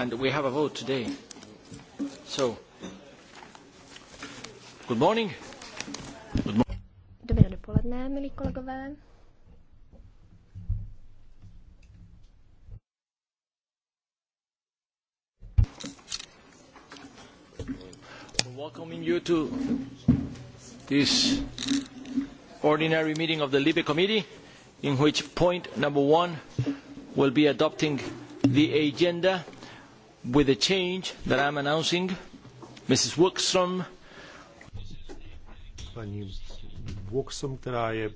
and we have a vote today. So, good morning. Good mo- Dobré dopoledne, milí kolegové. welcoming you to this ordinary meeting of the Libe Committee, in which point number one will be adopting the agenda with the change that I'm announcing, Mrs. Wikström. Paní Wikström, která je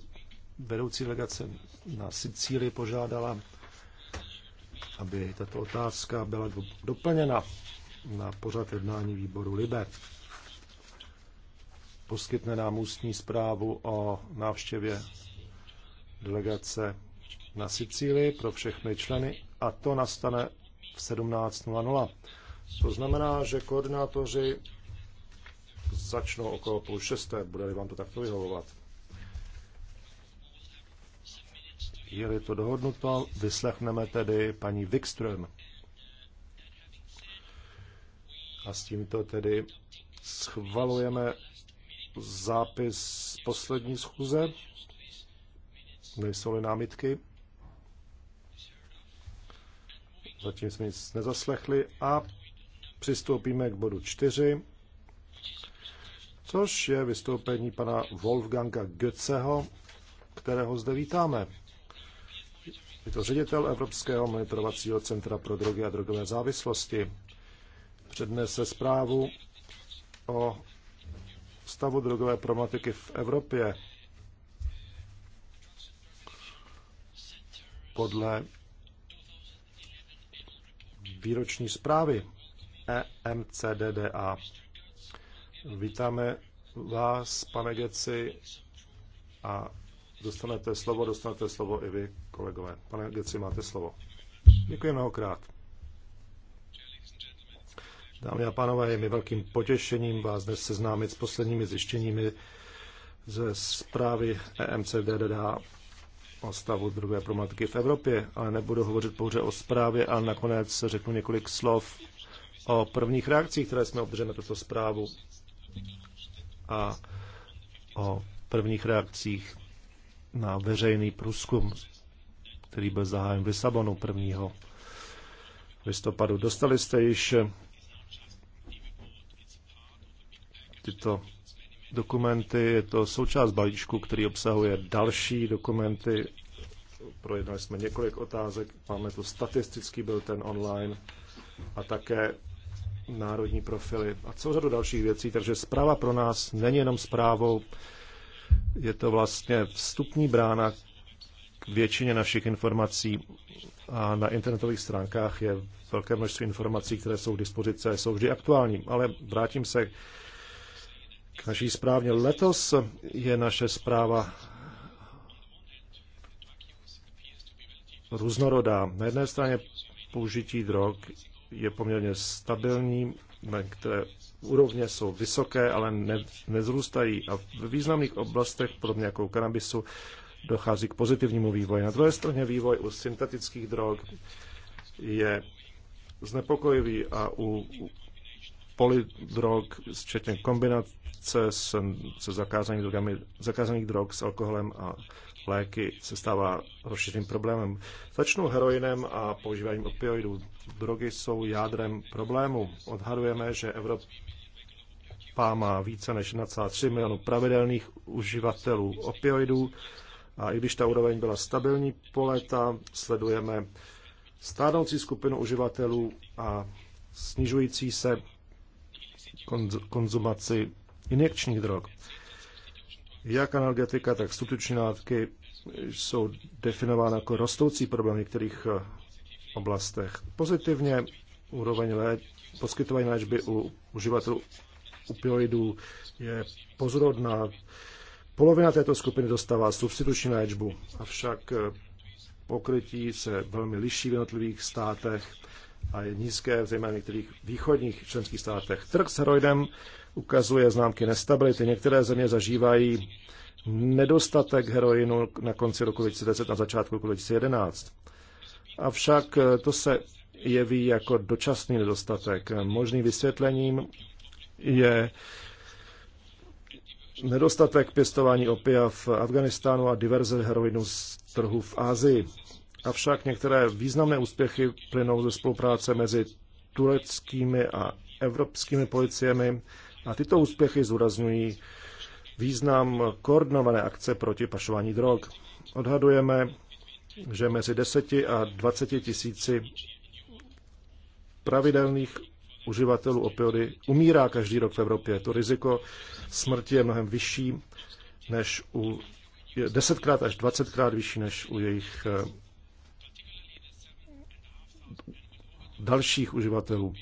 vedoucí delegace na Sicílii, požádala, aby tato otázka byla doplněna na pořad jednání výboru Libe. Poskytne nám ústní zprávu o návštěvě delegace na Sicílii pro všechny členy a to nastane v 17.00. To znamená, že koordinátoři začnou okolo půl šesté, bude-li vám to takto vyhovovat. Je-li to dohodnuto, vyslechneme tedy paní Wikström. A s tímto tedy schvalujeme zápis z poslední schůze. Nejsou-li námitky? Zatím jsme nic nezaslechli a přistoupíme k bodu 4, což je vystoupení pana Wolfganga Götzeho, kterého zde vítáme. Je to ředitel Evropského monitorovacího centra pro drogy a drogové závislosti. Přednese zprávu o stavu drogové problematiky v Evropě podle výroční zprávy EMCDDA. Vítáme vás, pane Geci, a dostanete slovo, dostanete slovo i vy, kolegové. Pane Geci, máte slovo. Děkuji mnohokrát. Dámy a pánové, je mi velkým potěšením vás dnes seznámit s posledními zjištěními ze zprávy EMCDDA o stavu druhé problematiky v Evropě, ale nebudu hovořit pouze o zprávě a nakonec řeknu několik slov o prvních reakcích, které jsme obdrželi na tuto zprávu a o prvních reakcích na veřejný průzkum, který byl zahájen v Lisabonu 1. listopadu. Dostali jste již tyto dokumenty. Je to součást balíčku, který obsahuje další dokumenty. Projednali jsme několik otázek. Máme tu statistický byl ten online a také národní profily a celou řadu dalších věcí. Takže zpráva pro nás není jenom zprávou, je to vlastně vstupní brána k většině našich informací a na internetových stránkách je velké množství informací, které jsou k dispozici a jsou vždy aktuální. Ale vrátím se k naší správně. Letos je naše zpráva různorodá. Na jedné straně použití drog je poměrně stabilní, na které úrovně jsou vysoké, ale ne, nezrůstají. A v významných oblastech, podobně jako u kanabisu, dochází k pozitivnímu vývoji. Na druhé straně vývoj u syntetických drog je znepokojivý a u polidrog, včetně kombinace se, se zakázanými drogami, zakázaných drog s alkoholem a léky se stává rozšířeným problémem. Začnu heroinem a používáním opioidů. Drogy jsou jádrem problému. Odhadujeme, že Evropa má více než 1,3 milionu pravidelných uživatelů opioidů a i když ta úroveň byla stabilní po léta, sledujeme stárnoucí skupinu uživatelů a snižující se konzumaci injekčních drog. Jak analgetika, tak substituční látky jsou definovány jako rostoucí problém v některých eh, oblastech. Pozitivně úroveň lé, poskytování léčby u uživatelů opioidů je pozorodná. Polovina této skupiny dostává substituční léčbu, avšak eh, pokrytí se velmi liší v jednotlivých státech a je nízké, zejména v některých východních členských státech. Trh s heroidem ukazuje známky nestability. Některé země zažívají nedostatek heroinu na konci roku 2010 a začátku roku 2011. Avšak eh, to se jeví jako dočasný nedostatek. Možným vysvětlením je nedostatek pěstování opia v Afganistánu a diverze heroinu z trhu v Ázii. Avšak některé významné úspěchy plynou ze spolupráce mezi tureckými a evropskými policiemi a tyto úspěchy zúraznují význam koordinované akce proti pašování drog. Odhadujeme, že mezi 10 a 20 tisíci pravidelných uživatelů opiody umírá každý rok v Evropě. To riziko smrti je mnohem vyšší než u je desetkrát až dvacetkrát vyšší než u jejich eh, dalších uživatelů.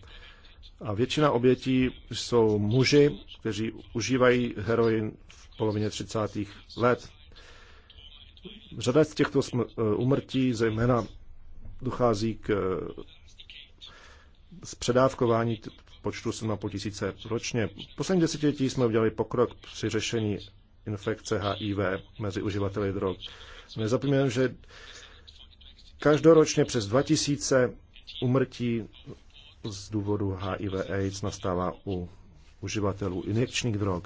A většina obětí jsou muži, kteří užívají heroin v polovině 30. let. Řada z těchto umrtí eh, zejména dochází k eh, zpředávkování počtu 7,5 tisíce ročně. V posledním desetiletí jsme udělali pokrok při řešení infekce HIV mezi uživateli drog. Nezapomínám, že každoročně přes 2000 Umrtí z důvodu HIV AIDS nastává u uživatelů injekčních drog.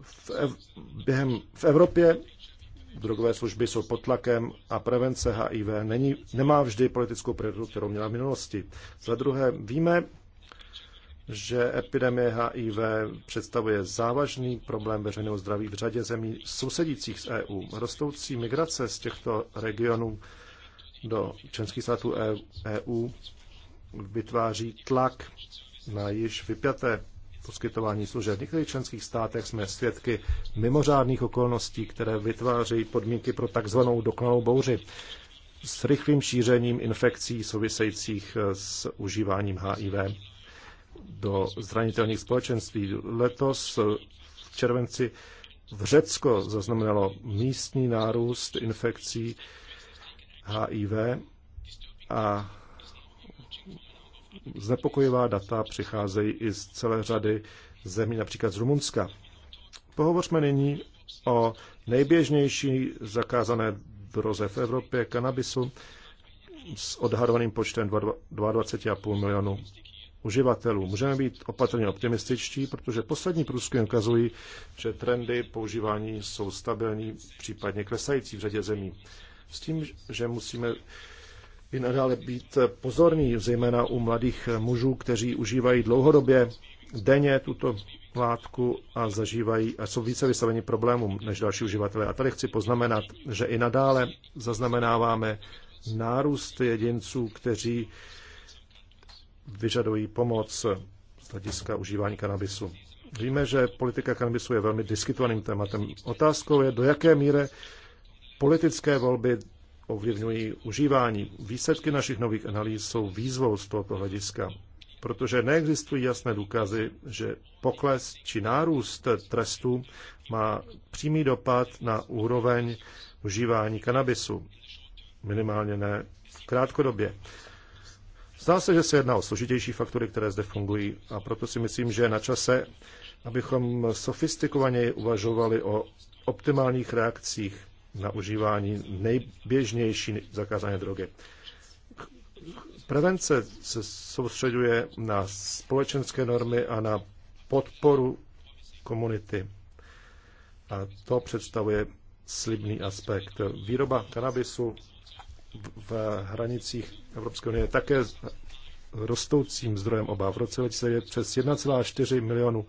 V, ev- během, v Evropě drogové služby jsou pod tlakem a prevence HIV není, nemá vždy politickou prioritu, kterou měla v minulosti. Za druhé, víme, že epidemie HIV představuje závažný problém veřejného zdraví v řadě zemí sousedících z EU. Rostoucí migrace z těchto regionů do členských států EU e vytváří tlak na již vypjaté poskytování služeb. V některých členských státech jsme svědky mimořádných okolností, které vytvářejí podmínky pro takzvanou dokonalou bouři s rychlým šířením infekcí souvisejících s užíváním HIV do zranitelných společenství. Letos v červenci v Řecko zaznamenalo místní nárůst infekcí HIV a znepokojivá data přicházejí i z celé řady zemí, například z Rumunska. Pohovořme nyní o nejběžnější zakázané droze v Evropě, kanabisu, s odhadovaným počtem 22,5 milionů uživatelů. Můžeme být opatrně optimističtí, protože poslední průzkumy ukazují, že trendy používání jsou stabilní, případně klesající v řadě zemí. S tím, že musíme i nadále být pozorní, zejména u mladých mužů, kteří užívají dlouhodobě denně tuto látku a zažívají a jsou více vystaveni problémům než další uživatelé. A tady chci poznamenat, že i nadále zaznamenáváme nárůst jedinců, kteří vyžadují pomoc z hlediska užívání kanabisu. Víme, že politika kanabisu je velmi diskutovaným tématem. Otázkou je, do jaké míry Politické volby ovlivňují užívání. Výsledky našich nových analýz jsou výzvou z tohoto hlediska, protože neexistují jasné důkazy, že pokles či nárůst trestů má přímý dopad na úroveň užívání kanabisu. Minimálně ne v krátkodobě. Zdá se, že se jedná o složitější faktory, které zde fungují a proto si myslím, že je na čase, abychom sofistikovaněji uvažovali o optimálních reakcích na užívání nejběžnější zakázané drogy. Prevence se soustředuje na společenské normy a na podporu komunity. A to představuje slibný aspekt. Výroba kanabisu v hranicích Evropské unie je také rostoucím zdrojem obav. V roce 2009 přes 1,4 milionu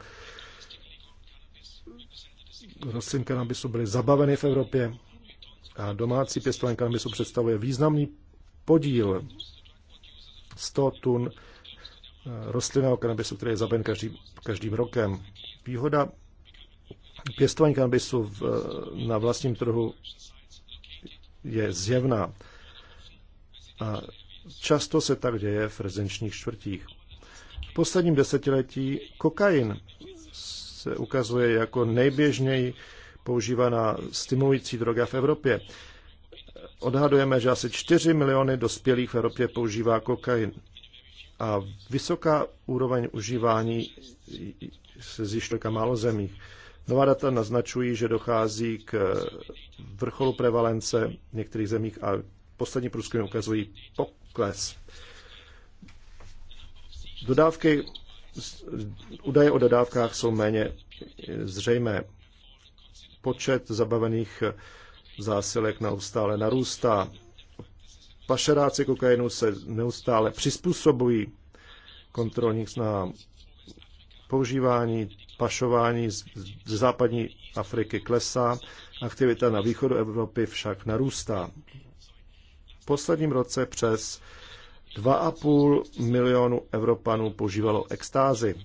rostlin kanabisu byly zabaveny v Evropě a domácí pěstování kanabisu představuje významný podíl 100 tun eh, rostlinného kanabisu, který je zaben každý, každým rokem. Výhoda pěstování kanabisu v, na vlastním trhu je zjevná. A často se tak děje v rezenčních čtvrtích. V posledním desetiletí kokain se ukazuje jako nejběžněji používaná stimulující droga v Evropě. Odhadujeme, že asi 4 miliony dospělých v Evropě používá kokain. A vysoká úroveň užívání se zjišťuje málo zemích. Nová data naznačují, že dochází k vrcholu prevalence v některých zemích a poslední průzkumy ukazují pokles. Dodávky, údaje o dodávkách jsou méně zřejmé počet zabavených eh, zásilek neustále narůstá. Pašeráci kokainu se neustále přizpůsobují kontrolních na Používání pašování z západní Afriky klesá, aktivita na východu Evropy však narůstá. V posledním roce přes 2,5 milionu Evropanů požívalo extázy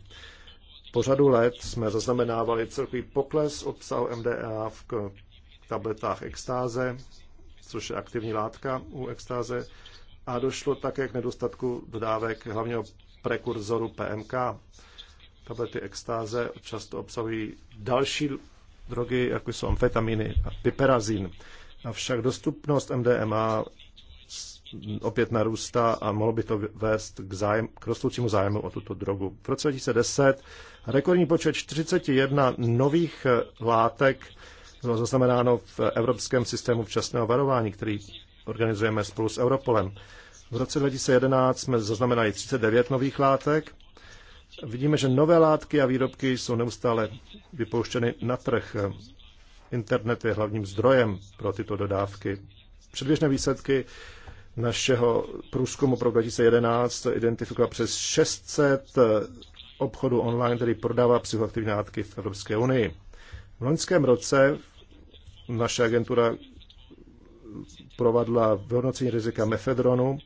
po řadu let jsme zaznamenávali celkový pokles obsahu MDA v tabletách extáze, což je aktivní látka u extáze, a došlo také k nedostatku dodávek hlavního prekurzoru PMK. Tablety extáze často obsahují další drogy, jako jsou amfetamíny a piperazin. Avšak dostupnost MDMA opět narůstá a mohlo by to vést k, zájem, k rostoucímu zájmu o tuto drogu. V roce 2010 Rekordní počet 41 nových eh, látek bylo zaznamenáno v Evropském systému včasného varování, který organizujeme spolu s Europolem. V roce 2011 jsme zaznamenali 39 nových látek. Vidíme, že nové látky a výrobky jsou neustále vypouštěny na trh. Internet je hlavním zdrojem pro tyto dodávky. Předběžné výsledky našeho průzkumu pro 2011 identifikoval přes 600 obchodu online, který prodává psychoaktivní látky v Evropské unii. V loňském roce naše agentura provadla vyhodnocení rizika mefedronu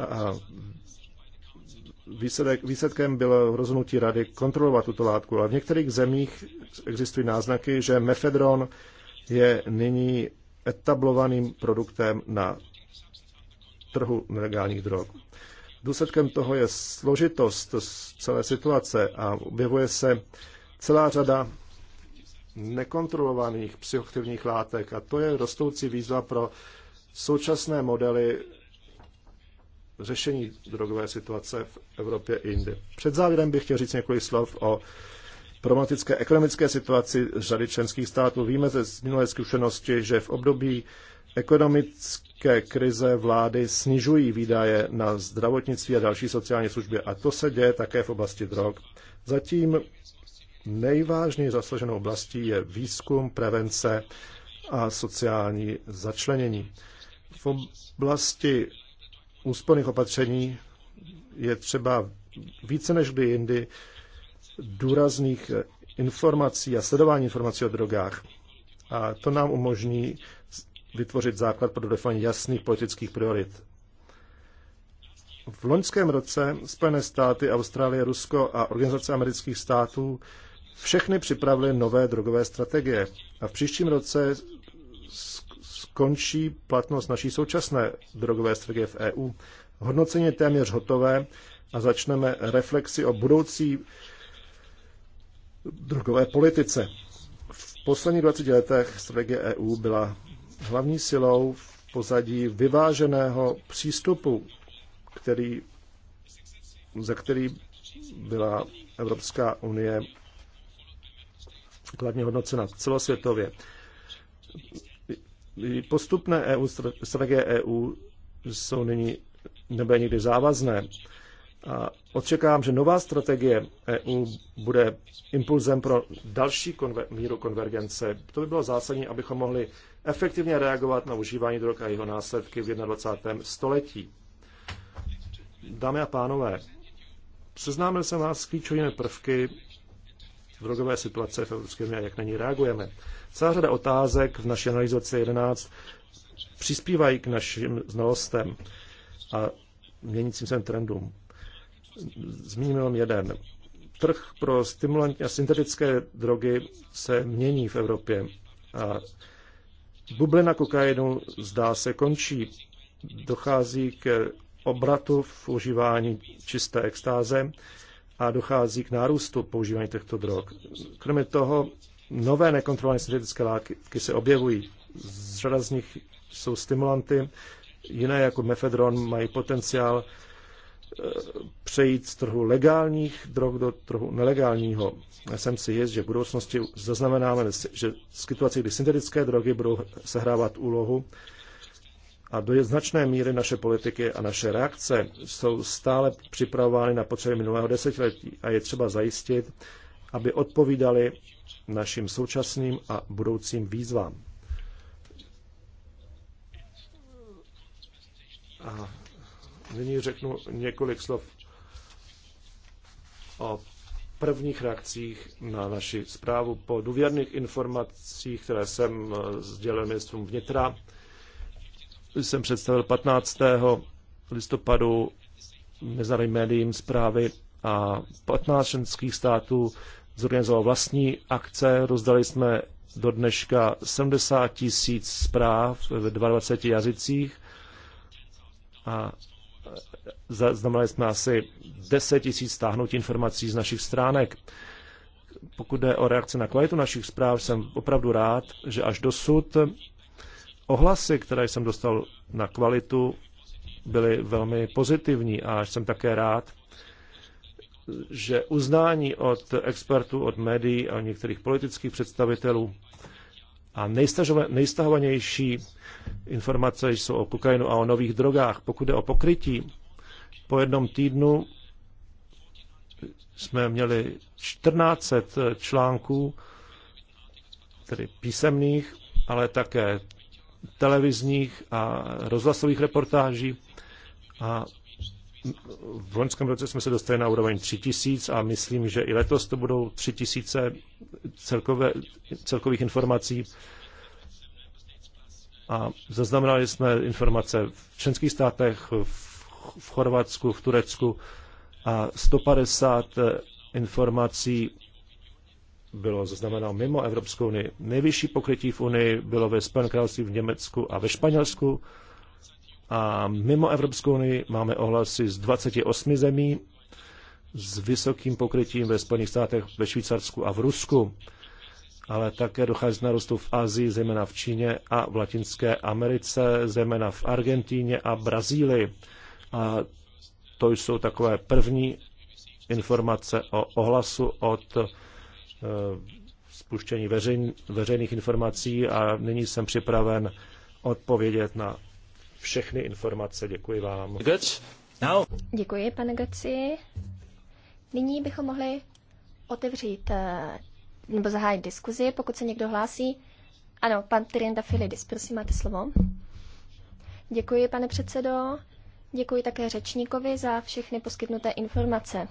a výsledek, výsledkem bylo rozhodnutí rady kontrolovat tuto látku, A v některých zemích existují náznaky, že mefedron je nyní etablovaným produktem na trhu nelegálních drog. Důsledkem toho je složitost celé situace a objevuje se celá řada nekontrolovaných psychoaktivních látek a to je rostoucí výzva pro současné modely řešení drogové situace v Evropě i jinde. Před závěrem bych chtěl říct několik slov o problematické ekonomické situaci řady členských států. Víme ze minulé zkušenosti, že v období ekonomické krize vlády snižují výdaje na zdravotnictví a další sociální služby a to se děje také v oblasti drog. Zatím nejvážněji zasaženou oblastí je výzkum, prevence a sociální začlenění. V oblasti úsporných opatření je třeba více než kdy jindy důrazných informací a sledování informací o drogách. A to nám umožní vytvořit základ pro dodefinování jasných politických priorit. V loňském roce Spojené státy, Austrálie, Rusko a Organizace amerických států všechny připravily nové drogové strategie a v příštím roce skončí platnost naší současné drogové strategie v EU. Hodnocení je téměř hotové a začneme reflexi o budoucí drogové politice. V posledních 20 letech strategie EU byla hlavní silou v pozadí vyváženého přístupu, který, za který byla Evropská unie kladně hodnocena celosvětově. Postupné EU, strategie EU jsou nyní nebude nikdy závazné. A očekávám, že nová strategie EU bude impulzem pro další konver- míru konvergence. To by bylo zásadní, abychom mohli efektivně reagovat na užívání drog a jeho následky v 21. století. Dámy a pánové, seznámil jsem vás s klíčovými prvky drogové situace v Evropské unii a jak na ní reagujeme. Celá řada otázek v naší analýze 11 přispívají k našim znalostem a měnícím se trendům. Zmíním jenom jeden. Trh pro stimulantní a syntetické drogy se mění v Evropě a Bublina kokainu zdá se končí. Dochází k obratu v užívání čisté extáze a dochází k nárůstu používání těchto drog. Kromě toho nové nekontrolované syntetické látky se objevují. Řada z nich jsou stimulanty, jiné jako mefedron mají potenciál Eh, přejít z trhu legálních drog do trhu nelegálního. Já jsem si jist, že v budoucnosti zaznamenáme, že situaci, kdy syntetické drogy budou sehrávat úlohu a do značné míry naše politiky a naše reakce jsou stále připravovány na potřeby minulého desetiletí a je třeba zajistit, aby odpovídali našim současným a budoucím výzvám. Aha. Nyní řeknu několik slov o prvních reakcích na naši zprávu. Po důvěrných informacích, které jsem eh, sdělil ministrům vnitra, jsem představil 15. listopadu mezinárodním médiím zprávy a 15 členských států zorganizoval vlastní akce. Rozdali jsme do dneška 70 tisíc zpráv ve 22 jazycích a Zaznamenali jsme asi 10 tisíc stáhnutí informací z našich stránek. Pokud jde o reakci na kvalitu našich zpráv, jsem opravdu rád, že až dosud ohlasy, které jsem dostal na kvalitu, byly velmi pozitivní a jsem také rád, že uznání od expertů, od médií a některých politických představitelů a nejstahovanější informace jsou o kokainu a o nových drogách. Pokud je o pokrytí, po jednom týdnu jsme měli 14 článků, tedy písemných, ale také televizních a rozhlasových reportáží. A v loňském roce jsme se dostali na úroveň 3000 a myslím, že i letos to budou 3000 celkové, celkových informací. A zaznamenali jsme informace v členských státech, v Chorvatsku, v Turecku a 150 informací bylo zaznamenáno mimo Evropskou unii. Nejvyšší pokrytí v Unii bylo ve Spojeném království v Německu a ve Španělsku. A mimo Evropskou unii máme ohlasy z 28 zemí s vysokým pokrytím ve Spojených státech, ve Švýcarsku a v Rusku. Ale také dochází k narostu v Asii, zejména v Číně a v Latinské Americe, zejména v Argentíně a Brazílii. A to jsou takové první informace o ohlasu od eh, spuštění veřejn, veřejných informací a nyní jsem připraven odpovědět na všechny informace. Děkuji vám. No. Děkuji, pane Gaci. Nyní bychom mohli otevřít eh, nebo zahájit diskuzi, pokud se někdo hlásí. Ano, pan Tyrenda Filidis, prosím, máte slovo. Děkuji, pane předsedo. Děkuji také řečníkovi za všechny poskytnuté informace.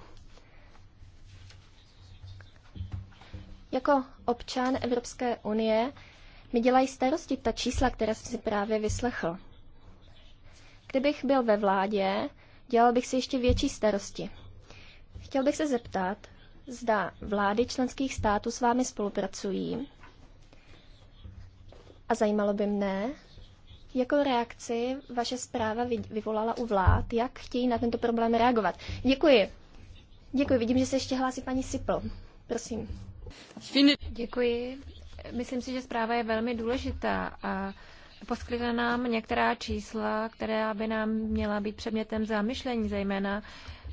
Jako občan Evropské unie mi dělají starosti ta čísla, která jsem si právě vyslechl. Kdybych byl ve vládě, dělal bych si ještě větší starosti. Chtěl bych se zeptat, zda vlády členských států s vámi spolupracují. A zajímalo by mne, jakou reakci vaše zpráva vyvolala u vlád, jak chtějí na tento problém reagovat. Děkuji. Děkuji, vidím, že se ještě hlásí paní Sipl. Prosím. Děkuji. Myslím si, že zpráva je velmi důležitá a poskytla nám některá čísla, která by nám měla být předmětem zamyšlení, zejména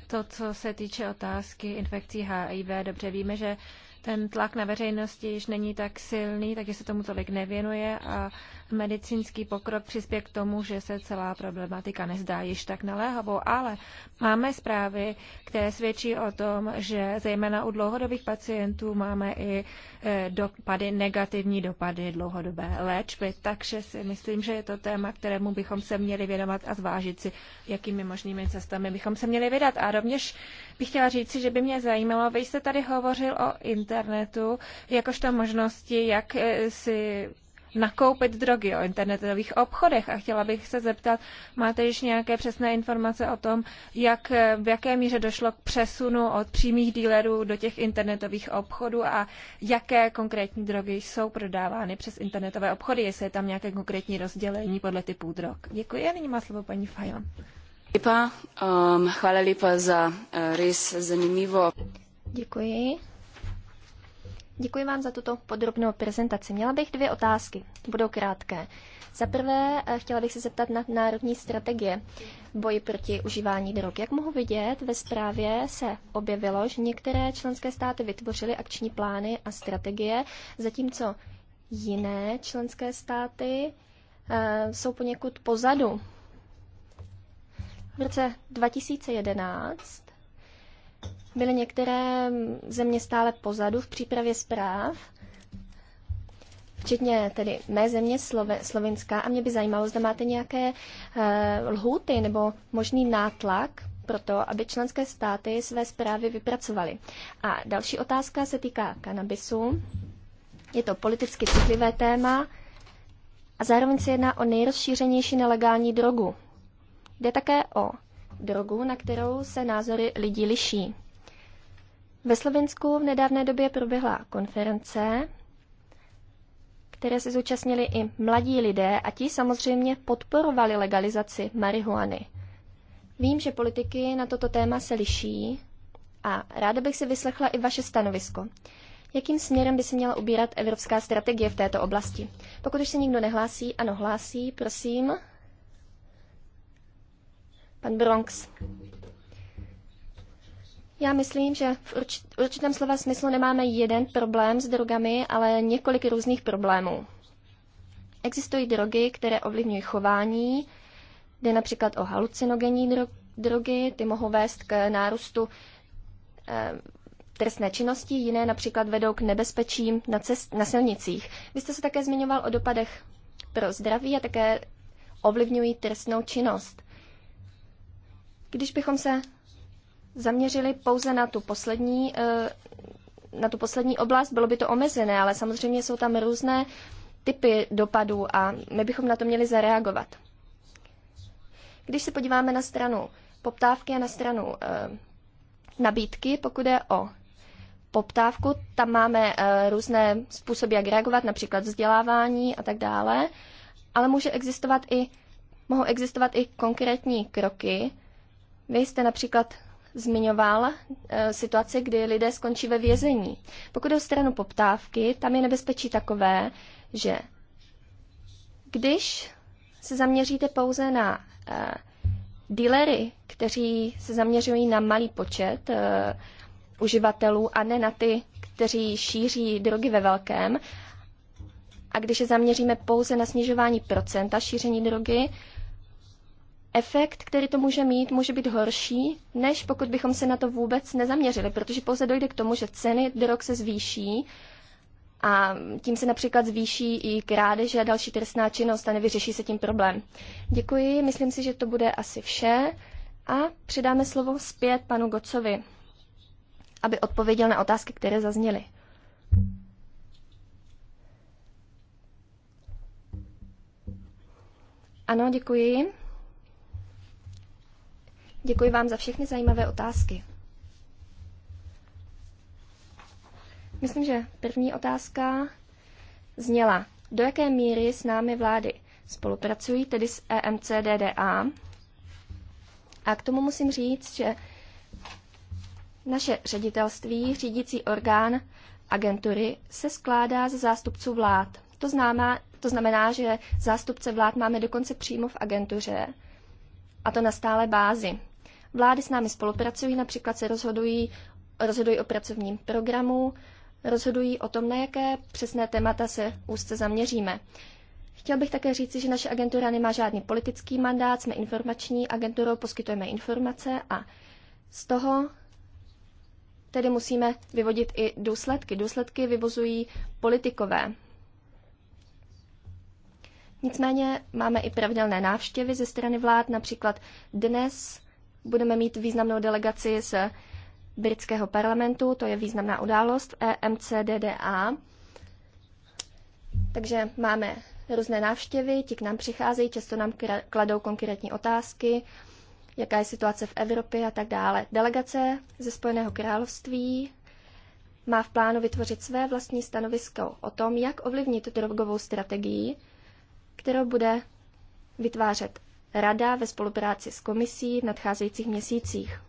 to, co se týče otázky infekcí HIV. Dobře víme, že ten tlak na veřejnosti již není tak silný, takže se tomu tolik nevěnuje a medicínský pokrok přispěje k tomu, že se celá problematika nezdá již tak naléhavou, ale máme zprávy, které svědčí o tom, že zejména u dlouhodobých pacientů máme i e, dopady, negativní dopady dlouhodobé léčby, takže si myslím, že je to téma, kterému bychom se měli věnovat a zvážit si, jakými možnými cestami bychom se měli vydat. A rovněž bych chtěla říci, že by mě zajímalo, vy jste tady hovořil o internetu, jakožto možnosti, jak e, si nakoupit drogy o internetových obchodech. A chtěla bych se zeptat, máte již nějaké přesné informace o tom, jak, v jaké míře došlo k přesunu od přímých dílerů do těch internetových obchodů a jaké konkrétní drogy jsou prodávány přes internetové obchody, jestli je tam nějaké konkrétní rozdělení podle typů drog. Děkuji a nyní má slovo paní Fajon. Děkuji, um, za uh, rys zanimivo. Děkuji. Děkuji vám za tuto podrobnou prezentaci. Měla bych dvě otázky, budou krátké. Za prvé, eh, chtěla bych se zeptat na národní strategie boji proti užívání drog. Jak mohu vidět, ve zprávě se objevilo, že některé členské státy vytvořily akční plány a strategie, zatímco jiné členské státy eh, jsou poněkud pozadu. V roce 2011 byly některé země stále pozadu v přípravě zpráv, včetně tedy mé země Slove, Slovenska. A mě by zajímalo, zda máte nějaké uh, eh, lhuty nebo možný nátlak pro to, aby členské státy své zprávy vypracovaly. A další otázka se týká kanabisu. Je to politicky citlivé téma a zároveň se jedná o nejrozšířenější nelegální drogu. Jde také o drogu, na kterou se názory lidí liší. Ve Slovensku v nedávné době proběhla konference, které se zúčastnili i mladí lidé a ti samozřejmě podporovali legalizaci marihuany. Vím, že politiky na toto téma se liší a ráda bych si vyslechla i vaše stanovisko. Jakým směrem by se měla ubírat evropská strategie v této oblasti? Pokud už se nikdo nehlásí, ano, hlásí, prosím. Pan Bronx. Já myslím, že v určitém slova smyslu nemáme jeden problém s drogami, ale několik různých problémů. Existují drogy, které ovlivňují chování, jde například o halucinogenní drogy, ty mohou vést k nárůstu eh, trestné činnosti, jiné například vedou k nebezpečím na, cest- na silnicích. Vy jste se také zmiňoval o dopadech pro zdraví a také ovlivňují trestnou činnost. Když bychom se zaměřili pouze na tu poslední, eh, na tu poslední oblast, bylo by to omezené, ale samozřejmě jsou tam různé typy dopadů a my bychom na to měli zareagovat. Když se podíváme na stranu poptávky a na stranu eh, nabídky, pokud je o poptávku, tam máme eh, různé způsoby, jak reagovat, například vzdělávání a tak dále, ale může existovat i, mohou existovat i konkrétní kroky. Vy jste například zmiňoval situace, eh, situaci, kdy lidé skončí ve vězení. Pokud jde o stranu poptávky, tam je nebezpečí takové, že když se zaměříte pouze na e, eh, dealery, kteří se zaměřují na malý počet eh, uživatelů a ne na ty, kteří šíří drogy ve velkém, a když se zaměříme pouze na snižování procenta šíření drogy, efekt, který to může mít, může být horší, než pokud bychom se na to vůbec nezaměřili, protože pouze dojde k tomu, že ceny drog se zvýší a tím se například zvýší i krádeže a další trestná činnost a nevyřeší se tím problém. Děkuji, myslím si, že to bude asi vše a předáme slovo zpět panu Gocovi, aby odpověděl na otázky, které zazněly. Ano, děkuji. Děkuji vám za všechny zajímavé otázky. Myslím, že první otázka zněla, do jaké míry s námi vlády spolupracují, tedy s EMCDDA. A k tomu musím říct, že naše ředitelství, řídící orgán agentury, se skládá ze zástupců vlád. To, známá, to znamená, že zástupce vlád máme dokonce přímo v agentuře, a to na stále bázi. Vlády s námi spolupracují, například se rozhodují, rozhodují o pracovním programu, rozhodují o tom, na jaké přesné témata se úzce zaměříme. Chtěl bych také říci, že naše agentura nemá žádný politický mandát, jsme informační agenturou, poskytujeme informace a z toho tedy musíme vyvodit i důsledky. Důsledky vyvozují politikové. Nicméně máme i pravidelné návštěvy ze strany vlád, například dnes budeme mít významnou delegaci z britského parlamentu, to je významná událost EMCDDA. Takže máme různé návštěvy, ti k nám přicházejí, často nám kladou konkrétní otázky, jaká je situace v Evropě a tak dále. Delegace ze Spojeného království má v plánu vytvořit své vlastní stanovisko o tom, jak ovlivnit drogovou strategii, kterou bude vytvářet Rada ve spolupráci s komisí v nadcházejících měsících.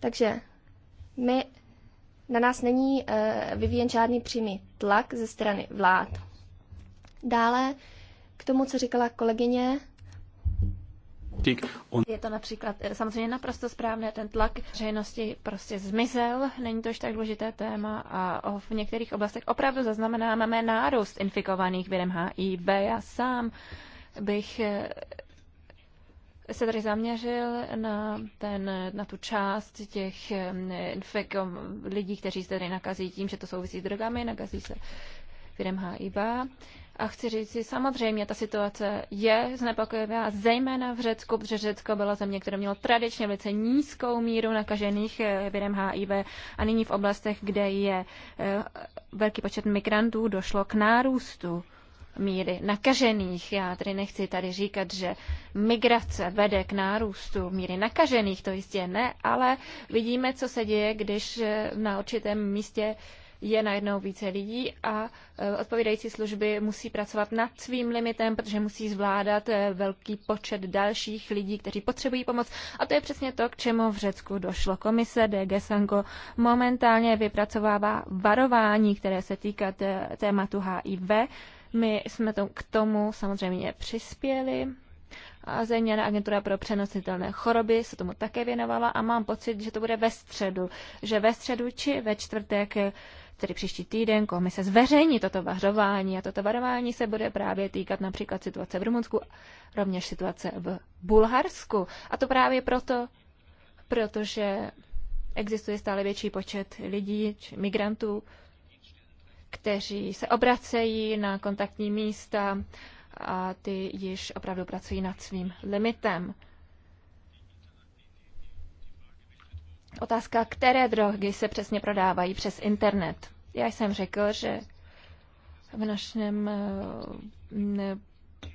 Takže my, na nás není eh, vyvíjen žádný přímý tlak ze strany vlád. Dále k tomu, co říkala kolegyně je to například eh, samozřejmě naprosto správné, ten tlak veřejnosti prostě zmizel, není to už tak důležité téma a v některých oblastech opravdu zaznamenáme nárůst infikovaných virem HIV. Já sám bych eh, se tady zaměřil na, ten, na tu část těch eh, infekom, lidí, kteří se tady nakazí tím, že to souvisí s drogami, nakazí se virem HIV. A chci říct si, samozřejmě ta situace je znepokojivá, zejména v Řecku, protože Řecko byla země, která měla tradičně velice nízkou míru nakažených eh, virem HIV a nyní v oblastech, kde je eh, velký počet migrantů, došlo k nárůstu míry nakažených. Já tedy nechci tady říkat, že migrace vede k nárůstu míry nakažených, to jistě ne, ale vidíme, co se děje, když eh, na určitém místě je najednou více lidí a e, odpovídající služby musí pracovat nad svým limitem, protože musí zvládat e, velký počet dalších lidí, kteří potřebují pomoc. A to je přesně to, k čemu v Řecku došlo. Komise DG Sanko momentálně vypracovává varování, které se týká tématu HIV. My jsme to, k tomu samozřejmě přispěli. A zejména agentura pro přenositelné choroby se tomu také věnovala a mám pocit, že to bude ve středu. Že ve středu či ve čtvrtek tedy příští týden, komise zveřejní toto vařování a toto varování se bude právě týkat například situace v Rumunsku, rovněž situace v Bulharsku. A to právě proto, protože existuje stále větší počet lidí, či migrantů, kteří se obracejí na kontaktní místa a ty již opravdu pracují nad svým limitem. Otázka, které drogy se přesně prodávají přes internet. Já jsem řekl, že v našem eh,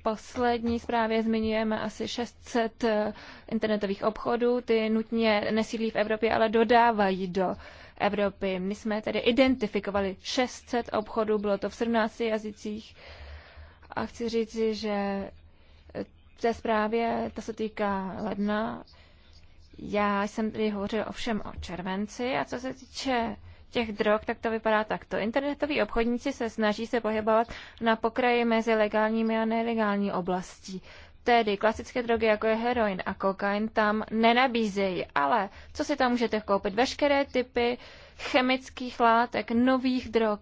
poslední zprávě zmiňujeme asi 600 eh, internetových obchodů. Ty nutně nesídlí v Evropě, ale dodávají do Evropy. My jsme tedy identifikovali 600 obchodů, bylo to v 17 jazycích. A chci říci, že v eh, té zprávě, ta se týká ledna, já jsem tady hovořil ovšem o červenci a co se týče těch drog, tak to vypadá takto. Internetoví obchodníci se snaží se pohybovat na pokraji mezi legálními a nelegální oblastí. Tedy klasické drogy, jako je heroin a kokain, tam nenabízejí, ale co si tam můžete koupit? Veškeré typy chemických látek, nových drog.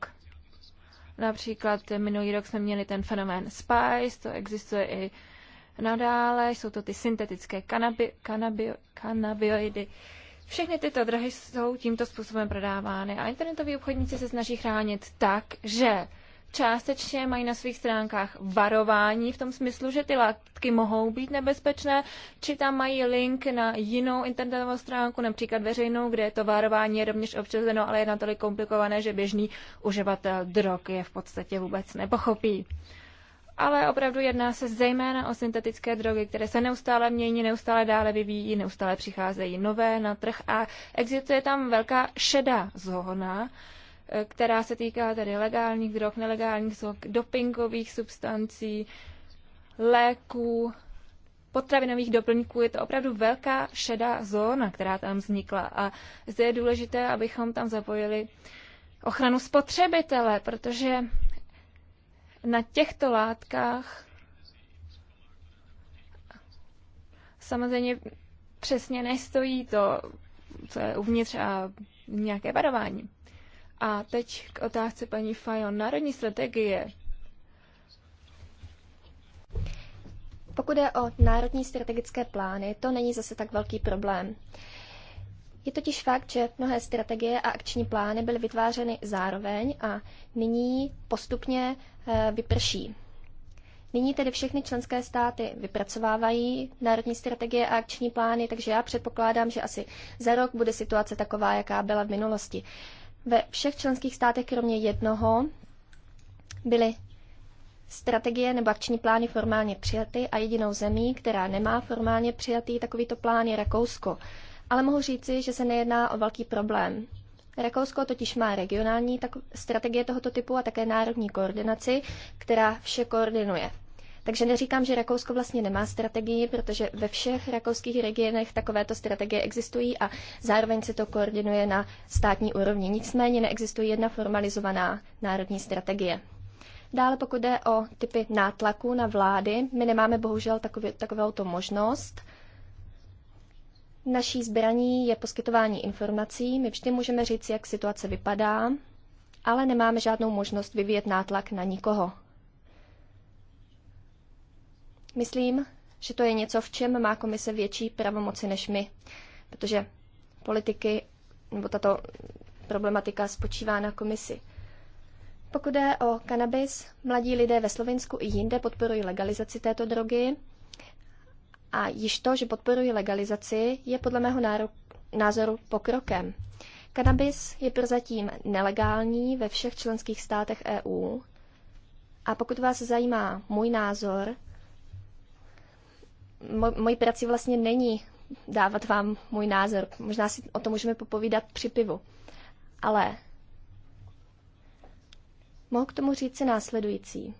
Například minulý rok jsme měli ten fenomén Spice, to existuje i Nadále jsou to ty syntetické kanabi, kanabi, kanabioidy. Všechny tyto drahy jsou tímto způsobem prodávány a internetoví obchodníci se snaží chránit tak, že částečně mají na svých stránkách varování v tom smyslu, že ty látky mohou být nebezpečné, či tam mají link na jinou internetovou stránku, například veřejnou, kde to varování je rovněž občazeno, ale je natolik komplikované, že běžný uživatel drog je v podstatě vůbec nepochopí ale opravdu jedná se zejména o syntetické drogy, které se neustále mění, neustále dále vyvíjí, neustále přicházejí nové na trh a existuje tam velká šedá zóna, eh, která se týká tedy legálních drog, nelegálních drog, dopingových substancí, léků, potravinových doplňků. Je to opravdu velká šedá zóna, která tam vznikla. A zde je důležité, abychom tam zapojili ochranu spotřebitele, protože na těchto látkách samozřejmě přesně nestojí to, co je uvnitř a nějaké varování. A teď k otázce paní Fajon. Národní strategie. Pokud je o národní strategické plány, to není zase tak velký problém. Je totiž fakt, že mnohé strategie a akční plány byly vytvářeny zároveň a nyní postupně eh, vyprší. Nyní tedy všechny členské státy vypracovávají národní strategie a akční plány, takže já předpokládám, že asi za rok bude situace taková, jaká byla v minulosti. Ve všech členských státech, kromě jednoho, byly strategie nebo akční plány formálně přijaty a jedinou zemí, která nemá formálně přijatý takovýto plán, je Rakousko ale mohu říci, že se nejedná o velký problém. Rakousko totiž má regionální tak, strategie tohoto typu a také národní koordinaci, která vše koordinuje. Takže neříkám, že Rakousko vlastně nemá strategii, protože ve všech rakouských regionech takovéto strategie existují a zároveň se to koordinuje na státní úrovni. Nicméně neexistuje jedna formalizovaná národní strategie. Dále pokud jde o typy nátlaku na vlády, my nemáme bohužel takovou takovou to možnost. Naší zbraní je poskytování informací. My vždy můžeme říct, jak situace vypadá, ale nemáme žádnou možnost vyvíjet nátlak na nikoho. Myslím, že to je něco, v čem má komise větší pravomoci než my, protože politiky nebo tato problematika spočívá na komisi. Pokud jde o kanabis, mladí lidé ve Slovensku i jinde podporují legalizaci této drogy. A již to, že podporuji legalizaci, je podle mého názoru pokrokem. Kanabis je prozatím nelegální ve všech členských státech EU. A pokud vás zajímá můj názor, moj, mojí prací vlastně není dávat vám můj názor. Možná si o tom můžeme popovídat při pivu. Ale mohu k tomu říct si následující.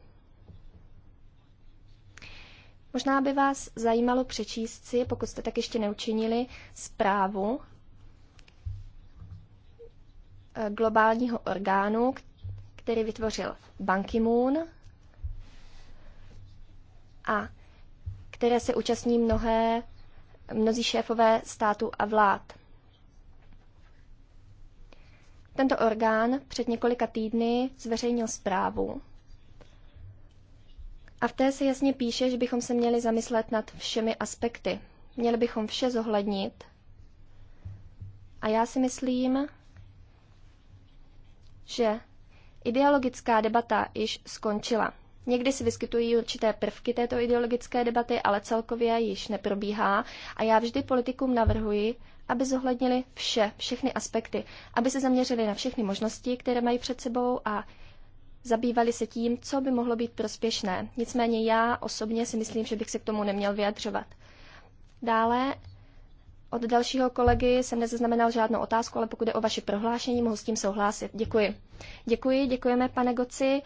Možná by vás zajímalo přečíst si, pokud jste tak ještě neučinili, zprávu eh, globálního orgánu, který vytvořil Ban Ki-moon a které se účastní mnohé, mnozí šéfové států a vlád. Tento orgán před několika týdny zveřejnil zprávu, a v té se jasně píše, že bychom se měli zamyslet nad všemi aspekty. Měli bychom vše zohlednit. A já si myslím, že ideologická debata již skončila. Někdy se vyskytují určité prvky této ideologické debaty, ale celkově již neprobíhá a já vždy politikům navrhuji, aby zohlednili vše, všechny aspekty, aby se zaměřili na všechny možnosti, které mají před sebou a zabývali se tím, co by mohlo být prospěšné. Nicméně já osobně si myslím, že bych se k tomu neměl vyjadřovat. Dále od dalšího kolegy jsem nezaznamenal žádnou otázku, ale pokud je o vaše prohlášení, mohu s tím souhlasit. Děkuji. Děkuji, děkujeme, pane Goci.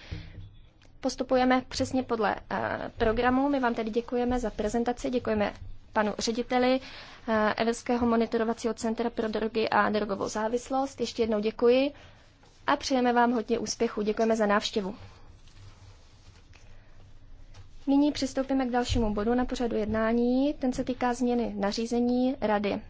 Postupujeme přesně podle uh, programu. My vám tedy děkujeme za prezentaci, děkujeme panu řediteli uh, Evropského monitorovacího centra pro drogy a drogovou závislost. Ještě jednou děkuji a přejeme vám hodně úspěchu. Děkujeme za návštěvu. Nyní přistoupíme k dalšímu bodu na pořadu jednání. Ten se týká změny nařízení Rady,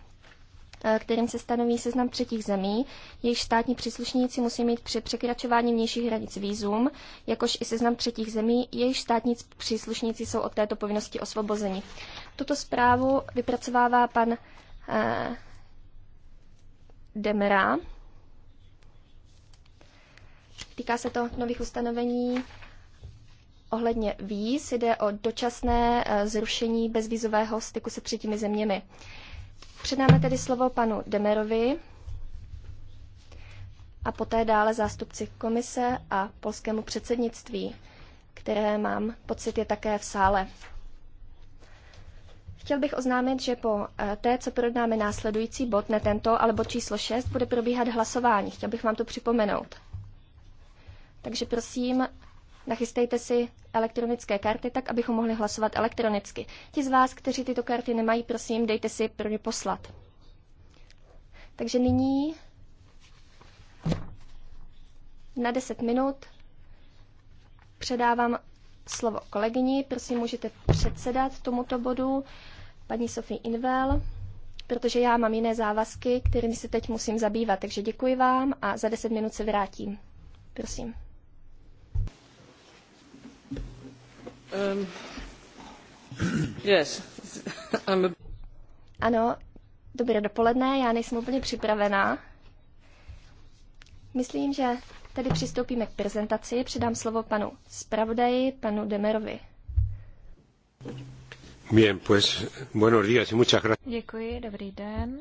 eh, kterým se stanoví seznam třetích zemí, jejich státní příslušníci musí mít při překračování vnějších hranic výzum, jakož i seznam třetích zemí, jejich státní příslušníci jsou od této povinnosti osvobozeni. Tuto zprávu vypracovává pan eh, Demera. Týká se to nových ustanovení ohledně víz. Jde o dočasné eh, zrušení bezvízového styku se třetími zeměmi. Předáme tedy slovo panu Demerovi a poté dále zástupci komise a polskému předsednictví, které mám pocit je také v sále. Chtěl bych oznámit, že po eh, té, co prodáme následující bod, ne tento, ale bod číslo 6, bude probíhat hlasování. Chtěl bych vám to připomenout. Takže prosím, nachystejte si elektronické karty tak, abychom mohli hlasovat elektronicky. Ti z vás, kteří tyto karty nemají, prosím, dejte si pro ně poslat. Takže nyní na 10 minut předávám slovo kolegyni. Prosím, můžete předsedat tomuto bodu paní Sofie Invel, protože já mám jiné závazky, kterými se teď musím zabývat. Takže děkuji vám a za 10 minut se vrátím. Prosím. Um, ano, dobré dopoledne, já nejsem úplně připravená. Myslím, že tedy přistoupíme k prezentaci. Předám slovo panu zpravodaji, panu Demerovi. Bien, pues, buenos días y muchas gracias. Děkuji, dobrý den.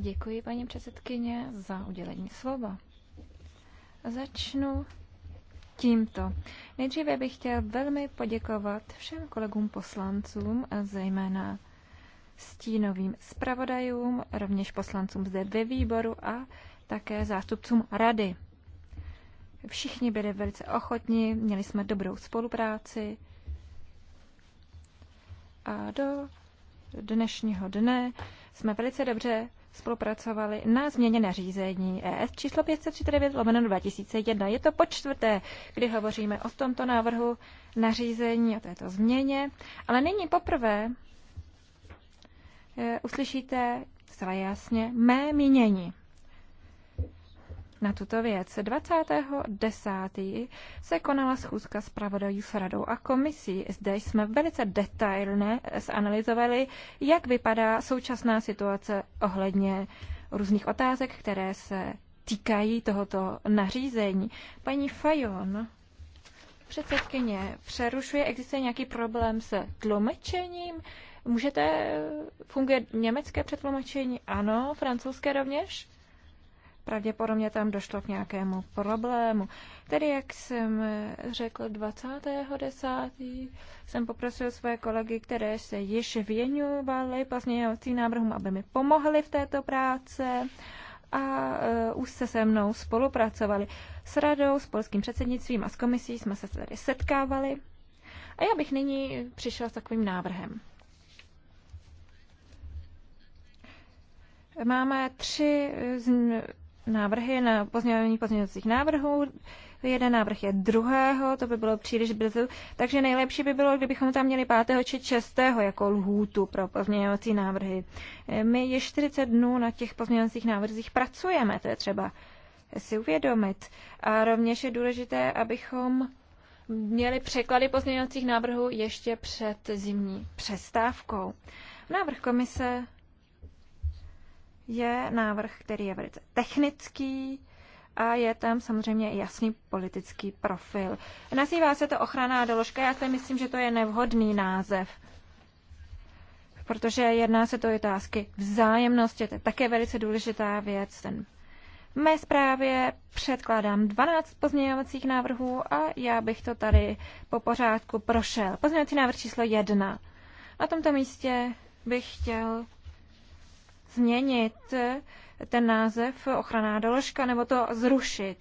Děkuji, paní předsedkyně, za udělení slova. Začnu tímto. Nejdříve bych chtěl velmi poděkovat všem kolegům poslancům zejména stínovým zpravodajům, rovněž poslancům zde ve výboru a také zástupcům rady. Všichni byli velice ochotní, měli jsme dobrou spolupráci a do dnešního dne jsme velice dobře spolupracovali na změně nařízení ES číslo 539 lomeno 2001. Je to po čtvrté, kdy hovoříme o tomto návrhu nařízení, o této změně, ale nyní poprvé eh, uslyšíte zcela jasně mé mínění na tuto věc. 20.10. se konala schůzka s pravodají s radou a komisí. Zde jsme velice detailně zanalizovali, jak vypadá současná situace ohledně různých otázek, které se týkají tohoto nařízení. Paní Fajon, předsedkyně, přerušuje, existuje nějaký problém se tlumečením? Můžete, funguje německé přetlumočení? Ano, francouzské rovněž? pravděpodobně tam došlo k nějakému problému. Tedy, jak jsem řekl, 20.10. jsem poprosil své kolegy, které se již věňovaly pozměňovacím návrhům, aby mi pomohli v této práce a e, už se se mnou spolupracovali. S radou, s polským předsednictvím a s komisí jsme se tady setkávali. A já bych nyní přišla s takovým návrhem. Máme tři návrhy na pozměňování pozměňovacích návrhů. Jeden návrh je druhého, to by bylo příliš brzy, takže nejlepší by bylo, kdybychom tam měli 5. či 6. jako lhůtu pro pozměňovací návrhy. My je 40 dnů na těch pozměňovacích návrzích pracujeme, to je třeba si uvědomit. A rovněž je důležité, abychom měli překlady pozměňovacích návrhů ještě před zimní přestávkou. Návrh komise je návrh, který je velice technický a je tam samozřejmě i jasný politický profil. Nazývá se to ochranná doložka, já si myslím, že to je nevhodný název, protože jedná se to o otázky vzájemnosti, to je také velice důležitá věc. Ten v mé zprávě předkládám 12 pozměňovacích návrhů a já bych to tady po pořádku prošel. Pozměňovací návrh číslo 1. Na tomto místě bych chtěl změnit ten název ochranná doložka nebo to zrušit.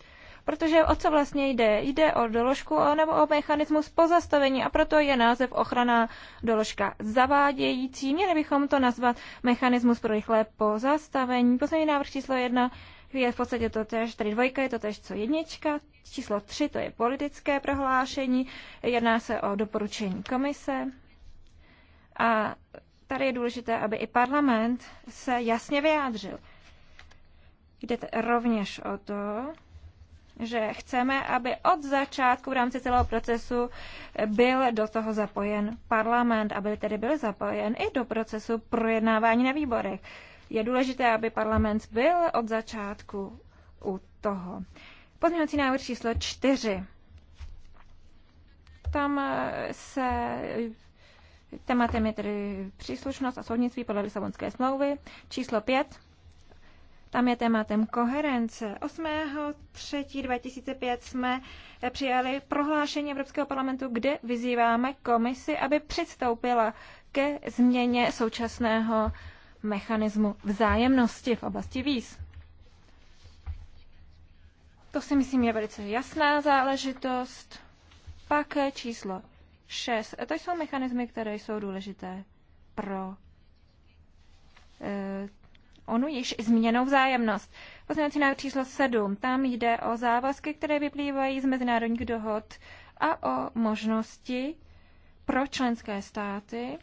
Protože o co vlastně jde? Jde o doložku nebo o mechanismus pozastavení a proto je název ochrana doložka zavádějící. Měli bychom to nazvat mechanismus pro rychlé pozastavení. Poslední návrh číslo jedna je v podstatě to tež, tedy dvojka je to tež co jednička, číslo tři to je politické prohlášení, jedná se o doporučení komise a tady je důležité, aby i parlament se jasně vyjádřil. Jde rovněž o to, že chceme, aby od začátku v rámci celého procesu byl do toho zapojen parlament, aby tedy byl zapojen i do procesu projednávání na výborech. Je důležité, aby parlament byl od začátku u toho. Pozměňovací návrh číslo čtyři. Tam eh, se Tématem je tedy příslušnost a soudnictví podle Lisabonské smlouvy. Číslo 5. Tam je tématem koherence. 8.3.2005 jsme přijali prohlášení Evropského parlamentu, kde vyzýváme komisi, aby přistoupila ke změně současného mechanismu vzájemnosti v oblasti víz. To si myslím je velice jasná záležitost. Pak číslo 6. E, to jsou mechanismy, které jsou důležité pro uh, onu již změněnou vzájemnost. Poznávací návrh číslo 7. Tam jde o závazky, které vyplývají z mezinárodních dohod a o možnosti pro členské státy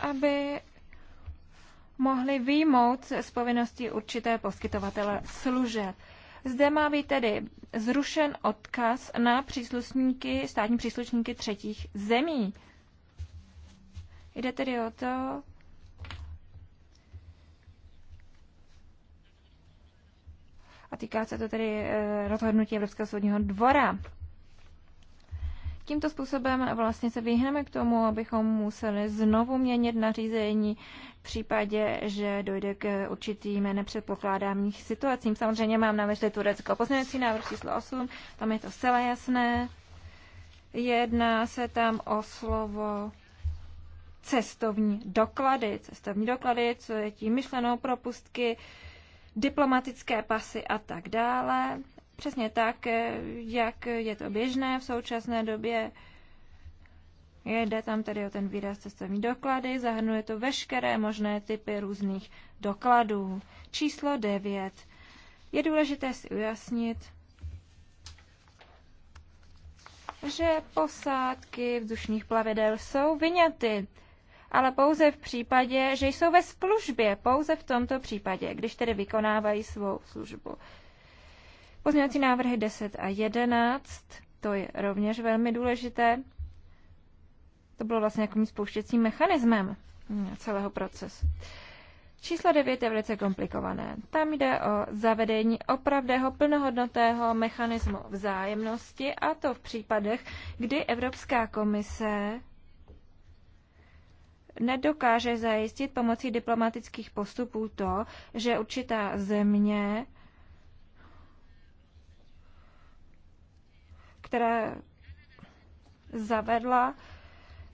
aby mohli výjmout z povinnosti určité poskytovatele služeb. Zde má být tedy zrušen odkaz na příslušníky, státní příslušníky třetích zemí. Jde tedy o to, a týká se to tedy eh, rozhodnutí Evropského soudního dvora. Tímto způsobem vlastně se vyhneme k tomu, abychom museli znovu měnit nařízení v případě, že dojde k určitým nepředpokládaným situacím. Samozřejmě mám na mysli Turecko. Poslanecí návrh číslo 8, tam je to zcela jasné. Jedná se tam o slovo cestovní doklady. Cestovní doklady, co je tím myšlenou propustky, diplomatické pasy a tak dále přesně tak, eh, jak je to běžné v současné době. Jde tam tedy o ten výraz cestovní doklady, zahrnuje to veškeré možné typy různých dokladů. Číslo 9. Je důležité si ujasnit, že posádky vzdušních plavidel jsou vyňaty, ale pouze v případě, že jsou ve službě, pouze v tomto případě, když tedy vykonávají svou službu. Pozměňovací návrhy 10 a 11, to je rovněž velmi důležité. To bylo vlastně jakým spouštěcím mechanismem mm, celého procesu. Číslo 9 je velice komplikované. Tam jde o zavedení opravdého plnohodnotného mechanismu vzájemnosti a to v případech, kdy Evropská komise nedokáže zajistit pomocí diplomatických postupů to, že určitá země které zavedla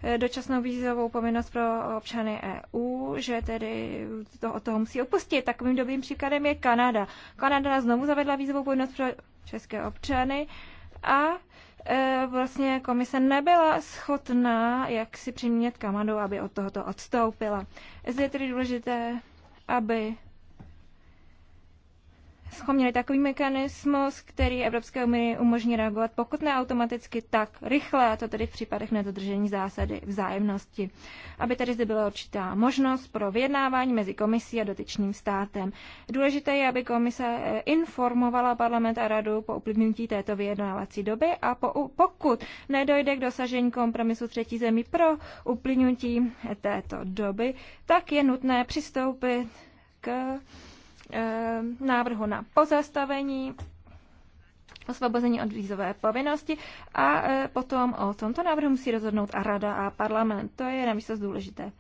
eh, dočasnou vízovou povinnost pro občany EU, že tedy to, o toho musí opustit. Takovým dobrým příkladem je Kanada. Kanada znovu zavedla vízovou povinnost pro české občany a e, vlastně komise nebyla schotná, jak si přimět Kanadu, aby od tohoto odstoupila. Zde je tedy důležité, aby jsme měli takový mechanismus, který Evropské unii umožní reagovat, pokud ne automaticky, tak rychle, a to tedy v případech nedodržení zásady vzájemnosti. Aby tedy zde byla určitá možnost pro vyjednávání mezi komisí a dotyčným státem. Důležité je, aby komise eh, informovala parlament a radu po uplynutí této vyjednávací doby a po, pokud nedojde k dosažení kompromisu třetí zemí pro uplynutí této doby, tak je nutné přistoupit k Eh, návrhu na pozastavení osvobození od vízové povinnosti a eh, potom o tomto návrhu musí rozhodnout a rada a parlament. To je na místo důležité.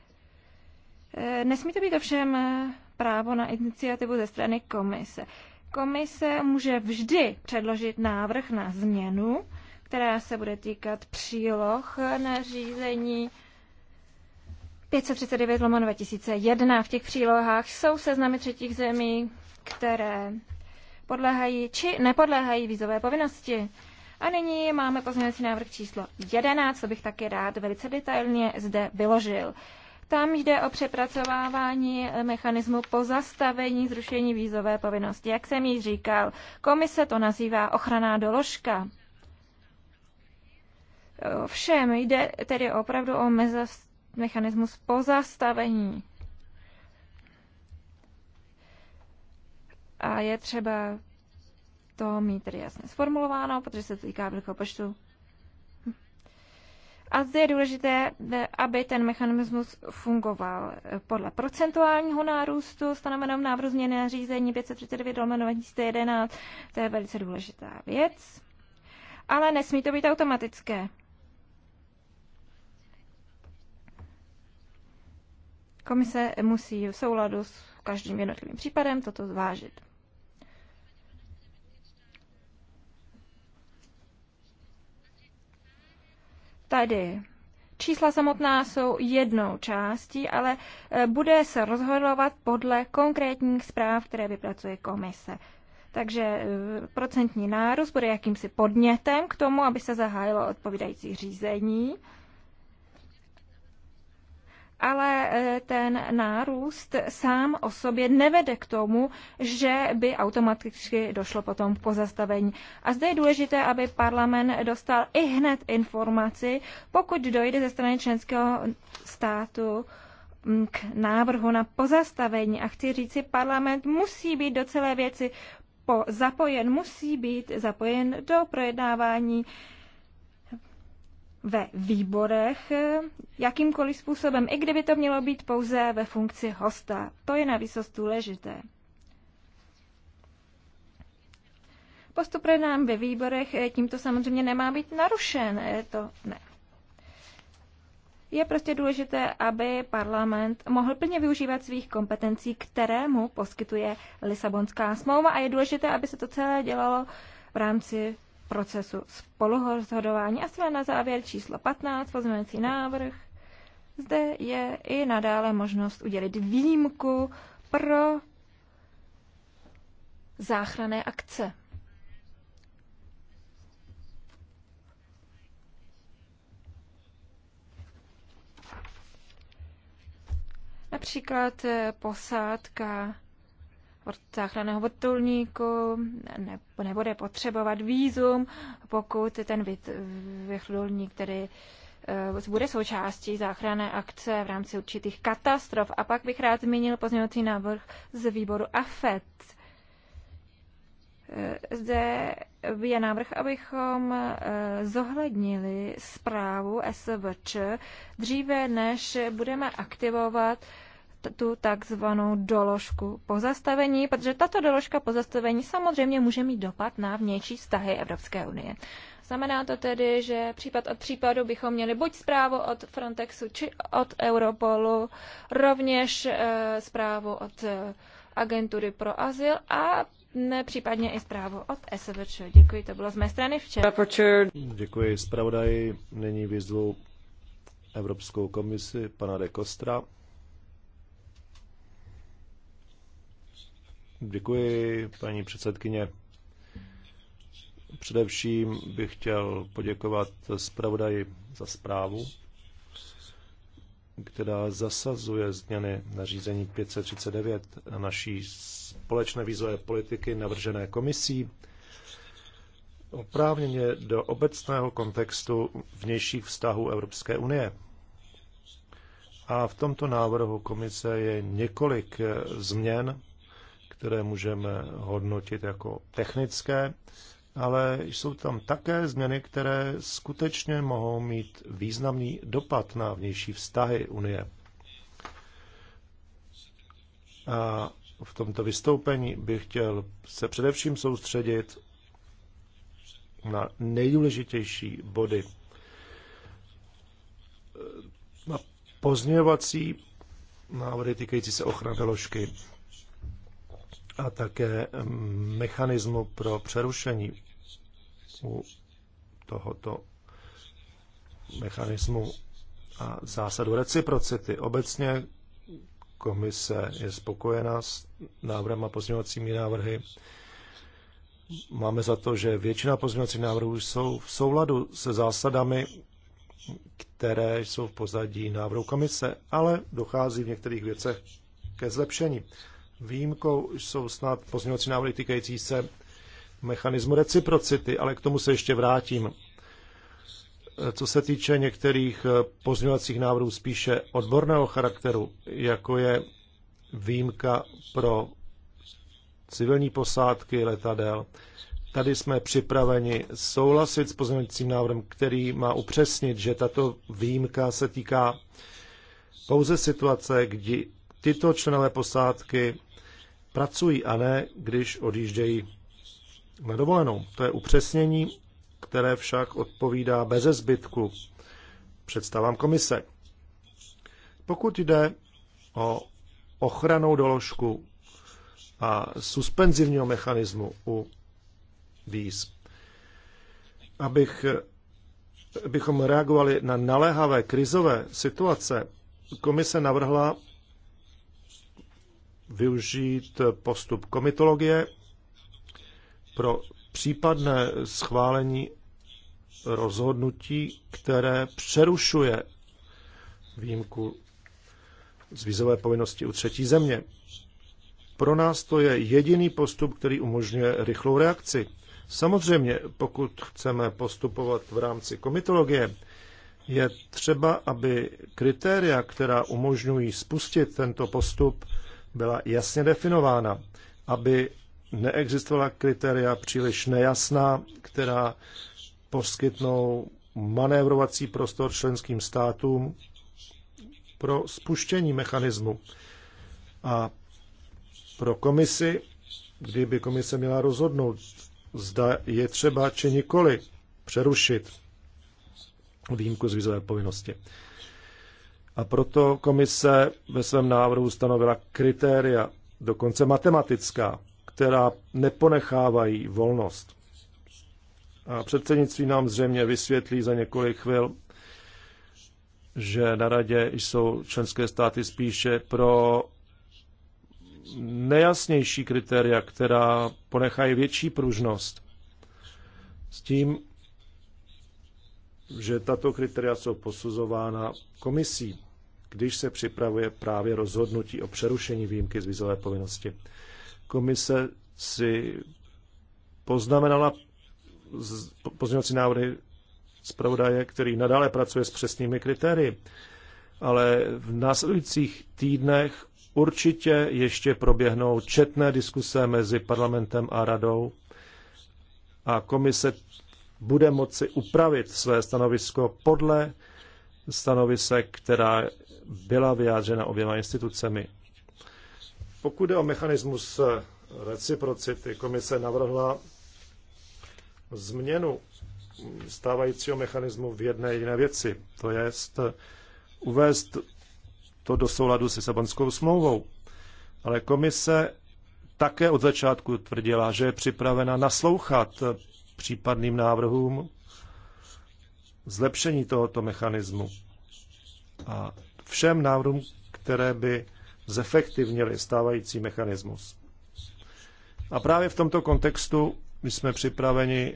Eh, nesmí to být ovšem právo na iniciativu ze strany komise. Komise může vždy předložit návrh na změnu, která se bude týkat příloh na řízení 539 lomeno 2001. V těch přílohách jsou seznamy třetích zemí, které podléhají či nepodléhají vízové povinnosti. A nyní máme pozměňovací návrh číslo 11, Co bych také rád velice detailně zde vyložil. Tam jde o přepracovávání mechanismu pozastavení zrušení vízové povinnosti. Jak jsem již říkal, komise to nazývá ochraná doložka. Všem jde tedy opravdu o mezost mechanismus pozastavení. A je třeba to mít tedy jasně sformulováno, protože se to týká velkého počtu. A zde je důležité, aby ten mechanismus fungoval podle procentuálního nárůstu stanoveného v návrhu změny řízení 539 2011. To je velice důležitá věc. Ale nesmí to být automatické. Komise musí v souladu s každým jednotlivým případem toto zvážit. Tady čísla samotná jsou jednou částí, ale eh, bude se rozhodovat podle konkrétních zpráv, které vypracuje komise. Takže eh, procentní nárůst bude jakýmsi podnětem k tomu, aby se zahájilo odpovídající řízení ale eh, ten nárůst sám o sobě nevede k tomu, že by automaticky došlo potom k pozastavení. A zde je důležité, aby parlament dostal i hned informaci, pokud dojde ze strany členského státu mm, k návrhu na pozastavení. A chci říci, parlament musí být do celé věci po zapojen, musí být zapojen do projednávání ve výborech jakýmkoliv způsobem, i kdyby to mělo být pouze ve funkci hosta. To je navíc důležité. Postup nám ve výborech eh, tímto samozřejmě nemá být narušen, eh, to ne. Je prostě důležité, aby parlament mohl plně využívat svých kompetencí, které mu poskytuje Lisabonská smlouva a je důležité, aby se to celé dělalo v rámci procesu spoluhozhodování A jsme na závěr číslo 15, pozměňovací návrh. Zde je i nadále možnost udělit výjimku pro záchranné akce. Například eh, posádka od záchranného vrtulníku ne, nebude potřebovat výzum, pokud ten vrtulník, který eh, bude součástí záchranné akce v rámci určitých katastrof. A pak bych rád zmínil pozměňovací návrh z výboru AFET. Eh, zde je návrh, abychom eh, zohlednili zprávu SVČ dříve, než budeme aktivovat tu takzvanou doložku pozastavení, protože tato doložka pozastavení samozřejmě může mít dopad na vnější vztahy Evropské unie. Znamená to tedy, že případ od případu bychom měli buď zprávu od Frontexu či od Europolu, rovněž e, zprávu od eh, agentury pro azyl a ne, případně i zprávu od SVČ. Děkuji, to bylo z mé strany včera. Děkuji zpravodaj. Nyní vyzvu Evropskou komisi pana de Kostra. Děkuji, paní předsedkyně. Především bych chtěl poděkovat zpravodaji za zprávu, která zasazuje změny nařízení 539 a naší společné výzové politiky navržené komisí oprávněně do obecného kontextu vnějších vztahů Evropské unie. A v tomto návrhu komise je několik změn, které můžeme hodnotit jako technické, ale jsou tam také změny, které skutečně mohou mít významný dopad na vnější vztahy Unie. A v tomto vystoupení bych chtěl se především soustředit na nejdůležitější body. Na pozměňovací návrhy týkající se ochrany ložky a také mechanismu pro přerušení u tohoto mechanismu a zásadu reciprocity. Obecně komise je spokojena s návrhem a pozměňovacími návrhy. Máme za to, že většina pozměňovacích návrhů jsou v souladu se zásadami, které jsou v pozadí návrhu komise, ale dochází v některých věcech ke zlepšení. Výjimkou jsou snad pozměňovací návrhy týkající se mechanismu reciprocity, ale k tomu se ještě vrátím. Co se týče některých pozměňovacích návrhů spíše odborného charakteru, jako je výjimka pro civilní posádky letadel, tady jsme připraveni souhlasit s pozměňovacím návrhem, který má upřesnit, že tato výjimka se týká pouze situace, kdy tyto členové posádky pracují a ne když odjíždějí na dovolenou. To je upřesnění, které však odpovídá beze zbytku představám komise. Pokud jde o ochranou doložku a suspenzivního mechanismu u víz, abych, abychom reagovali na naléhavé krizové situace, komise navrhla využít postup komitologie pro případné schválení rozhodnutí, které přerušuje výjimku z vízové povinnosti u třetí země. Pro nás to je jediný postup, který umožňuje rychlou reakci. Samozřejmě, pokud chceme postupovat v rámci komitologie, je třeba, aby kritéria, která umožňují spustit tento postup, byla jasně definována, aby neexistovala kritéria příliš nejasná, která poskytnou manévrovací prostor členským státům pro spuštění mechanismu. A pro komisi, kdyby komise měla rozhodnout, zda je třeba či nikoli přerušit výjimku z vizové povinnosti. A proto komise ve svém návrhu stanovila kritéria, dokonce matematická, která neponechávají volnost. A předsednictví nám zřejmě vysvětlí za několik chvil, že na radě jsou členské státy spíše pro nejasnější kritéria, která ponechají větší pružnost. S tím, že tato kritéria jsou posuzována komisí když se připravuje právě rozhodnutí o přerušení výjimky z vizové povinnosti. Komise si poznamenala pozměňovací návrhy zpravodaje, který nadále pracuje s přesnými kritérii, ale v následujících týdnech určitě ještě proběhnou četné diskuse mezi parlamentem a radou a komise bude moci upravit své stanovisko podle stanovisek, která byla vyjádřena oběma institucemi. Pokud jde o mechanismus reciprocity, komise navrhla změnu stávajícího mechanismu v jedné jiné věci, to je uvést to do souladu s Lisabonskou smlouvou. Ale komise také od začátku tvrdila, že je připravena naslouchat případným návrhům zlepšení tohoto mechanismu. A všem návrhům, které by zefektivnily stávající mechanismus. A právě v tomto kontextu my jsme připraveni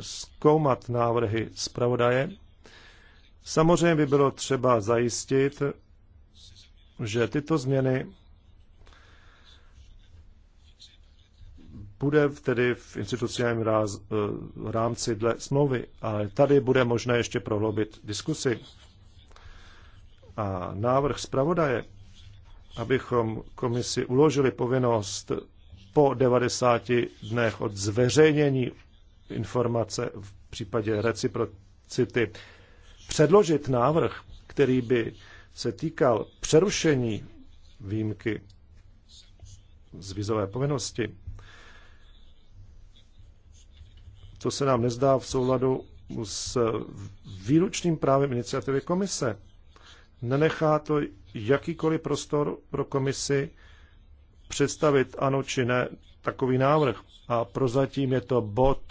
zkoumat návrhy zpravodaje. Samozřejmě by bylo třeba zajistit, že tyto změny bude tedy v institucionálním eh, rámci dle smlouvy, ale tady bude možné ještě prohloubit diskusy. A návrh zpravodaje, abychom komisi uložili povinnost po 90 dnech od zveřejnění informace v případě reciprocity předložit návrh, který by se týkal přerušení výjimky z vizové povinnosti, to se nám nezdá v souladu s výlučným právem iniciativy komise. Nenechá to jakýkoliv prostor pro komisi představit ano či ne takový návrh. A prozatím je to bod,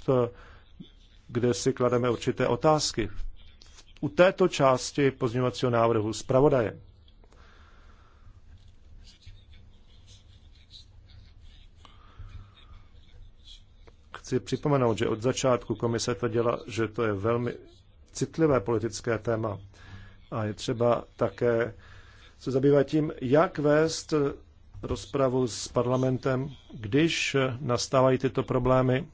kde si klademe určité otázky. U této části pozměňovacího návrhu zpravodaje. Chci připomenout, že od začátku komise to dělá, že to je velmi citlivé politické téma a je třeba také se zabývat tím, jak vést rozpravu s parlamentem, když nastávají tyto problémy.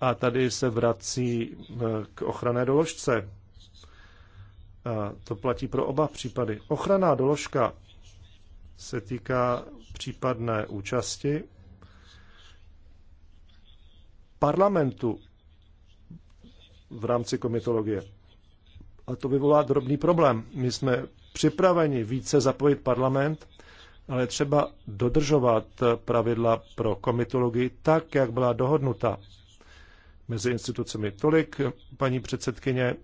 A tady se vrací eh, k ochranné doložce. A to platí pro oba případy. Ochranná doložka se týká případné účasti parlamentu v rámci komitologie. A to vyvolá drobný problém. My jsme připraveni více zapojit parlament, ale třeba dodržovat pravidla pro komitologii tak, jak byla dohodnuta mezi institucemi. Tolik, paní předsedkyně,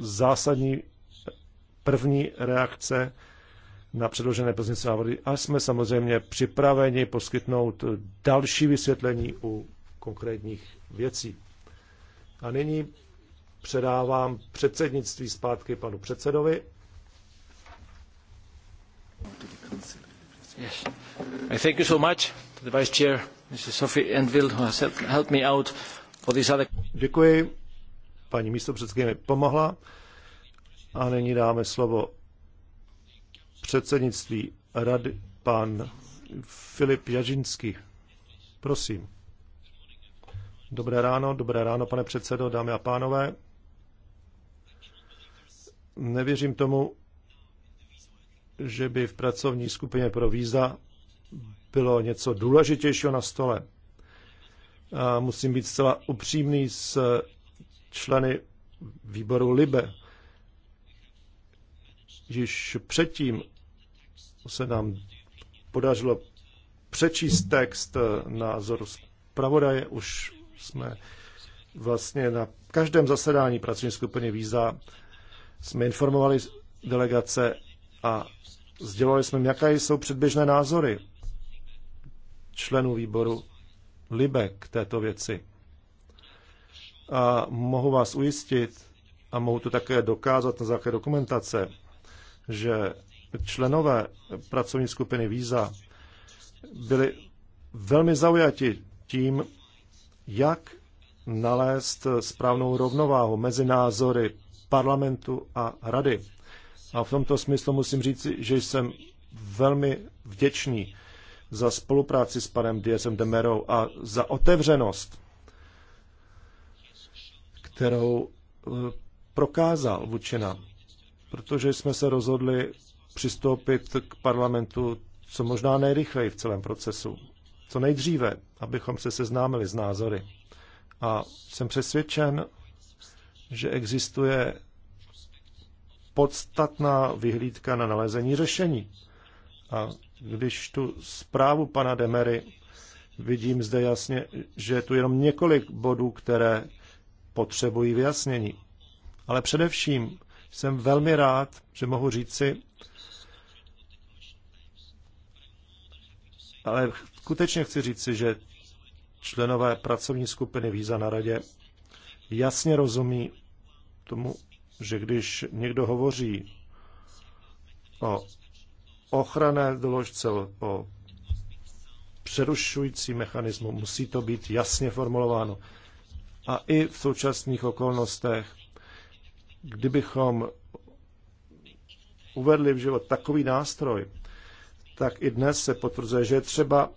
zásadní první reakce na předložené pozměňovací návody a jsme samozřejmě připraveni poskytnout další vysvětlení u konkrétních věcí. A nyní předávám předsednictví zpátky panu předsedovi. Yes. I thank you so much to the vice chair, Mrs. Sophie Enfield, who has helped me out for this other... Děkuji. Paní místopředsedkyně mi pomohla. A nyní dáme slovo předsednictví rady pan Filip Jažinský. Prosím. Dobré ráno, dobré ráno, pane předsedo, dámy a pánové. Nevěřím tomu, že by v pracovní skupině pro víza bylo něco důležitějšího na stole. A musím být zcela upřímný s členy výboru LIBE. Již předtím se nám podařilo přečíst text názoru zpravodaje. Už jsme vlastně na každém zasedání pracovní skupiny víza jsme informovali delegace a sdělovali jsme, jaké jsou předběžné názory členů výboru Libe k této věci. A mohu vás ujistit, a mohu to také dokázat na základě dokumentace, že členové pracovní skupiny Víza byli velmi zaujati tím, jak nalézt správnou rovnováhu mezi názory parlamentu a rady. A v tomto smyslu musím říci, že jsem velmi vděčný za spolupráci s panem Diezem Demerou a za otevřenost, kterou eh, prokázal vůči nám, protože jsme se rozhodli přistoupit k parlamentu co možná nejrychleji v celém procesu, co nejdříve, abychom se seznámili s názory. A jsem přesvědčen, že existuje podstatná vyhlídka na nalezení řešení. A když tu zprávu pana Demery vidím zde jasně, že je tu jenom několik bodů, které potřebují vyjasnění. Ale především jsem velmi rád, že mohu říci, ale skutečně chci říci, že členové pracovní skupiny víza na radě jasně rozumí tomu, že když někdo hovoří o ochranné doložce, o přerušující mechanismu, musí to být jasně formulováno. A i v současných okolnostech, kdybychom uvedli v život takový nástroj, tak i dnes se potvrzuje, že je třeba,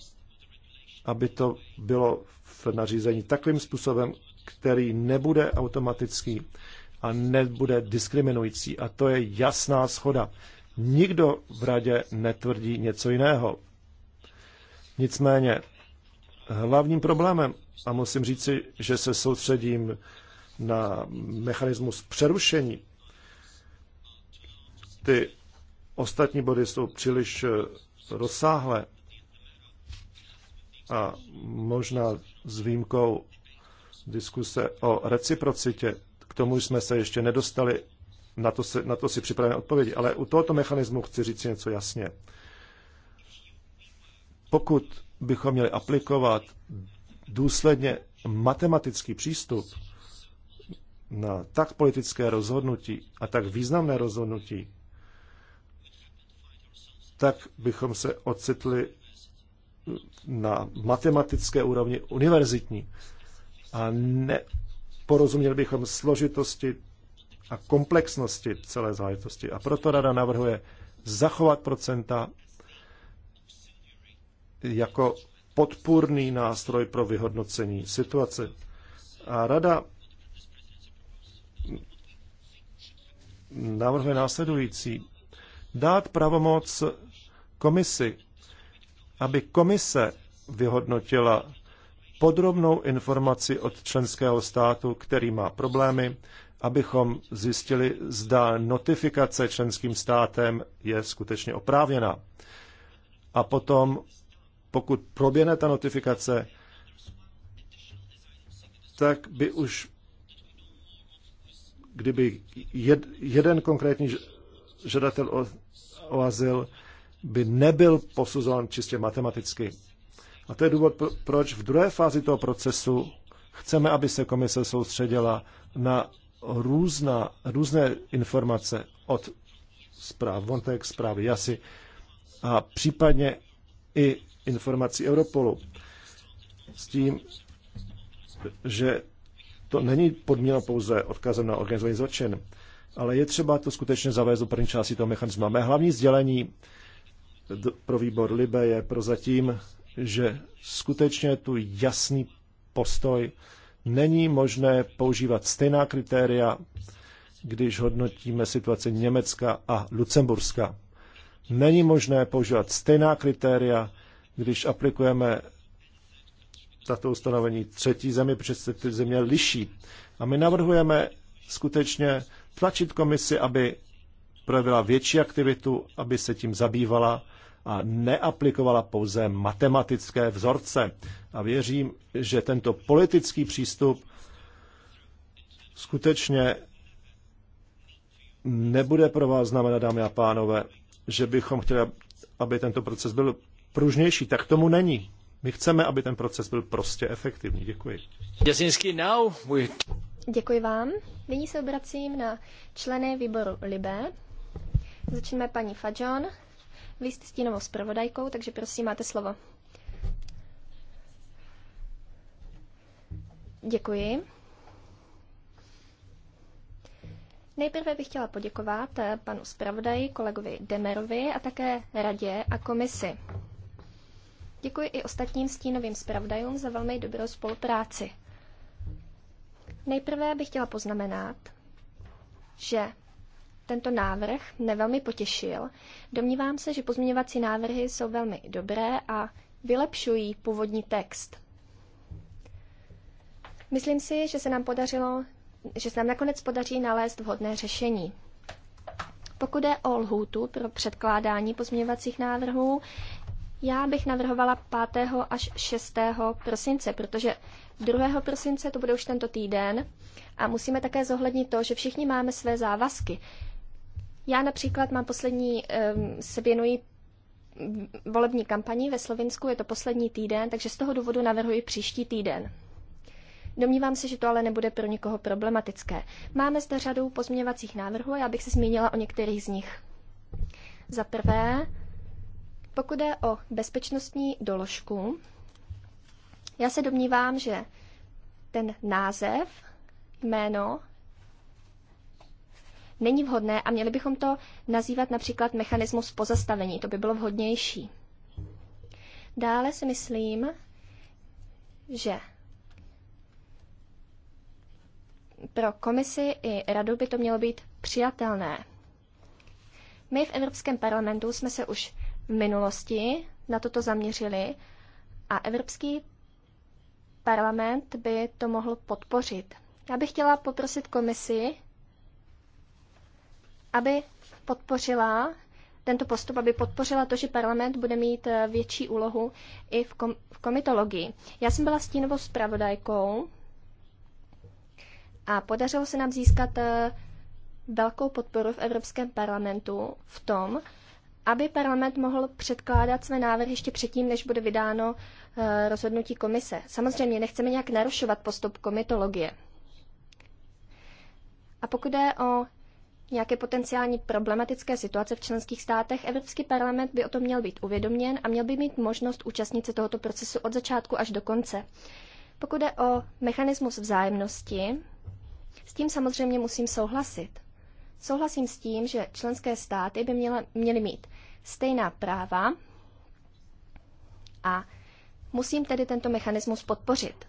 aby to bylo v nařízení takovým způsobem, který nebude automatický a nebude diskriminující. A to je jasná schoda. Nikdo v radě netvrdí něco jiného. Nicméně hlavním problémem, a musím říci, že se soustředím na mechanismus přerušení, ty ostatní body jsou příliš eh, rozsáhlé a možná s výjimkou diskuse o reciprocitě, k tomu jsme se ještě nedostali, na to, se, na to si připravené odpovědi, ale u tohoto mechanismu chci říct něco jasně. Pokud bychom měli aplikovat důsledně matematický přístup na tak politické rozhodnutí a tak významné rozhodnutí, tak bychom se ocitli na matematické úrovni univerzitní a neporozuměli bychom složitosti a komplexnosti celé záležitosti. A proto rada navrhuje zachovat procenta jako podpůrný nástroj pro vyhodnocení situace. A rada navrhuje následující. Dát pravomoc komisi, aby komise vyhodnotila podrobnou informaci od členského státu, který má problémy, abychom zjistili, zda notifikace členským státem je skutečně oprávněná. A potom, pokud proběhne ta notifikace, tak by už, kdyby jed, jeden konkrétní žadatel o, o azyl by nebyl posuzován čistě matematicky, a to je důvod, proč v druhé fázi toho procesu chceme, aby se komise soustředila na různá, různé informace od zpráv Vontek, zprávy JASY a případně i informací Europolu. S tím, že to není podmíněno pouze odkazem na organizovaný zločin, ale je třeba to skutečně zavést do první části toho mechanismu. Mé hlavní sdělení pro výbor Libe je prozatím, že skutečně tu jasný postoj není možné používat stejná kritéria, když hodnotíme situaci Německa a Lucemburska. Není možné používat stejná kritéria, když aplikujeme tato ustanovení třetí zemi, protože se ty země liší. A my navrhujeme skutečně tlačit komisi, aby projevila větší aktivitu, aby se tím zabývala a neaplikovala pouze matematické vzorce. A věřím, že tento politický přístup skutečně nebude pro vás znamenat, dámy a pánové, že bychom chtěli, aby tento proces byl pružnější. Tak tomu není. My chceme, aby ten proces byl prostě efektivní. Děkuji. now we... Děkuji vám. Nyní se obracím na členy výboru Libe. Začneme paní Fajon vy jste stínovou zpravodajkou, takže prosím, máte slovo. Děkuji. Nejprve bych chtěla poděkovat eh, panu zpravodaji, kolegovi Demerovi a také radě a komisi. Děkuji i ostatním stínovým zpravodajům za velmi dobrou spolupráci. Nejprve bych chtěla poznamenat, že tento návrh mne velmi potěšil. Domnívám se, že pozměňovací návrhy jsou velmi dobré a vylepšují původní text. Myslím si, že se nám podařilo, že se nám nakonec podaří nalézt vhodné řešení. Pokud je o lhůtu pro předkládání pozměňovacích návrhů, já bych navrhovala 5. až 6. prosince, protože 2. prosince to bude už tento týden a musíme také zohlednit to, že všichni máme své závazky. Já například mám poslední, se věnuji volební kampani ve Slovensku, je to poslední týden, takže z toho důvodu navrhuji příští týden. Domnívám se, že to ale nebude pro nikoho problematické. Máme zde řadu pozměňovacích návrhů a já bych se zmínila o některých z nich. Za prvé, pokud jde o bezpečnostní doložku, já se domnívám, že ten název, jméno není vhodné a měli bychom to nazývat například mechanismus pozastavení. To by bylo vhodnější. Dále si myslím, že pro komisi i radu by to mělo být přijatelné. My v Evropském parlamentu jsme se už v minulosti na toto zaměřili a Evropský parlament by to mohl podpořit. Já bych chtěla poprosit komisi, aby podpořila tento postup, aby podpořila to, že parlament bude mít eh, větší úlohu i v, kom- v komitologii. Já jsem byla stínovou zpravodajkou a podařilo se nám získat eh, velkou podporu v Evropském parlamentu v tom, aby parlament mohl předkládat své návrhy ještě předtím, než bude vydáno eh, rozhodnutí komise. Samozřejmě nechceme nějak narušovat postup komitologie. A pokud jde o jaké potenciální problematické situace v členských státech, Evropský parlament by o tom měl být uvědoměn a měl by mít možnost účastnit se tohoto procesu od začátku až do konce. Pokud je o mechanismus vzájemnosti, s tím samozřejmě musím souhlasit. Souhlasím s tím, že členské státy by měla, měly mít stejná práva a musím tedy tento mechanismus podpořit.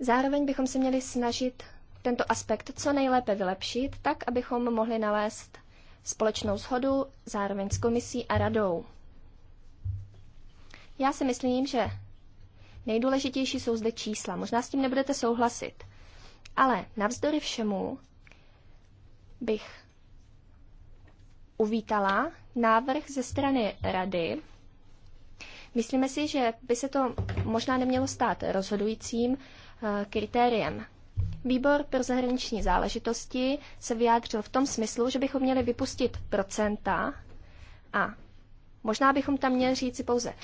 Zároveň bychom se měli snažit tento aspekt co nejlépe vylepšit, tak abychom mohli nalézt společnou shodu zároveň s komisí a radou. Já si myslím, že nejdůležitější jsou zde čísla. Možná s tím nebudete souhlasit. Ale navzdory všemu bych uvítala návrh ze strany rady. Myslíme si, že by se to možná nemělo stát rozhodujícím eh, kritériem Výbor pro zahraniční záležitosti se vyjádřil v tom smyslu, že bychom měli vypustit procenta a možná bychom tam měli říci pouze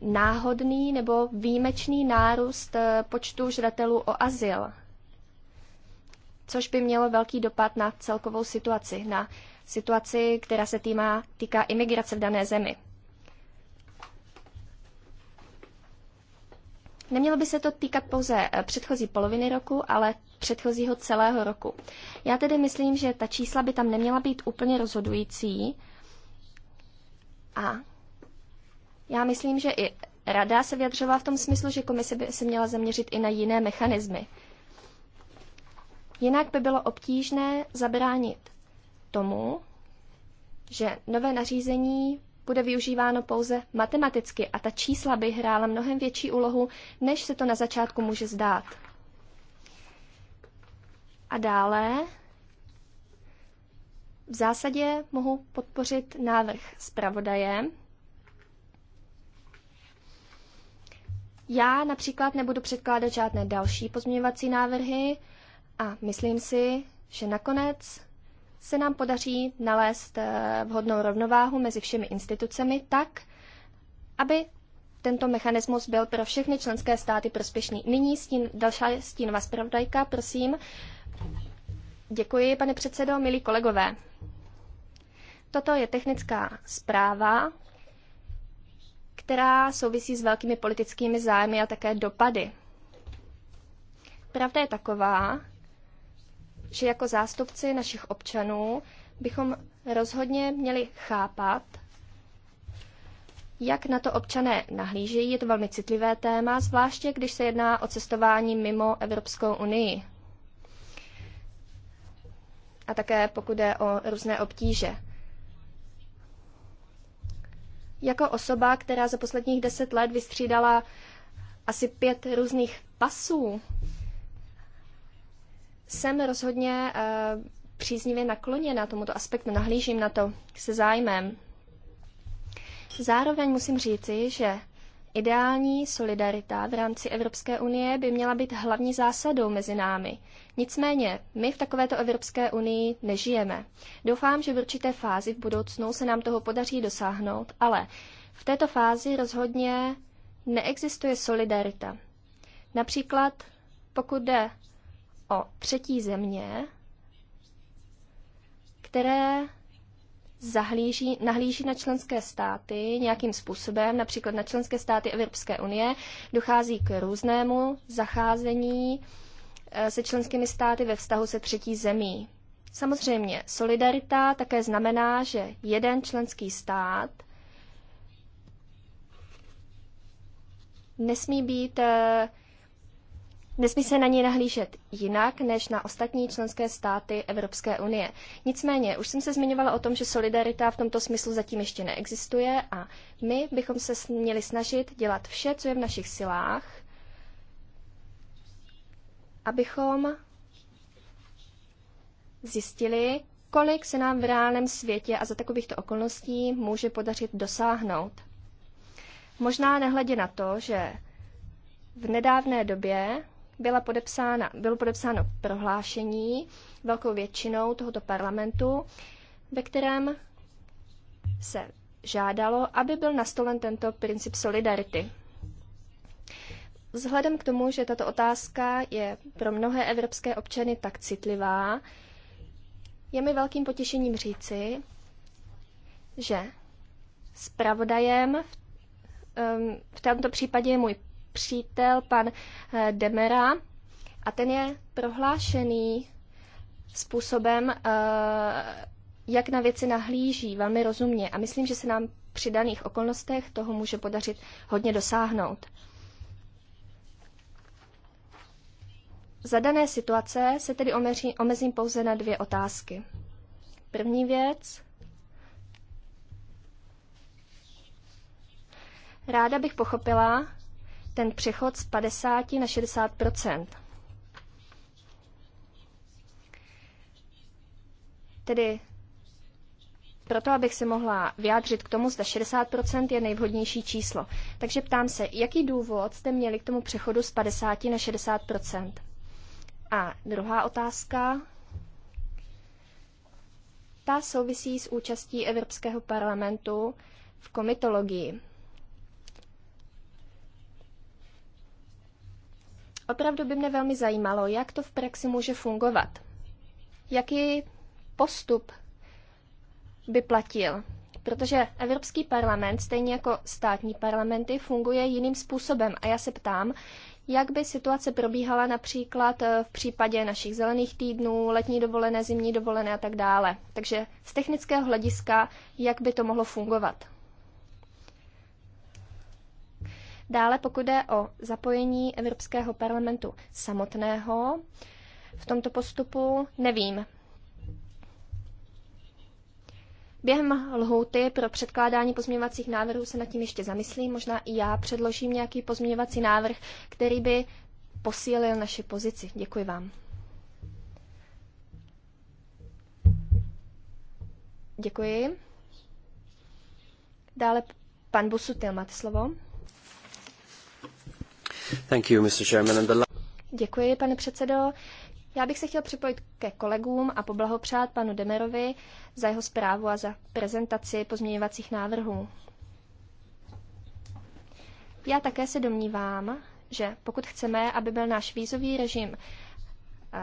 náhodný nebo výjimečný nárůst eh, počtu žadatelů o azyl, což by mělo velký dopad na celkovou situaci, na situaci, která se týma, týká imigrace v dané zemi. Nemělo by se to týkat pouze eh, předchozí poloviny roku, ale předchozího celého roku. Já tedy myslím, že ta čísla by tam neměla být úplně rozhodující. A já myslím, že i rada se vyjadřovala v tom smyslu, že komise by se měla zaměřit i na jiné mechanismy. Jinak by bylo obtížné zabránit tomu, že nové nařízení bude využíváno pouze matematicky a ta čísla by hrála mnohem větší úlohu, než se to na začátku může zdát. A dále v zásadě mohu podpořit návrh zpravodaje. Já například nebudu předkládat žádné další pozměňovací návrhy a myslím si, že nakonec se nám podaří nalézt eh, vhodnou rovnováhu mezi všemi institucemi tak, aby tento mechanismus byl pro všechny členské státy prospěšný. Nyní stín, další stínová zpravodajka, prosím. Děkuji, pane předsedo, milí kolegové. Toto je technická zpráva, která souvisí s velkými politickými zájmy a také dopady. Pravda je taková, že jako zástupci našich občanů bychom rozhodně měli chápat, jak na to občané nahlížejí. Je to velmi citlivé téma, zvláště když se jedná o cestování mimo Evropskou unii. A také pokud jde o různé obtíže. Jako osoba, která za posledních deset let vystřídala asi pět různých pasů, jsem rozhodně eh, příznivě nakloněna tomuto aspektu, nahlížím na to se zájmem. Zároveň musím říci, že ideální solidarita v rámci Evropské unie by měla být hlavní zásadou mezi námi. Nicméně, my v takovéto Evropské unii nežijeme. Doufám, že v určité fázi v budoucnu se nám toho podaří dosáhnout, ale v této fázi rozhodně neexistuje solidarita. Například, pokud jde o třetí země, které zahlíží, nahlíží na členské státy nějakým způsobem, například na členské státy Evropské unie, dochází k různému zacházení eh, se členskými státy ve vztahu se třetí zemí. Samozřejmě, solidarita také znamená, že jeden členský stát nesmí být eh, Nesmí se na ní nahlížet jinak než na ostatní členské státy Evropské unie. Nicméně, už jsem se zmiňovala o tom, že solidarita v tomto smyslu zatím ještě neexistuje a my bychom se měli snažit dělat vše, co je v našich silách, abychom zjistili, kolik se nám v reálném světě a za takovýchto okolností může podařit dosáhnout. Možná nehledě na to, že v nedávné době byla podepsána, bylo podepsáno prohlášení velkou většinou tohoto parlamentu, ve kterém se žádalo, aby byl nastolen tento princip solidarity. Vzhledem k tomu, že tato otázka je pro mnohé evropské občany tak citlivá, je mi velkým potěšením říci, že zpravodajem v, um, v tomto případě je můj přítel, pan eh, Demera, a ten je prohlášený způsobem, eh, jak na věci nahlíží, velmi rozumně. A myslím, že se nám při daných okolnostech toho může podařit hodně dosáhnout. Za dané situace se tedy omeří, omezím pouze na dvě otázky. První věc. Ráda bych pochopila, ten přechod z 50 na 60 Tedy proto, abych se mohla vyjádřit k tomu, zda 60% je nejvhodnější číslo. Takže ptám se, jaký důvod jste měli k tomu přechodu z 50 na 60%? A druhá otázka, ta souvisí s účastí Evropského parlamentu v komitologii. Opravdu by mne velmi zajímalo, jak to v praxi může fungovat. Jaký postup by platil? Protože Evropský parlament, stejně jako státní parlamenty, funguje jiným způsobem. A já se ptám, jak by situace probíhala například eh, v případě našich zelených týdnů, letní dovolené, zimní dovolené a tak dále. Takže z technického hlediska, jak by to mohlo fungovat? Dále, pokud jde o zapojení Evropského parlamentu samotného v tomto postupu, nevím. Během lhouty pro předkládání pozměňovacích návrhů se nad tím ještě zamyslím. Možná i já předložím nějaký pozměňovací návrh, který by posílil naši pozici. Děkuji vám. Děkuji. Dále pan Busutil, máte slovo. Děkuji, pane předsedo. Já bych se chtěl připojit ke kolegům a poblahopřát panu Demerovi za jeho zprávu a za prezentaci pozměňovacích návrhů. Já také se domnívám, že pokud chceme, aby byl náš vízový režim eh,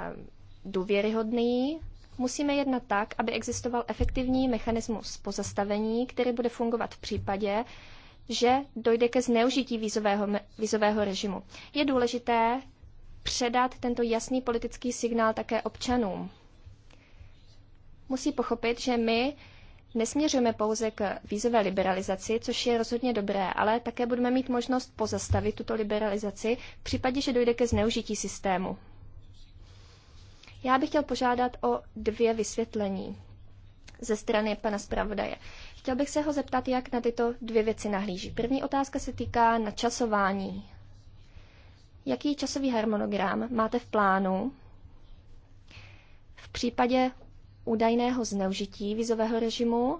důvěryhodný, musíme jednat tak, aby existoval efektivní mechanismus pozastavení, který bude fungovat v případě, že dojde ke zneužití vízového, vízového režimu. Je důležité předat tento jasný politický signál také občanům. Musí pochopit, že my nesměřujeme pouze k vízové liberalizaci, což je rozhodně dobré, ale také budeme mít možnost pozastavit tuto liberalizaci v případě, že dojde ke zneužití systému. Já bych chtěl požádat o dvě vysvětlení ze strany pana zpravodaje. Chtěl bych se ho zeptat, jak na tyto dvě věci nahlíží. První otázka se týká načasování. Jaký časový harmonogram máte v plánu v případě údajného zneužití vizového režimu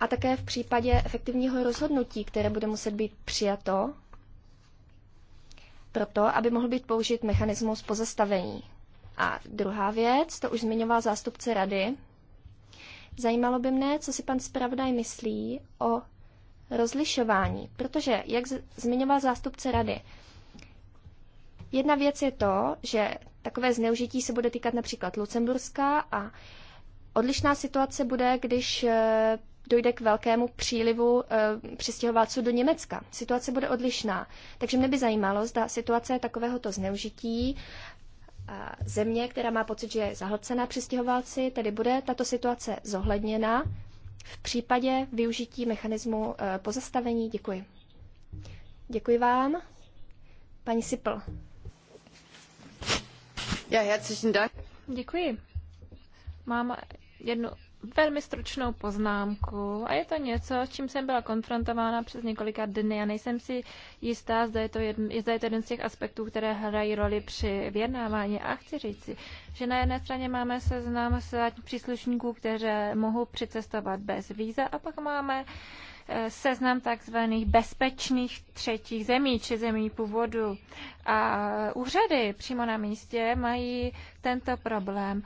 a také v případě efektivního rozhodnutí, které bude muset být přijato proto, aby mohl být použit mechanismus pozastavení. A druhá věc, to už zmiňoval zástupce rady. Zajímalo by mne, co si pan zpravodaj myslí o rozlišování, protože, jak zmiňoval zástupce rady, jedna věc je to, že takové zneužití se bude týkat například Lucemburska a odlišná situace bude, když eh, dojde k velkému přílivu e, přistěhovalců do Německa. Situace bude odlišná. Takže mě by zajímalo, zda situace takovéhoto zneužití země, která má pocit, že je zahlcená přistěhovalci, tedy bude tato situace zohledněna v případě využití mechanismu e, pozastavení. Děkuji. Děkuji vám. Paní Sipl. Ja, herzlichen Dank. Děkuji. Mám jednu velmi stručnou poznámku a je to něco, s čím jsem byla konfrontována přes několika dny a nejsem si jistá, zda je to, jedn, zda je to jeden z těch aspektů, které hrají roli při vyjednávání. A chci říci, že na jedné straně máme seznam státních příslušníků, kteří mohou přicestovat bez víza a pak máme eh, seznam takzvaných bezpečných třetích zemí či zemí původu. A úřady přímo na místě mají tento problém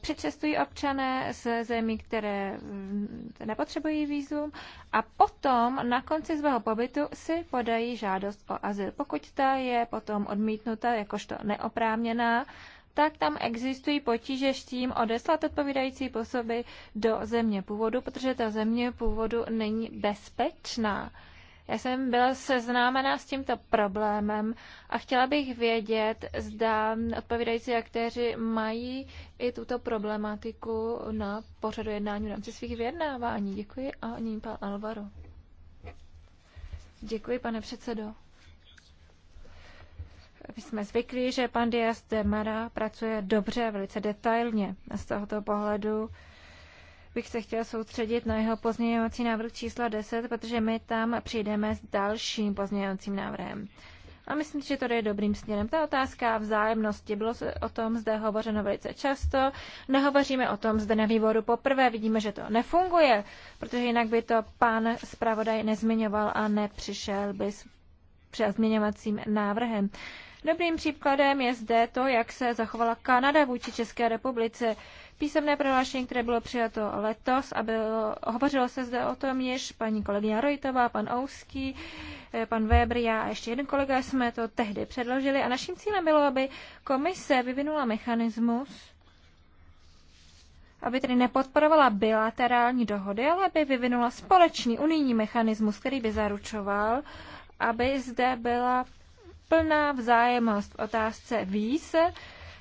přicestují občané z zemí, které nepotřebují výzum a potom na konci svého pobytu si podají žádost o azyl. Pokud ta je potom odmítnuta jakožto neoprávněná, tak tam existují potíže s tím odeslat odpovídající posoby do země původu, protože ta země původu není bezpečná. Já jsem byla seznámena s tímto problémem a chtěla bych vědět, zda odpovídající aktéři mají i tuto problematiku na pořadu jednání v rámci svých vyjednávání. Děkuji a nyní pan Alvaro. Děkuji, pane předsedo. My jsme zvyklí, že pan Diaz de Mara pracuje dobře, velice detailně. Z tohoto pohledu bych se chtěl soustředit na jeho pozměňovací návrh číslo 10, protože my tam přijdeme s dalším pozměňovacím návrhem. A myslím, že to je dobrým směrem. Ta otázka vzájemnosti, bylo se o tom zde hovořeno velice často. Nehovoříme o tom zde na výboru poprvé, vidíme, že to nefunguje, protože jinak by to pan zpravodaj nezmiňoval a nepřišel by s přezměňovacím návrhem. Dobrým příkladem je zde to, jak se zachovala Kanada vůči České republice. Písemné prohlášení, které bylo přijato letos a bylo, hovořilo se zde o tom již paní kolegyně Rojtová, pan Ouský, eh, pan Weber, já a ještě jeden kolega jsme to tehdy předložili a naším cílem bylo, aby komise vyvinula mechanismus, aby tedy nepodporovala bilaterální dohody, ale aby vyvinula společný unijní mechanismus, který by zaručoval, aby zde byla plná vzájemnost v otázce víz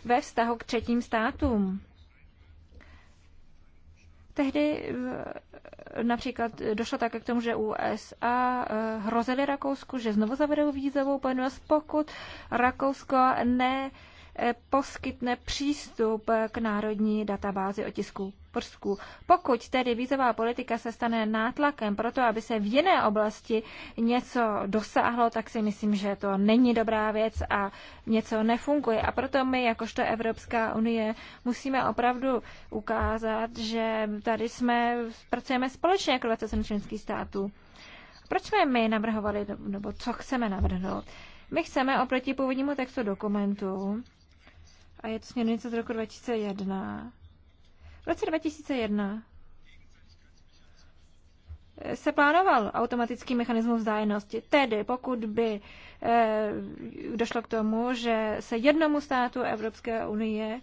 ve vztahu k třetím státům. Tehdy například došlo také k tomu, že USA eh, hrozili Rakousku, že znovu zavedou vízovou povinnost, pokud Rakousko ne eh, poskytne přístup k národní databázi otisků Prsků. Pokud tedy vízová politika se stane nátlakem pro to, aby se v jiné oblasti něco dosáhlo, tak si myslím, že to není dobrá věc a něco nefunguje. A proto my, jakožto Evropská unie, musíme opravdu ukázat, že tady jsme, pracujeme společně jako 27 členských států. Proč jsme my navrhovali, nebo co chceme navrhnout? My chceme oproti původnímu textu dokumentu, a je to směrnice z roku 2001, v roce 2001 se plánoval automatický mechanismus vzájemnosti. Tedy pokud by eh, došlo k tomu, že se jednomu státu Evropské unie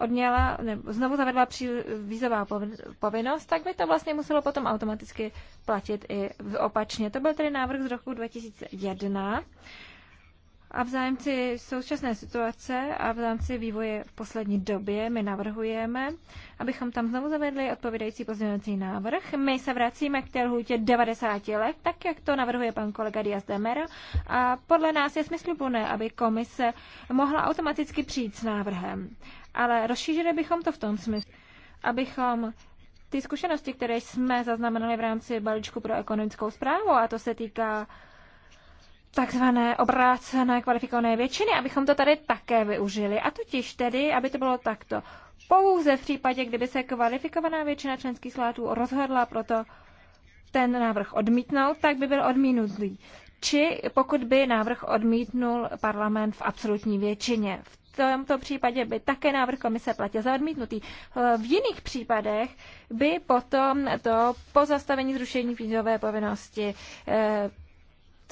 odměla, nebo znovu zavedla při, vízová povinnost, tak by to vlastně muselo potom automaticky platit i opačně. To byl tedy návrh z roku 2001 a v zájemci současné situace a v zájemci vývoje v poslední době my navrhujeme, abychom tam znovu zavedli odpovídající pozměňovací návrh. My se vracíme k té lhůtě 90 let, tak jak to navrhuje pan kolega Diaz de Mera. A podle nás je smysluplné, aby komise mohla automaticky přijít s návrhem. Ale rozšířili bychom to v tom smyslu, abychom ty zkušenosti, které jsme zaznamenali v rámci balíčku pro ekonomickou zprávu, a to se týká takzvané obrácené kvalifikované většiny, abychom to tady také využili. A totiž tedy, aby to bylo takto. Pouze v případě, kdyby se kvalifikovaná většina členských států rozhodla proto ten návrh odmítnout, tak by byl odmítnutý. Či pokud by návrh odmítnul parlament v absolutní většině. V tomto případě by také návrh komise platil za odmítnutý. V jiných případech by potom to pozastavení zrušení vízové povinnosti eh,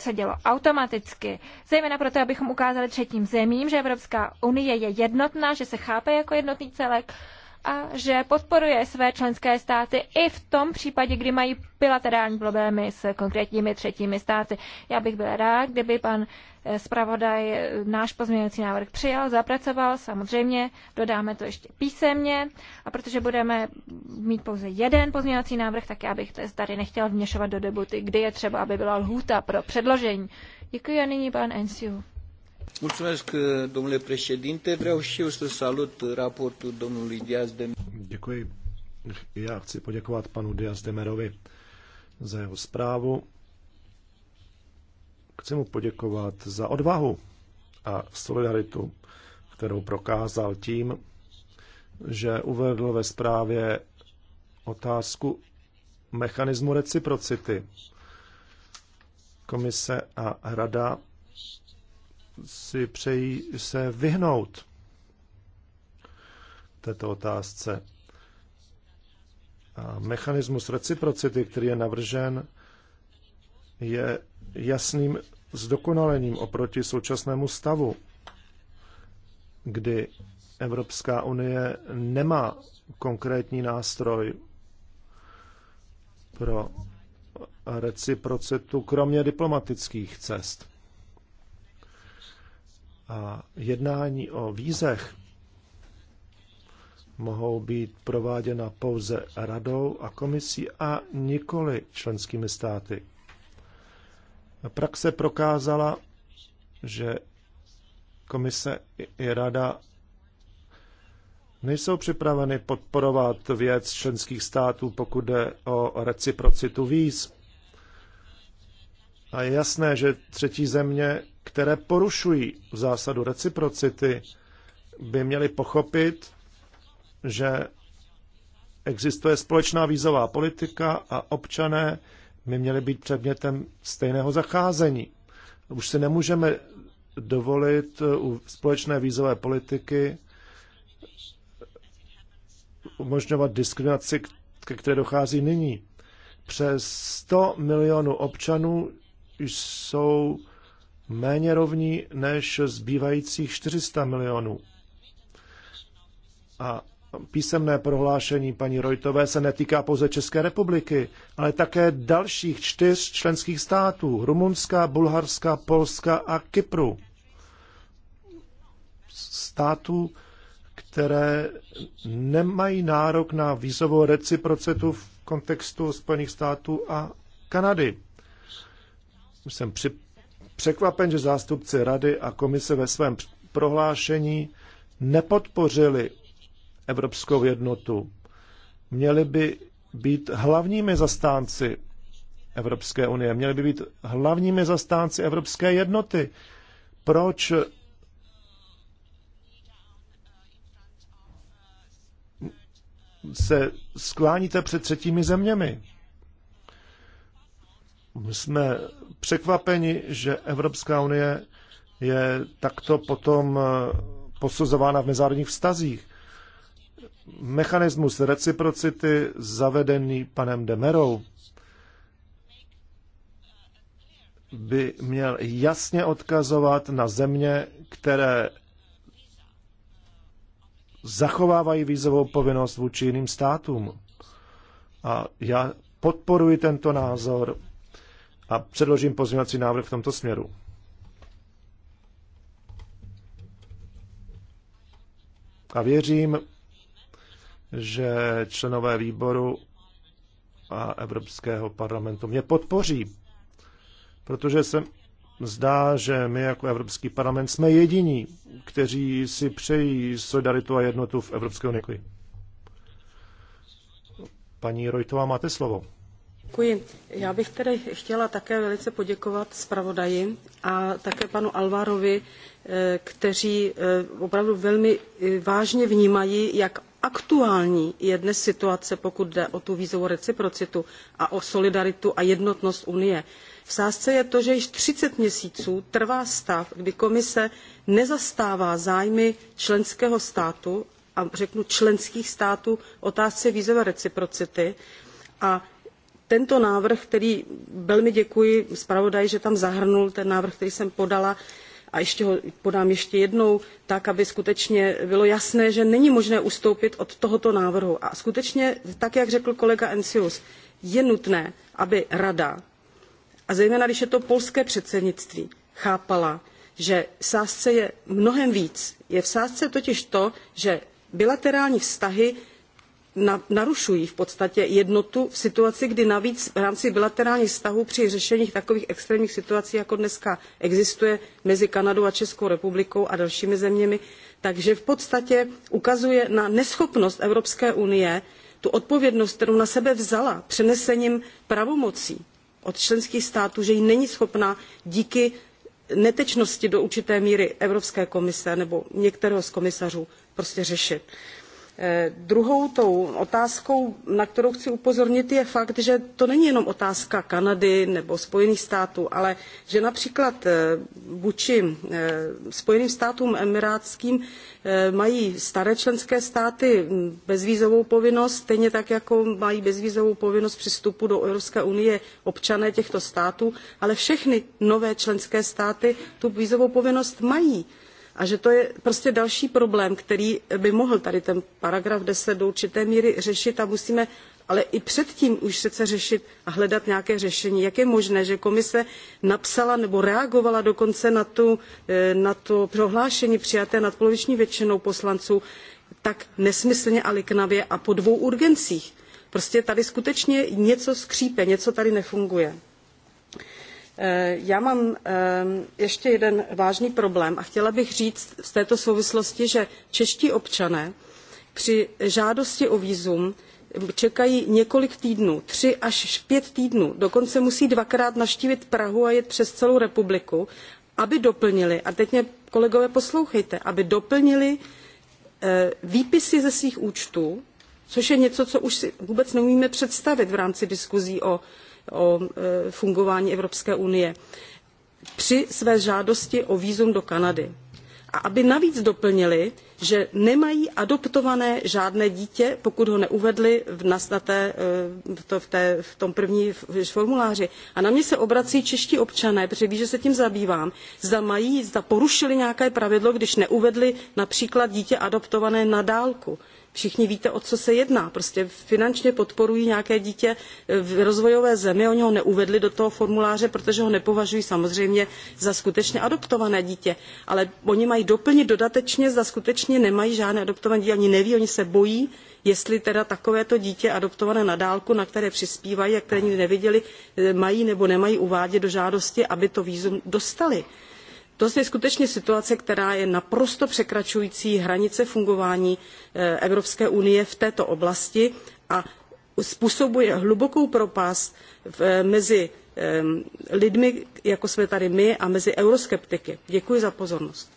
se dělo automaticky. Zejména proto, abychom ukázali třetím zemím, že Evropská unie je jednotná, že se chápe jako jednotný celek a že podporuje své členské státy i v tom případě, kdy mají bilaterální problémy s konkrétními třetími státy. Já bych byla rád, kdyby pan eh, zpravodaj eh, náš pozměňovací návrh přijal, zapracoval, samozřejmě dodáme to ještě písemně a protože budeme mít pouze jeden pozměňovací návrh, tak já bych to tady nechtěl vměšovat do debuty, kdy je třeba, aby byla lhůta pro předložení. Děkuji a nyní pan Ensiu. Mulțumesc, domnule președinte. Vreau și eu să salut raportul domnului Diaz de Děkuji. Já chci poděkovat panu Diaz Demerovi za jeho zprávu. Chci mu poděkovat za odvahu a solidaritu, kterou prokázal tím, že uvedl ve zprávě otázku mechanismu reciprocity. Komise a rada si přejí se vyhnout této otázce. A mechanismus reciprocity, který je navržen, je jasným zdokonalením oproti současnému stavu, kdy Evropská unie nemá konkrétní nástroj pro reciprocitu, kromě diplomatických cest. A jednání o vízech mohou být prováděna pouze radou a komisí a nikoli členskými státy. Praxe prokázala, že komise i rada nejsou připraveny podporovat věc členských států, pokud jde o reciprocitu víz. A je jasné, že třetí země které porušují zásadu reciprocity, by měly pochopit, že existuje společná vízová politika a občané by měli být předmětem stejného zacházení. Už si nemůžeme dovolit uh, u společné vízové politiky umožňovat diskriminaci, ke které dochází nyní. Přes 100 milionů občanů jsou méně rovní než zbývajících 400 milionů. A písemné prohlášení paní Rojtové se netýká pouze České republiky, ale také dalších čtyř členských států Rumunska, Bulharska, Polska a Kypru. Států, které nemají nárok na výzovou reciprocitu v kontextu Spojených států a Kanady. Jsem při překvapen, že zástupci Rady a komise ve svém prohlášení nepodpořili evropskou jednotu. Měli by být hlavními zastánci Evropské unie, měli by být hlavními zastánci Evropské jednoty. Proč se skláníte před třetími zeměmi? jsme překvapeni, že Evropská unie je takto potom eh, posuzována v mezinárodních vztazích. Mechanismus reciprocity zavedený panem Demerou by měl jasně odkazovat na země, které zachovávají vízovou povinnost vůči jiným státům. A já podporuji tento názor a předložím pozměňovací návrh v tomto směru. A věřím, že členové výboru a Evropského parlamentu mě podpoří, protože se zdá, že my jako Evropský parlament jsme jediní, kteří si přejí solidaritu a jednotu v Evropské unii. Paní Rojtová, máte slovo. Děkuji. Já bych tedy chtěla také velice poděkovat zpravodaji a také panu Alvarovi, eh, kteří eh, opravdu velmi eh, vážně vnímají, jak aktuální je dnes situace, pokud jde o tu vízovou reciprocitu a o solidaritu a jednotnost Unie. V sázce je to, že již 30 měsíců trvá stav, kdy komise nezastává zájmy členského státu a řeknu členských států otázce vízové reciprocity a tento návrh, který velmi děkuji zpravodaji, že tam zahrnul ten návrh, který jsem podala, a ještě ho podám ještě jednou, tak, aby skutečně bylo jasné, že není možné ustoupit od tohoto návrhu. A skutečně, tak jak řekl kolega Encius, je nutné, aby Rada, a zejména když je to polské předsednictví, chápala, že v sázce je mnohem víc. Je v sázce totiž to, že bilaterální vztahy na, narušují v podstatě jednotu v situaci, kdy navíc v rámci bilaterálních vztahů při řešení takových extrémních situací, jako dneska existuje mezi Kanadou a Českou republikou a dalšími zeměmi, takže v podstatě ukazuje na neschopnost Evropské unie tu odpovědnost, kterou na sebe vzala přenesením pravomocí od členských států, že ji není schopna díky netečnosti do určité míry Evropské komise nebo některého z komisařů prostě řešit. Eh, druhou tou otázkou, na kterou chci upozornit, je fakt, že to není jenom otázka Kanady nebo Spojených států, ale že například eh, vůči eh, Spojeným státům emirátským mají staré členské státy hm, bezvízovou povinnost, stejně tak jako mají bezvízovou povinnost při vstupu do Evropské unie občané těchto států, ale všechny nové členské státy tu vízovou povinnost mají. A že to je prostě další problém, který by mohl tady ten paragraf 10 do určité míry řešit a musíme ale i předtím už přece řešit a hledat nějaké řešení. Jak je možné, že komise napsala nebo reagovala dokonce na, tu, eh, na to prohlášení přijaté nadpoloviční většinou poslanců tak nesmyslně a liknavě a po dvou urgencích? Prostě tady skutečně něco skřípe, něco tady nefunguje. Eh, já mám ehm, ještě jeden vážný problém a chtěla bych říct v této souvislosti, že čeští občané při žádosti o vízum čekají několik týdnů, tři až pět týdnů, dokonce musí dvakrát navštívit Prahu a jet přes celou republiku, aby doplnili, a teď mě kolegové poslouchejte, aby doplnili eh, výpisy ze svých účtů, což je něco, co už si vůbec neumíme představit v rámci diskuzí o o e, fungování Evropské unie při své žádosti o vízum do Kanady. A aby navíc doplnili, že nemají adoptované žádné dítě, pokud ho neuvedli v, nasnaté, e, v, to, v, té, v tom první formuláři. A na mě se obrací čeští občané, protože ví, že se tím zabývám, zda mají, zda porušili nějaké pravidlo, když neuvedli například dítě adoptované na dálku všichni víte, o co se jedná. Prostě finančně podporují nějaké dítě v rozvojové zemi, oni ho neuvedli do toho formuláře, protože ho nepovažují samozřejmě za skutečně adoptované dítě. Ale oni mají doplnit dodatečně, za skutečně nemají žádné adoptované dítě, ani neví, oni se bojí, jestli teda takovéto dítě adoptované na dálku, na které přispívají a které nikdy neviděli, eh, mají nebo nemají uvádět do žádosti, aby to vízum dostali. To je skutečně situace, která je naprosto překračující hranice fungování eh, Evropské unie v této oblasti a způsobuje hlubokou propast eh, mezi eh, lidmi, jako jsme tady my, a mezi euroskeptiky. Děkuji za pozornost.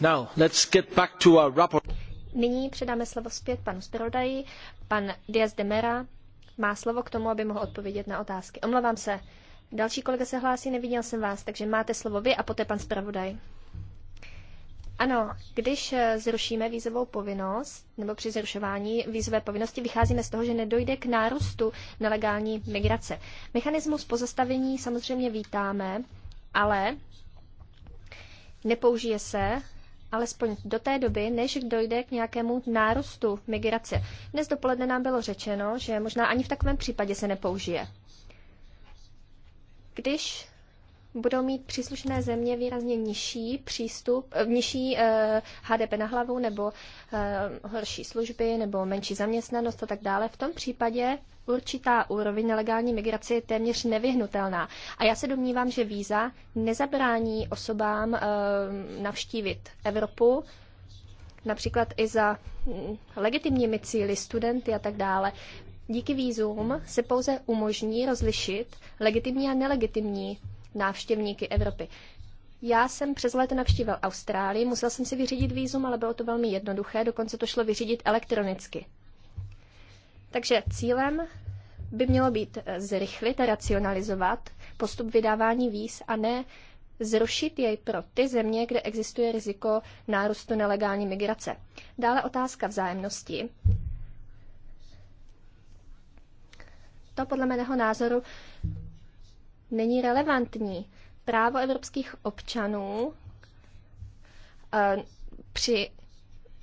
Now, let's get back to our rapport. Nyní předáme slovo zpět panu Spirodaji. Pan Diaz de Mera má slovo k tomu, aby mohl odpovědět na otázky. Omlouvám se. Další kolega se hlásí, neviděl jsem vás, takže máte slovo vy a poté pan zpravodaj. Ano, když eh, zrušíme vízovou povinnost, nebo při zrušování vízové povinnosti, vycházíme z toho, že nedojde k nárůstu nelegální migrace. Mechanismus pozastavení samozřejmě vítáme, ale nepoužije se alespoň do té doby, než dojde k nějakému nárůstu migrace. Dnes dopoledne nám bylo řečeno, že možná ani v takovém případě se nepoužije když budou mít příslušné země výrazně nižší přístup, eh, nižší eh, HDP na hlavu nebo eh, horší služby nebo menší zaměstnanost a tak dále. V tom případě určitá úroveň nelegální migrace je téměř nevyhnutelná. A já se domnívám, že víza nezabrání osobám eh, navštívit Evropu, například i za mm, legitimními cíly, studenty a tak dále. Díky vízům se pouze umožní rozlišit legitimní a nelegitimní návštěvníky Evropy. Já jsem přes léto navštívil Austrálii, musel jsem si vyřídit vízum, ale bylo to velmi jednoduché, dokonce to šlo vyřídit elektronicky. Takže cílem by mělo být eh, zrychlit a racionalizovat postup vydávání víz a ne zrušit jej pro ty země, kde existuje riziko nárůstu nelegální migrace. Dále otázka vzájemnosti. to podle mého názoru není relevantní. Právo evropských občanů eh, při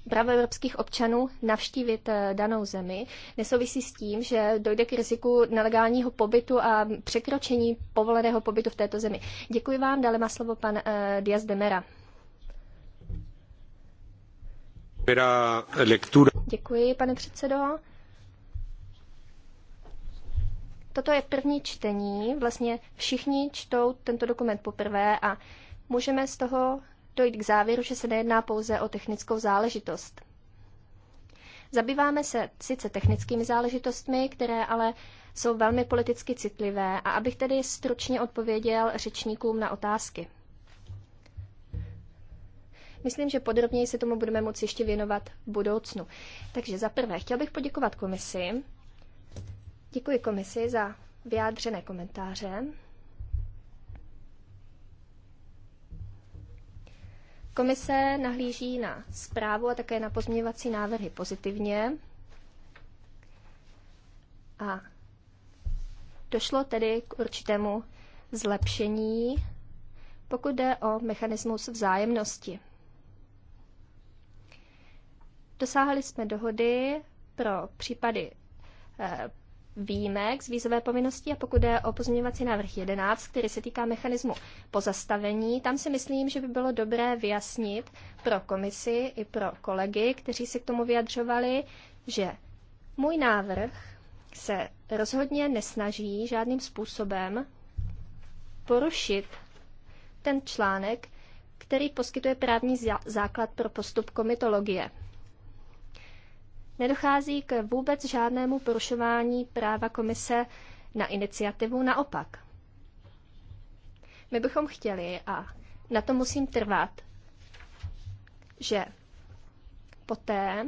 právo evropských občanů navštívit eh, danou zemi nesouvisí s tím, že dojde k riziku nelegálního pobytu a překročení povoleného pobytu v této zemi. Děkuji vám, dále má slovo pan uh, Diaz de Mera. Děkuji, pane předsedo. Toto je první čtení, vlastně všichni čtou tento dokument poprvé a můžeme z toho dojít k závěru, že se nejedná pouze o technickou záležitost. Zabýváme se sice technickými záležitostmi, které ale jsou velmi politicky citlivé a abych tedy stručně odpověděl řečníkům na otázky. Myslím, že podrobněji se tomu budeme moci ještě věnovat v budoucnu. Takže za prvé, chtěl bych poděkovat komisi Děkuji komisi za vyjádřené komentáře. Komise nahlíží na zprávu a také na pozměňovací návrhy pozitivně. A došlo tedy k určitému zlepšení, pokud jde o mechanismus vzájemnosti. Dosáhli jsme dohody pro případy eh, výjimek z vízové povinnosti a pokud je o pozměňovací návrh 11, který se týká mechanismu pozastavení, tam si myslím, že by bylo dobré vyjasnit pro komisi i pro kolegy, kteří se k tomu vyjadřovali, že můj návrh se rozhodně nesnaží žádným způsobem porušit ten článek, který poskytuje právní základ pro postup komitologie. Nedochází k vůbec žádnému porušování práva komise na iniciativu, naopak. My bychom chtěli, a na to musím trvat, že poté,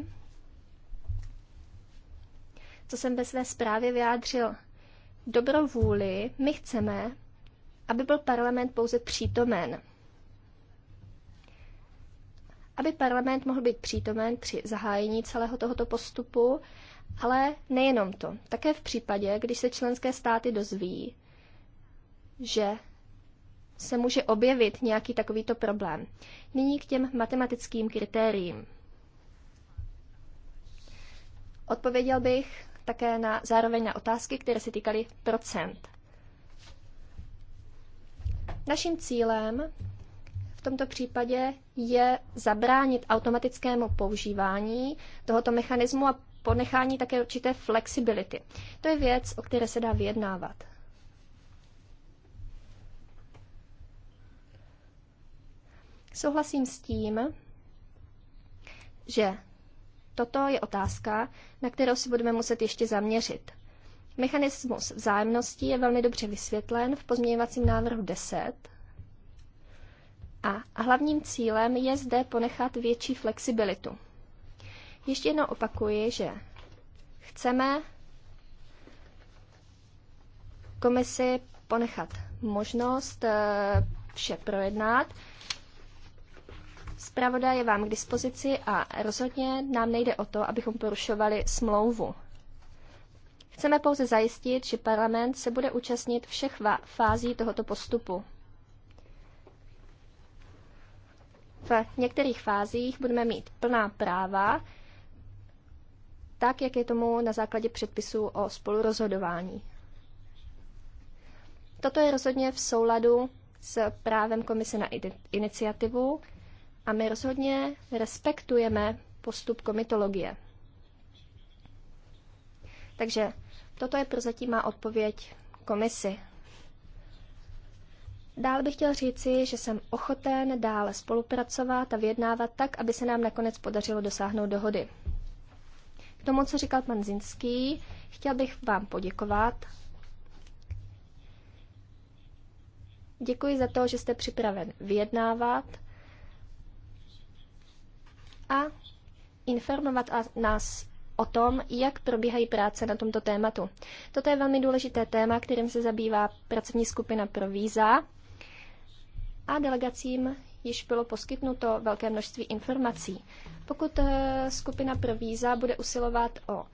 co jsem ve své zprávě vyjádřil dobrou vůli, my chceme, aby byl parlament pouze přítomen aby parlament mohl být přítomen při zahájení celého tohoto postupu, ale nejenom to. Také v případě, když se členské státy dozví, že se může objevit nějaký takovýto problém. Nyní k těm matematickým kritériím. Odpověděl bych také na, zároveň na otázky, které se týkaly procent. Naším cílem tomto případě je zabránit automatickému používání tohoto mechanismu a ponechání také určité flexibility. To je věc, o které se dá vyjednávat. Souhlasím s tím, že toto je otázka, na kterou si budeme muset ještě zaměřit. Mechanismus vzájemnosti je velmi dobře vysvětlen v pozměňovacím návrhu 10 a hlavním cílem je zde ponechat větší flexibilitu. Ještě jednou opakuji, že chceme komisi ponechat možnost eh, vše projednat. Zpravoda je vám k dispozici a rozhodně nám nejde o to, abychom porušovali smlouvu. Chceme pouze zajistit, že parlament se bude účastnit všech fází tohoto postupu. v některých fázích budeme mít plná práva, tak, jak je tomu na základě předpisů o spolurozhodování. Toto je rozhodně v souladu s právem Komise na iniciativu a my rozhodně respektujeme postup komitologie. Takže toto je prozatím má odpověď komisi Dál bych chtěl říci, že jsem ochoten dále spolupracovat a vyjednávat tak, aby se nám nakonec podařilo dosáhnout dohody. K tomu, co říkal pan Zinský, chtěl bych vám poděkovat. Děkuji za to, že jste připraven vyjednávat a informovat nás o tom, jak probíhají práce na tomto tématu. Toto je velmi důležité téma, kterým se zabývá pracovní skupina pro víza a delegacím již bylo poskytnuto velké množství informací. Pokud eh, skupina pro víza bude usilovat o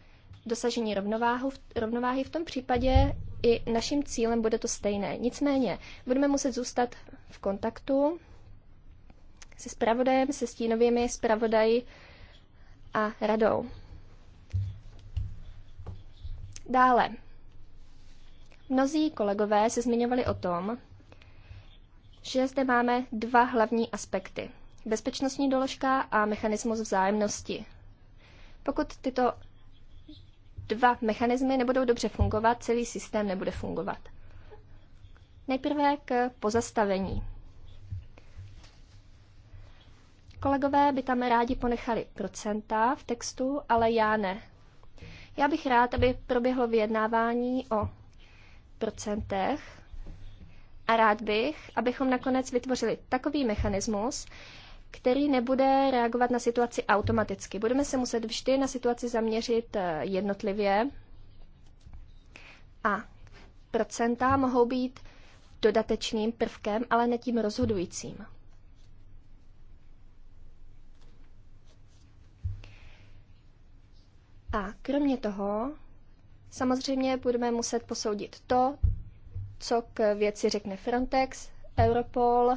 dosažení rovnováhu, rovnováhy, v tom případě i naším cílem bude to stejné. Nicméně budeme muset zůstat v kontaktu se spravodajem, se stínovými spravodaji a radou. Dále. Mnozí kolegové se zmiňovali o tom, že zde máme dva hlavní aspekty. Bezpečnostní doložka a mechanismus vzájemnosti. Pokud tyto dva mechanismy nebudou dobře fungovat, celý systém nebude fungovat. Nejprve k pozastavení. Kolegové by tam rádi ponechali procenta v textu, ale já ne. Já bych rád, aby proběhlo vyjednávání o procentech a rád bych, abychom nakonec vytvořili takový mechanismus, který nebude reagovat na situaci automaticky. Budeme se muset vždy na situaci zaměřit eh, jednotlivě a procenta mohou být dodatečným prvkem, ale ne tím rozhodujícím. A kromě toho samozřejmě budeme muset posoudit to, co k věci řekne Frontex, Europol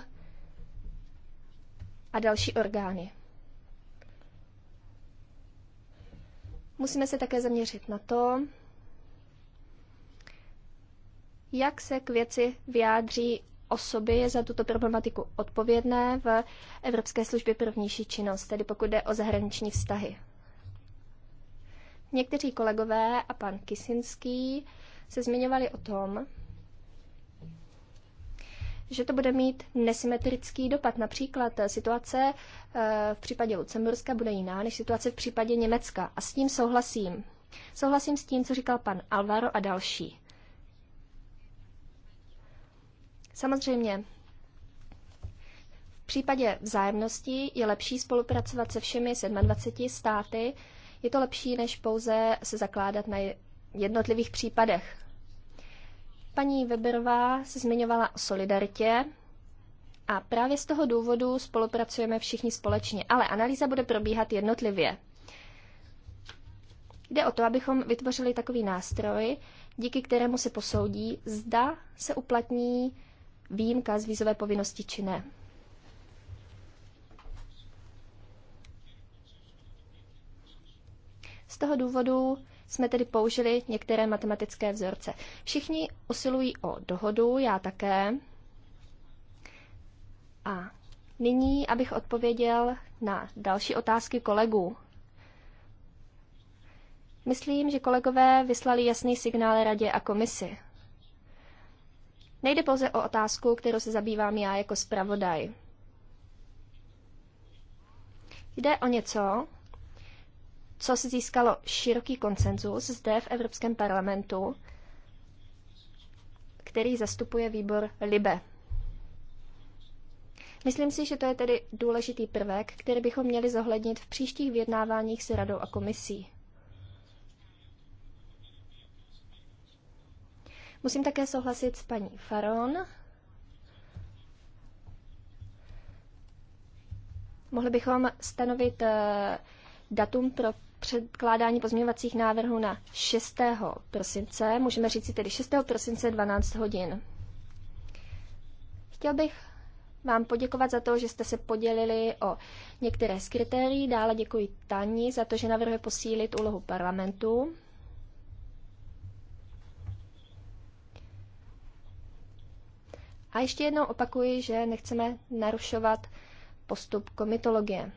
a další orgány. Musíme se také zaměřit na to, jak se k věci vyjádří osoby za tuto problematiku odpovědné v Evropské službě pro vnější činnost, tedy pokud jde o zahraniční vztahy. Někteří kolegové a pan Kisinský se zmiňovali o tom, že to bude mít nesymetrický dopad. Například eh, situace eh, v případě Lucemburska bude jiná než situace v případě Německa. A s tím souhlasím. Souhlasím s tím, co říkal pan Alvaro a další. Samozřejmě, v případě vzájemnosti je lepší spolupracovat se všemi 27 státy. Je to lepší, než pouze se zakládat na jednotlivých případech. Paní Weberová se zmiňovala o solidaritě a právě z toho důvodu spolupracujeme všichni společně, ale analýza bude probíhat jednotlivě. Jde o to, abychom vytvořili takový nástroj, díky kterému se posoudí, zda se uplatní výjimka z vízové povinnosti či ne. Z toho důvodu jsme tedy použili některé matematické vzorce. Všichni usilují o dohodu, já také. A nyní, abych odpověděl na další otázky kolegů. Myslím, že kolegové vyslali jasný signál radě a komisi. Nejde pouze o otázku, kterou se zabývám já jako zpravodaj. Jde o něco, co si získalo široký konsenzus zde v Evropském parlamentu, který zastupuje výbor LIBE. Myslím si, že to je tedy důležitý prvek, který bychom měli zohlednit v příštích vyjednáváních s radou a komisí. Musím také souhlasit s paní Faron. Mohli bychom stanovit eh, datum pro předkládání pozměňovacích návrhů na 6. prosince. Můžeme říct si tedy 6. prosince 12 hodin. Chtěl bych vám poděkovat za to, že jste se podělili o některé z kritérií. Dále děkuji Tani za to, že navrhuje posílit úlohu parlamentu. A ještě jednou opakuji, že nechceme narušovat postup komitologie.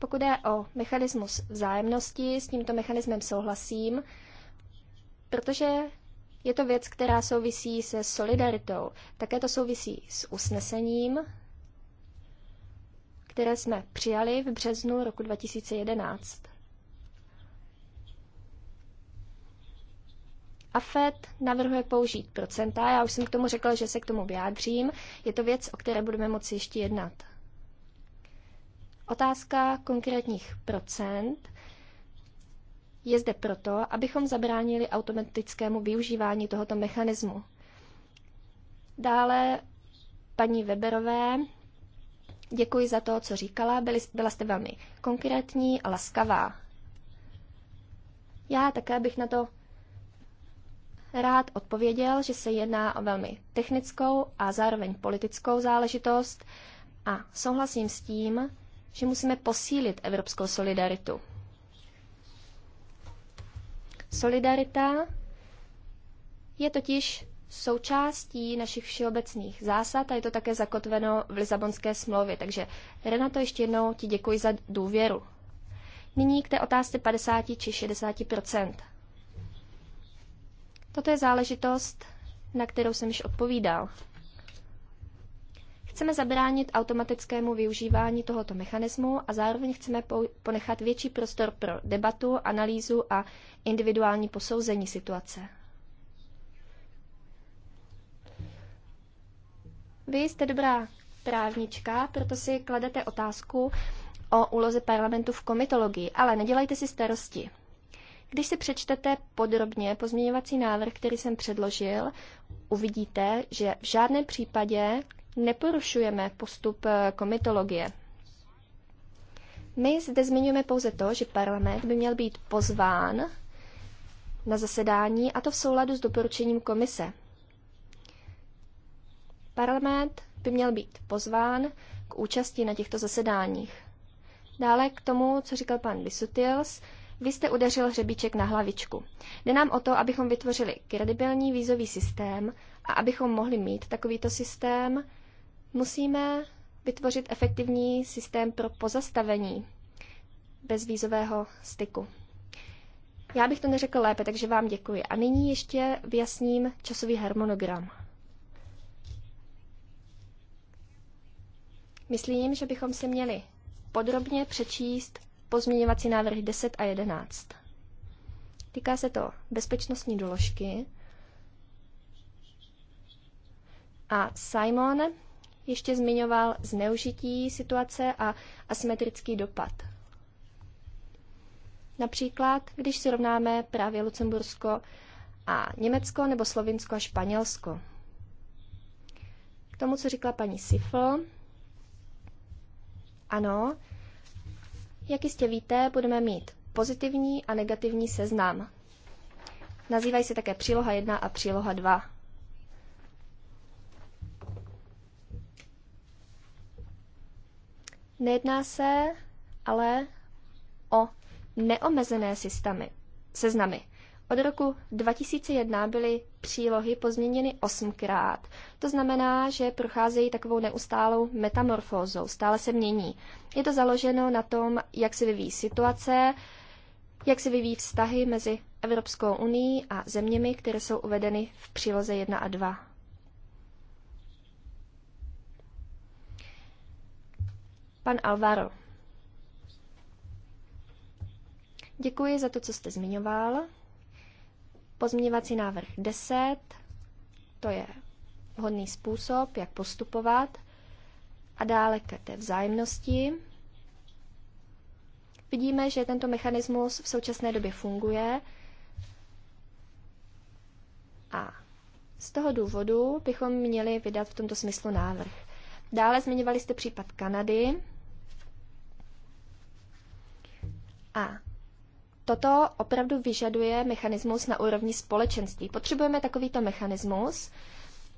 Pokud je o mechanismus vzájemnosti, s tímto mechanismem souhlasím, protože je to věc, která souvisí se solidaritou. Také to souvisí s usnesením, které jsme přijali v březnu roku 2011. FED navrhuje použít procenta. Já už jsem k tomu řekla, že se k tomu vyjádřím. Je to věc, o které budeme moci ještě jednat. Otázka konkrétních procent je zde proto, abychom zabránili automatickému využívání tohoto mechanismu. Dále paní Weberové, děkuji za to, co říkala, byli, byla jste velmi konkrétní a laskavá. Já také bych na to rád odpověděl, že se jedná o velmi technickou a zároveň politickou záležitost a souhlasím s tím, že musíme posílit evropskou solidaritu. Solidarita je totiž součástí našich všeobecných zásad a je to také zakotveno v Lisabonské smlouvě. Takže Renato, ještě jednou ti děkuji za důvěru. Nyní k té otázce 50 či 60 Toto je záležitost, na kterou jsem již odpovídal. Chceme zabránit automatickému využívání tohoto mechanismu a zároveň chceme ponechat větší prostor pro debatu, analýzu a individuální posouzení situace. Vy jste dobrá právnička, proto si kladete otázku o úloze parlamentu v komitologii, ale nedělejte si starosti. Když si přečtete podrobně pozměňovací návrh, který jsem předložil, uvidíte, že v žádném případě neporušujeme postup eh, komitologie. My zde zmiňujeme pouze to, že parlament by měl být pozván na zasedání, a to v souladu s doporučením komise. Parlament by měl být pozván k účasti na těchto zasedáních. Dále k tomu, co říkal pan Bisutils, vy jste udeřil hřebíček na hlavičku. Jde nám o to, abychom vytvořili kredibilní vízový systém a abychom mohli mít takovýto systém, Musíme vytvořit efektivní systém pro pozastavení bezvízového styku. Já bych to neřekl lépe, takže vám děkuji. A nyní ještě vyjasním časový harmonogram. Myslím, že bychom si měli podrobně přečíst pozměňovací návrhy 10 a 11. Týká se to bezpečnostní doložky. A Simon ještě zmiňoval zneužití situace a asymetrický dopad. Například, když si rovnáme právě Lucembursko a Německo nebo Slovinsko a Španělsko. K tomu, co říkala paní Sifl, ano, jak jistě víte, budeme mít pozitivní a negativní seznam. Nazývají se také příloha 1 a příloha 2. Nejedná se ale o neomezené systémy, seznamy. Od roku 2001 byly přílohy pozměněny osmkrát. To znamená, že procházejí takovou neustálou metamorfózou, stále se mění. Je to založeno na tom, jak se vyvíjí situace, jak se vyvíjí vztahy mezi Evropskou unii a zeměmi, které jsou uvedeny v příloze 1 a 2. Pan Alvaro. Děkuji za to, co jste zmiňoval. Pozměňovací návrh 10, to je vhodný způsob, jak postupovat. A dále k té vzájemnosti. Vidíme, že tento mechanismus v současné době funguje. A z toho důvodu bychom měli vydat v tomto smyslu návrh. Dále zmiňovali jste případ Kanady. A toto opravdu vyžaduje mechanismus na úrovni společenství. Potřebujeme takovýto mechanismus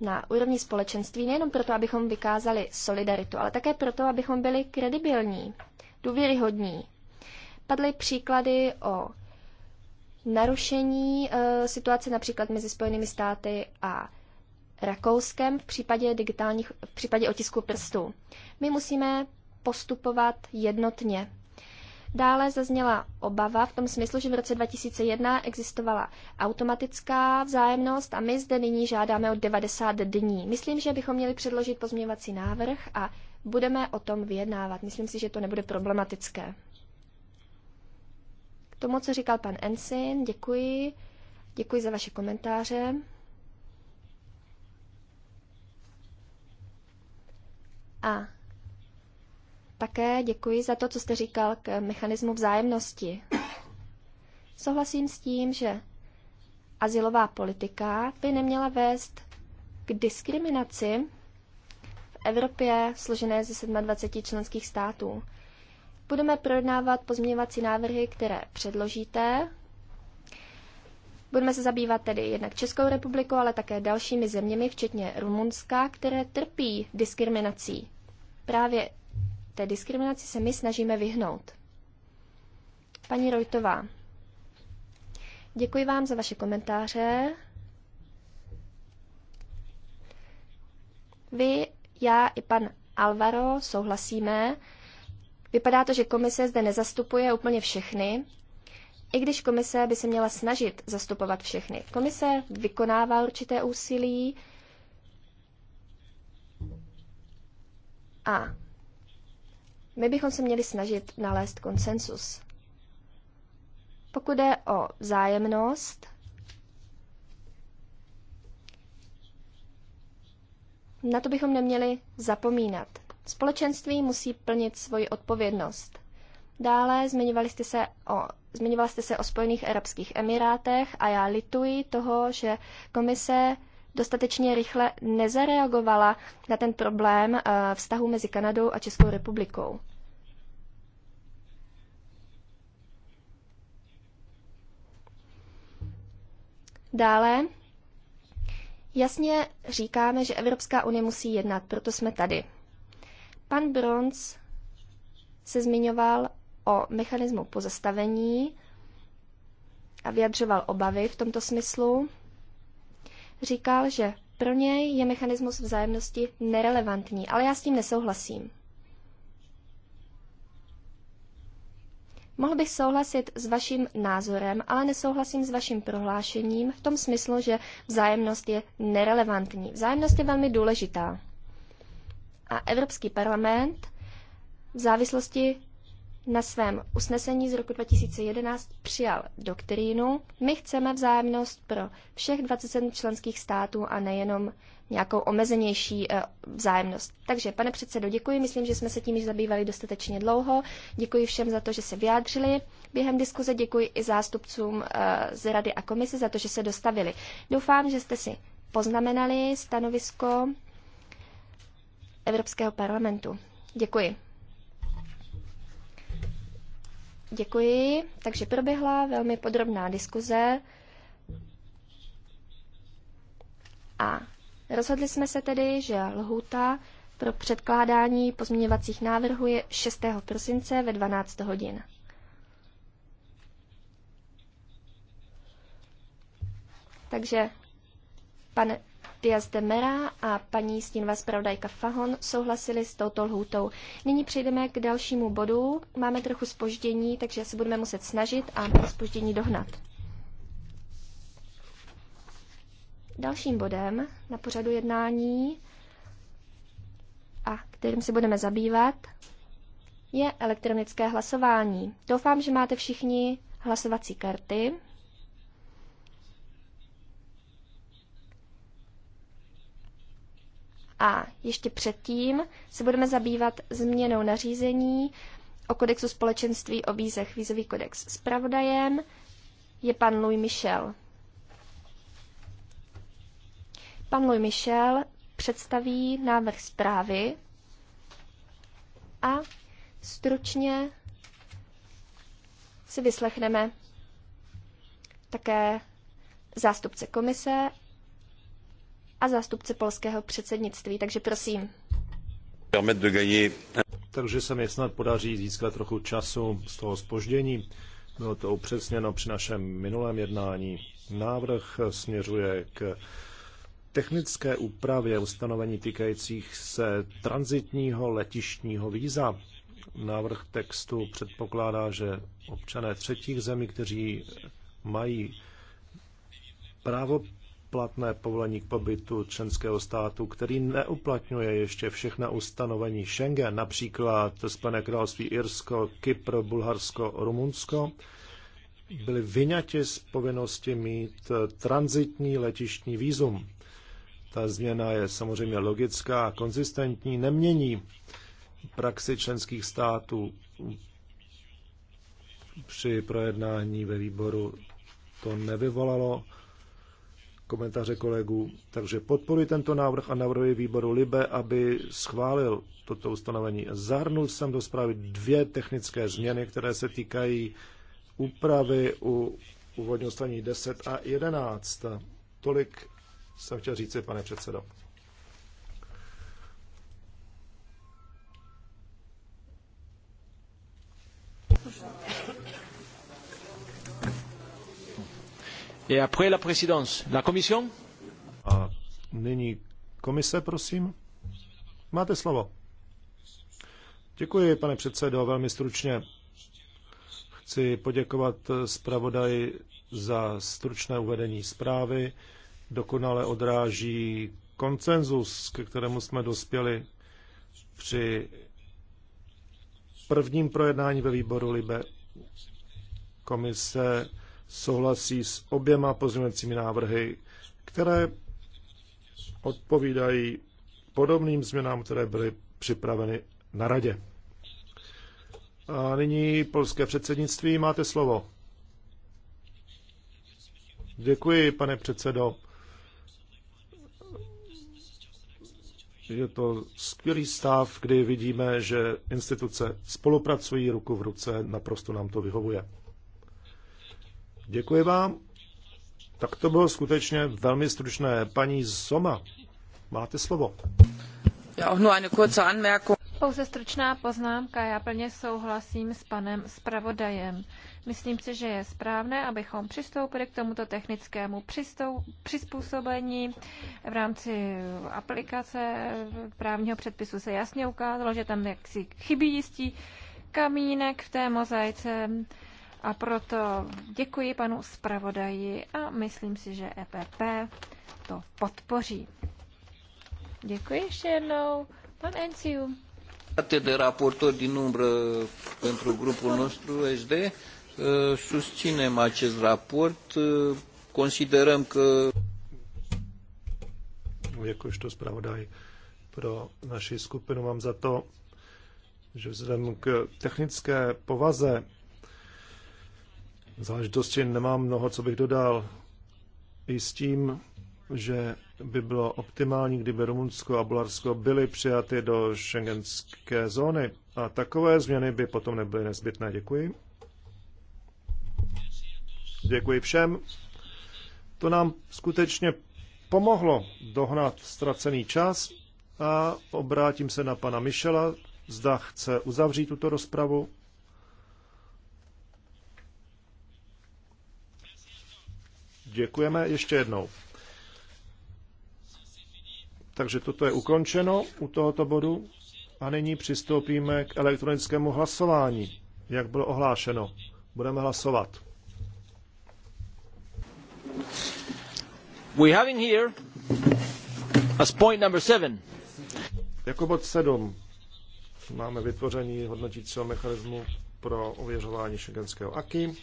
na úrovni společenství nejenom proto, abychom vykázali solidaritu, ale také proto, abychom byli kredibilní, důvěryhodní. Padly příklady o narušení e, situace například mezi Spojenými státy a Rakouskem v případě digitálních, v případě otisku prstů. My musíme postupovat jednotně Dále zazněla obava v tom smyslu, že v roce 2001 existovala automatická vzájemnost a my zde nyní žádáme o 90 dní. Myslím, že bychom měli předložit pozměňovací návrh a budeme o tom vyjednávat. Myslím si, že to nebude problematické. K tomu, co říkal pan Ensin, děkuji. Děkuji za vaše komentáře. A také děkuji za to, co jste říkal k mechanismu vzájemnosti. Souhlasím s tím, že asilová politika by neměla vést k diskriminaci v Evropě složené ze 27 členských států. Budeme projednávat pozměňovací návrhy, které předložíte. Budeme se zabývat tedy jednak Českou republikou, ale také dalšími zeměmi, včetně Rumunska, které trpí diskriminací právě Té diskriminaci se my snažíme vyhnout. Paní Rojtová, děkuji vám za vaše komentáře. Vy, já i pan Alvaro souhlasíme. Vypadá to, že komise zde nezastupuje úplně všechny, i když komise by se měla snažit zastupovat všechny. Komise vykonává určité úsilí a my bychom se měli snažit nalézt konsensus. Pokud jde o vzájemnost, na to bychom neměli zapomínat. Společenství musí plnit svoji odpovědnost. Dále zmiňovali jste se o, zmiňovala jste se o Spojených Arabských Emirátech a já lituji toho, že komise dostatečně rychle nezareagovala na ten problém eh, vztahu mezi Kanadou a Českou republikou. Dále jasně říkáme, že Evropská unie musí jednat, proto jsme tady. Pan Bronz se zmiňoval o mechanismu pozastavení a vyjadřoval obavy v tomto smyslu říkal, že pro něj je mechanismus vzájemnosti nerelevantní, ale já s tím nesouhlasím. Mohl bych souhlasit s vaším názorem, ale nesouhlasím s vaším prohlášením v tom smyslu, že vzájemnost je nerelevantní. Vzájemnost je velmi důležitá. A Evropský parlament v závislosti na svém usnesení z roku 2011 přijal doktrínu. My chceme vzájemnost pro všech 27 členských států a nejenom nějakou omezenější eh, vzájemnost. Takže, pane předsedo, děkuji. Myslím, že jsme se tím již zabývali dostatečně dlouho. Děkuji všem za to, že se vyjádřili během diskuze. Děkuji i zástupcům eh, z Rady a komise za to, že se dostavili. Doufám, že jste si poznamenali stanovisko Evropského parlamentu. Děkuji. Děkuji. Takže proběhla velmi podrobná diskuze a rozhodli jsme se tedy, že lhůta pro předkládání pozměňovacích návrhů je 6. prosince ve 12 hodin. Takže, pane Diaz de Mera a paní Stínová zpravodajka Fahon souhlasili s touto lhůtou. Nyní přejdeme k dalšímu bodu. Máme trochu spoždění, takže se budeme muset snažit a spoždění dohnat. Dalším bodem na pořadu jednání a kterým se budeme zabývat, je elektronické hlasování. Doufám, že máte všichni hlasovací karty. A ještě předtím se budeme zabývat změnou nařízení o kodexu společenství o vízech, vízový kodex. Spravodajem je pan Louis Michel. Pan Louis Michel představí návrh zprávy a stručně si vyslechneme také zástupce komise a zástupce polského předsednictví. Takže prosím. Takže se mi snad podaří získat trochu času z toho spoždění. Bylo to upřesněno při našem minulém jednání. Návrh směřuje k technické úpravě ustanovení týkajících se transitního letištního víza. Návrh textu předpokládá, že občané třetích zemí, kteří mají právo platné povolení k pobytu členského státu, který neuplatňuje ještě všechna ustanovení Schengen, například Spojené království Irsko, Kypr, Bulharsko, Rumunsko, byli vyňati z povinnosti mít transitní letištní výzum. Ta změna je samozřejmě logická a konzistentní, nemění praxi členských států při projednání ve výboru to nevyvolalo komentáře kolegů. Takže podporuji tento návrh a navrhuji výboru Libe, aby schválil toto ustanovení. Zahrnul jsem do zprávy dvě technické změny, které se týkají úpravy u úvodního staní 10 a 11. Tolik jsem chtěl říci, pane předsedo. Et eh, après la présidence, la commission? A nyní komise, prosím. Máte slovo. Děkuji, pane předsedo, velmi stručně. Chci poděkovat zpravodaji za stručné uvedení zprávy. Dokonale odráží koncenzus, ke kterému jsme dospěli při prvním projednání ve výboru Libe. Komise souhlasí s oběma pozměňovacími návrhy, které odpovídají podobným změnám, které byly připraveny na radě. A nyní polské předsednictví, máte slovo. Děkuji, pane předsedo. Je to skvělý stav, kdy vidíme, že instituce spolupracují ruku v ruce, naprosto nám to vyhovuje. Děkuji vám. Tak to bylo skutečně velmi stručné. Paní Soma, máte slovo. Pouze stručná poznámka. Já plně souhlasím s panem zpravodajem. Myslím si, že je správné, abychom přistoupili k tomuto technickému přizpůsobení. V rámci aplikace právního předpisu se jasně ukázalo, že tam jaksi chybí jistý kamínek v té mozaice. A proto děkuji panu zpravodaji a myslím si, že EPP to podpoří. Děkuji ještě jednou. Pan Enciu. de raportori din umbră pentru grupul nostru SD, uh, susținem acest raport, uh, considerăm că... to zpravodaj pro naši skupinu mám za to, že vzhledem k technické povaze záležitosti nemám mnoho, co bych dodal. I s tím, že by bylo optimální, kdyby Rumunsko a Bulharsko byly přijaty do šengenské zóny. A takové změny by potom nebyly nezbytné. Děkuji. Děkuji všem. To nám skutečně pomohlo dohnat ztracený čas a obrátím se na pana Michela, zda chce uzavřít tuto rozpravu. Děkujeme ještě jednou. Takže toto je ukončeno u tohoto bodu a nyní přistoupíme k elektronickému hlasování, jak bylo ohlášeno. Budeme hlasovat. We have in here as point number seven. Jako bod 7 máme vytvoření hodnotícího mechanismu pro ověřování šengenského AKI.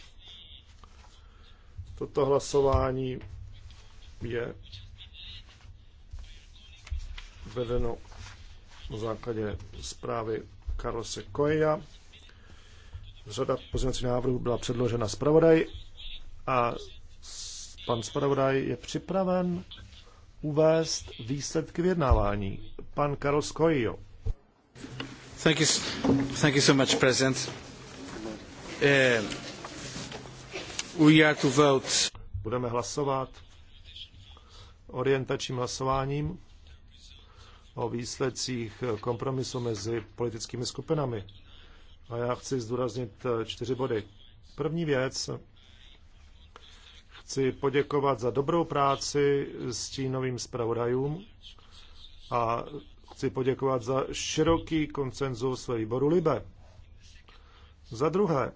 Toto hlasování je vedeno na základě zprávy Karlose Koeja. Řada pozměňovacích návrhů byla předložena zpravodaj a pan zpravodaj je připraven uvést výsledky vyjednávání. Pan Karol Coelho. Thank you, thank you so much, President. Uh, We are to vote. Budeme hlasovat orientačním hlasováním o výsledcích kompromisu mezi politickými skupinami. A já chci zdůraznit eh, čtyři body. První věc, chci poděkovat za dobrou práci stínovým zpravodajům a chci poděkovat za široký koncenzus ve výboru Libe. Za druhé,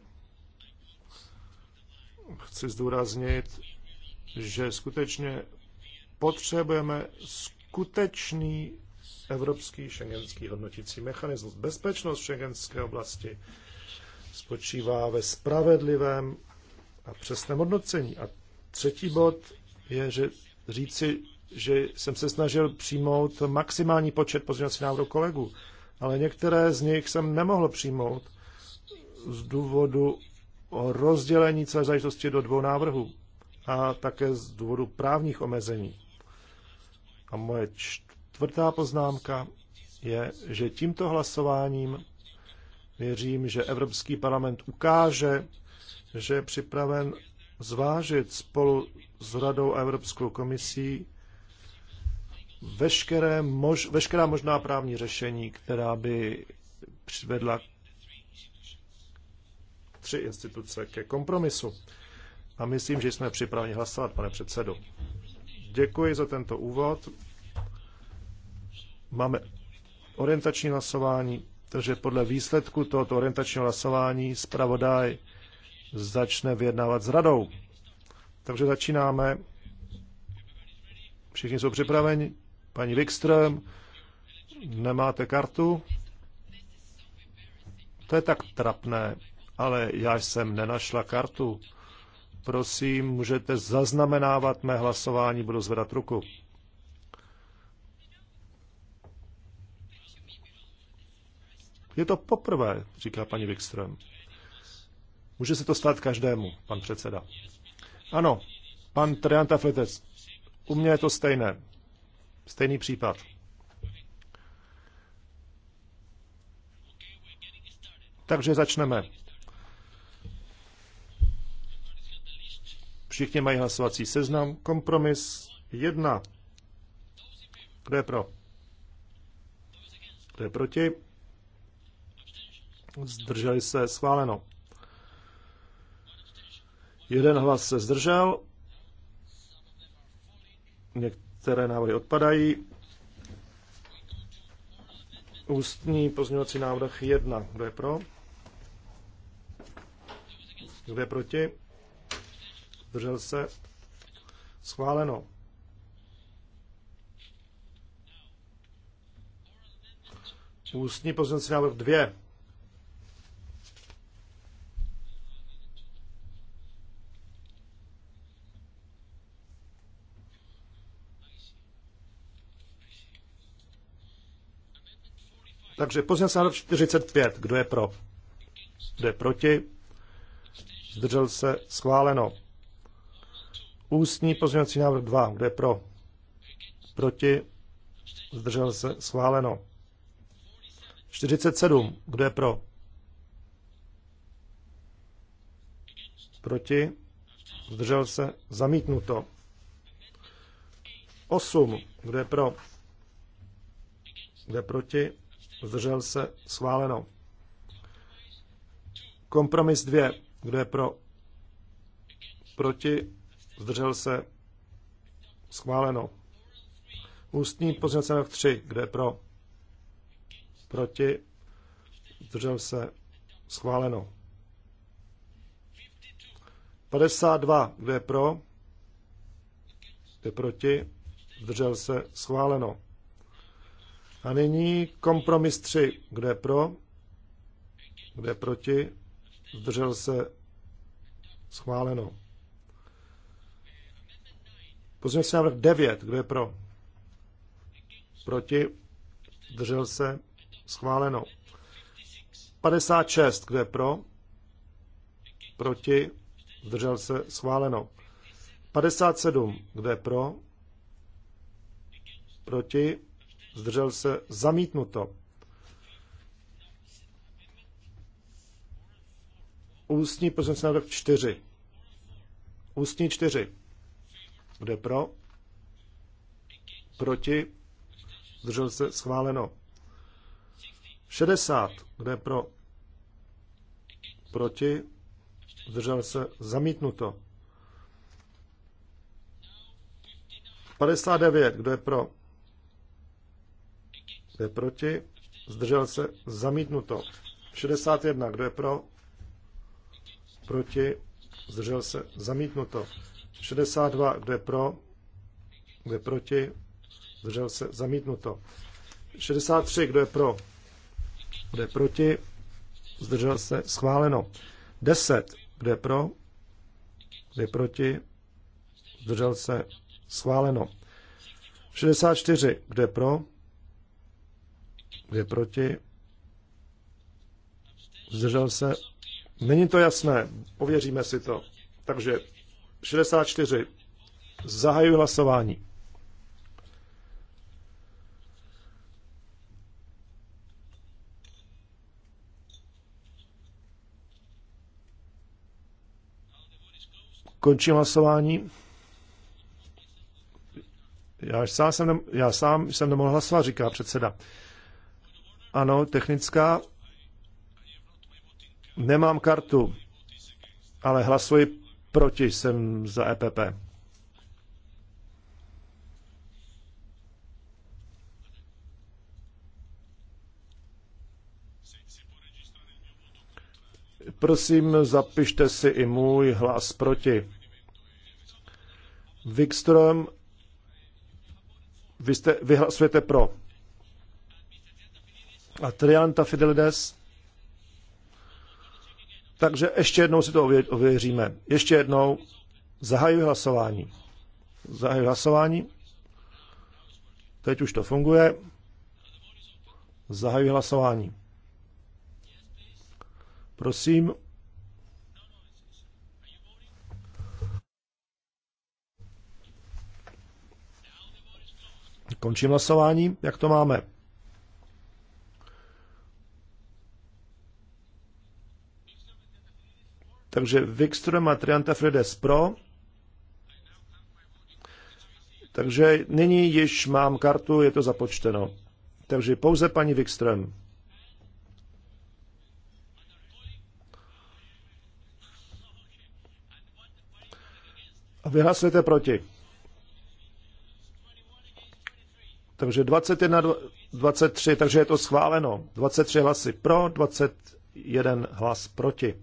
chci zdůraznit, že skutečně potřebujeme skutečný evropský šengenský hodnotící mechanismus. Bezpečnost šengenské oblasti spočívá ve spravedlivém a přesném hodnocení. A třetí bod je, že říci, že jsem se snažil přijmout maximální počet pozměňovacích návrhů kolegů, ale některé z nich jsem nemohl přijmout z důvodu o rozdělení celé záležitosti do dvou návrhů a také z důvodu právních omezení. A moje čtvrtá poznámka je, že tímto hlasováním věřím, že Evropský parlament ukáže, že je připraven zvážit spolu s Radou a Evropskou komisí veškeré mož, veškerá možná právní řešení, která by přivedla tři instituce ke kompromisu. A myslím, že jsme připraveni hlasovat, pane předsedo. Děkuji za tento úvod. Máme orientační hlasování, takže podle výsledku tohoto orientačního hlasování zpravodaj začne vyjednávat s radou. Takže začínáme. Všichni jsou připraveni. Paní Wikström, nemáte kartu? To je tak trapné ale já jsem nenašla kartu. Prosím, můžete zaznamenávat mé hlasování, budu zvedat ruku. Je to poprvé, říká paní Wikström. Může se to stát každému, pan předseda. Ano, pan Trianta Flites, u mě je to stejné. Stejný případ. Takže začneme. Všichni mají hlasovací seznam. Kompromis jedna. Kdo je pro? Kdo je proti? Zdrželi se schváleno. Jeden hlas se zdržel. Některé návrhy odpadají. Ústní pozměňovací návrh 1. Kdo je pro? Kdo je proti? zdržel se, schváleno. Ústní pozměnci návrh 2. Takže pozměnci návrh 45. Kdo je pro? Kdo je proti? Zdržel se schváleno. Ústní pozměňovací návrh 2. Kdo je pro? Proti? Zdržel se? Schváleno. 47. Kdo je pro? Proti? Zdržel se? Zamítnuto. 8. Kdo je pro? Kdo je proti? Zdržel se? Schváleno. Kompromis 2. Kdo je pro? Proti? zdržel se, schváleno. Ústní pozměnce návrh 3, kde je pro, proti, zdržel se, schváleno. 52, kde je pro, kde je proti, zdržel se, schváleno. A nyní kompromis 3, kde je pro, kde je proti, zdržel se, schváleno. Pozměňovací návrh 9. Kdo je pro? Proti? Držel se? Schváleno. 56. Kdo je pro? Proti? Zdržel se? Schváleno. 57. Kdo je pro? Proti? Zdržel se? Zamítnuto. Ústní pozměňovací návrh 4. Ústní 4. Kde pro? Proti? Zdržel se? Schváleno. 60. Kde pro? Proti? Zdržel se? Zamítnuto. 59. Kdo je pro? Kdo je proti? Zdržel se? Zamítnuto. 61. Kdo je pro? Proti? Zdržel se? Zamítnuto. 62, kdo je pro, kdo je proti, zdržel se, zamítnuto. 63, kdo je pro, kdo je proti, zdržel se, schváleno. 10, kdo je pro, kdo je proti, zdržel se, schváleno. 64, kdo je pro, kdo je proti, zdržel se. Není to jasné, ověříme si to. Takže 64. Zahajuji hlasování. Končím hlasování. Já sám, jsem, já sám jsem nemohl hlasovat, říká předseda. Ano, technická. Nemám kartu, ale hlasuji Proti jsem za EPP. Prosím, zapište si i můj hlas proti. Wikström, vy, jste, vy hlasujete pro. A Trianta Fidelides? Takže ještě jednou si to ověříme. Ještě jednou zahajuji hlasování. Zahajuji hlasování. Teď už to funguje. Zahajuji hlasování. Prosím. Končím hlasování. Jak to máme? Takže Wikström a Trianta Fredes pro. Takže nyní již mám kartu, je to započteno. Takže pouze paní Wikström. A vyhlasujete proti. Takže 21, 23, takže je to schváleno. 23 hlasy pro, 21 hlas proti.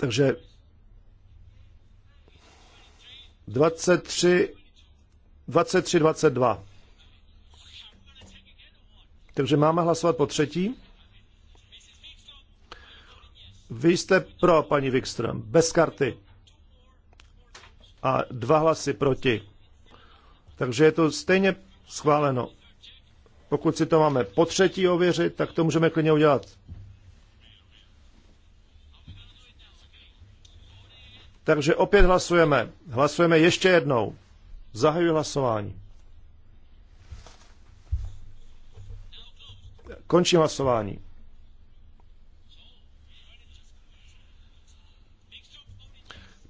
Takže 23, 23, 22. Takže máme hlasovat po třetí. Vy jste pro, paní Wikström, bez karty. A dva hlasy proti. Takže je to stejně schváleno. Pokud si to máme po třetí ověřit, tak to můžeme klidně udělat Takže opět hlasujeme. Hlasujeme ještě jednou. Zahajuji hlasování. Končím hlasování.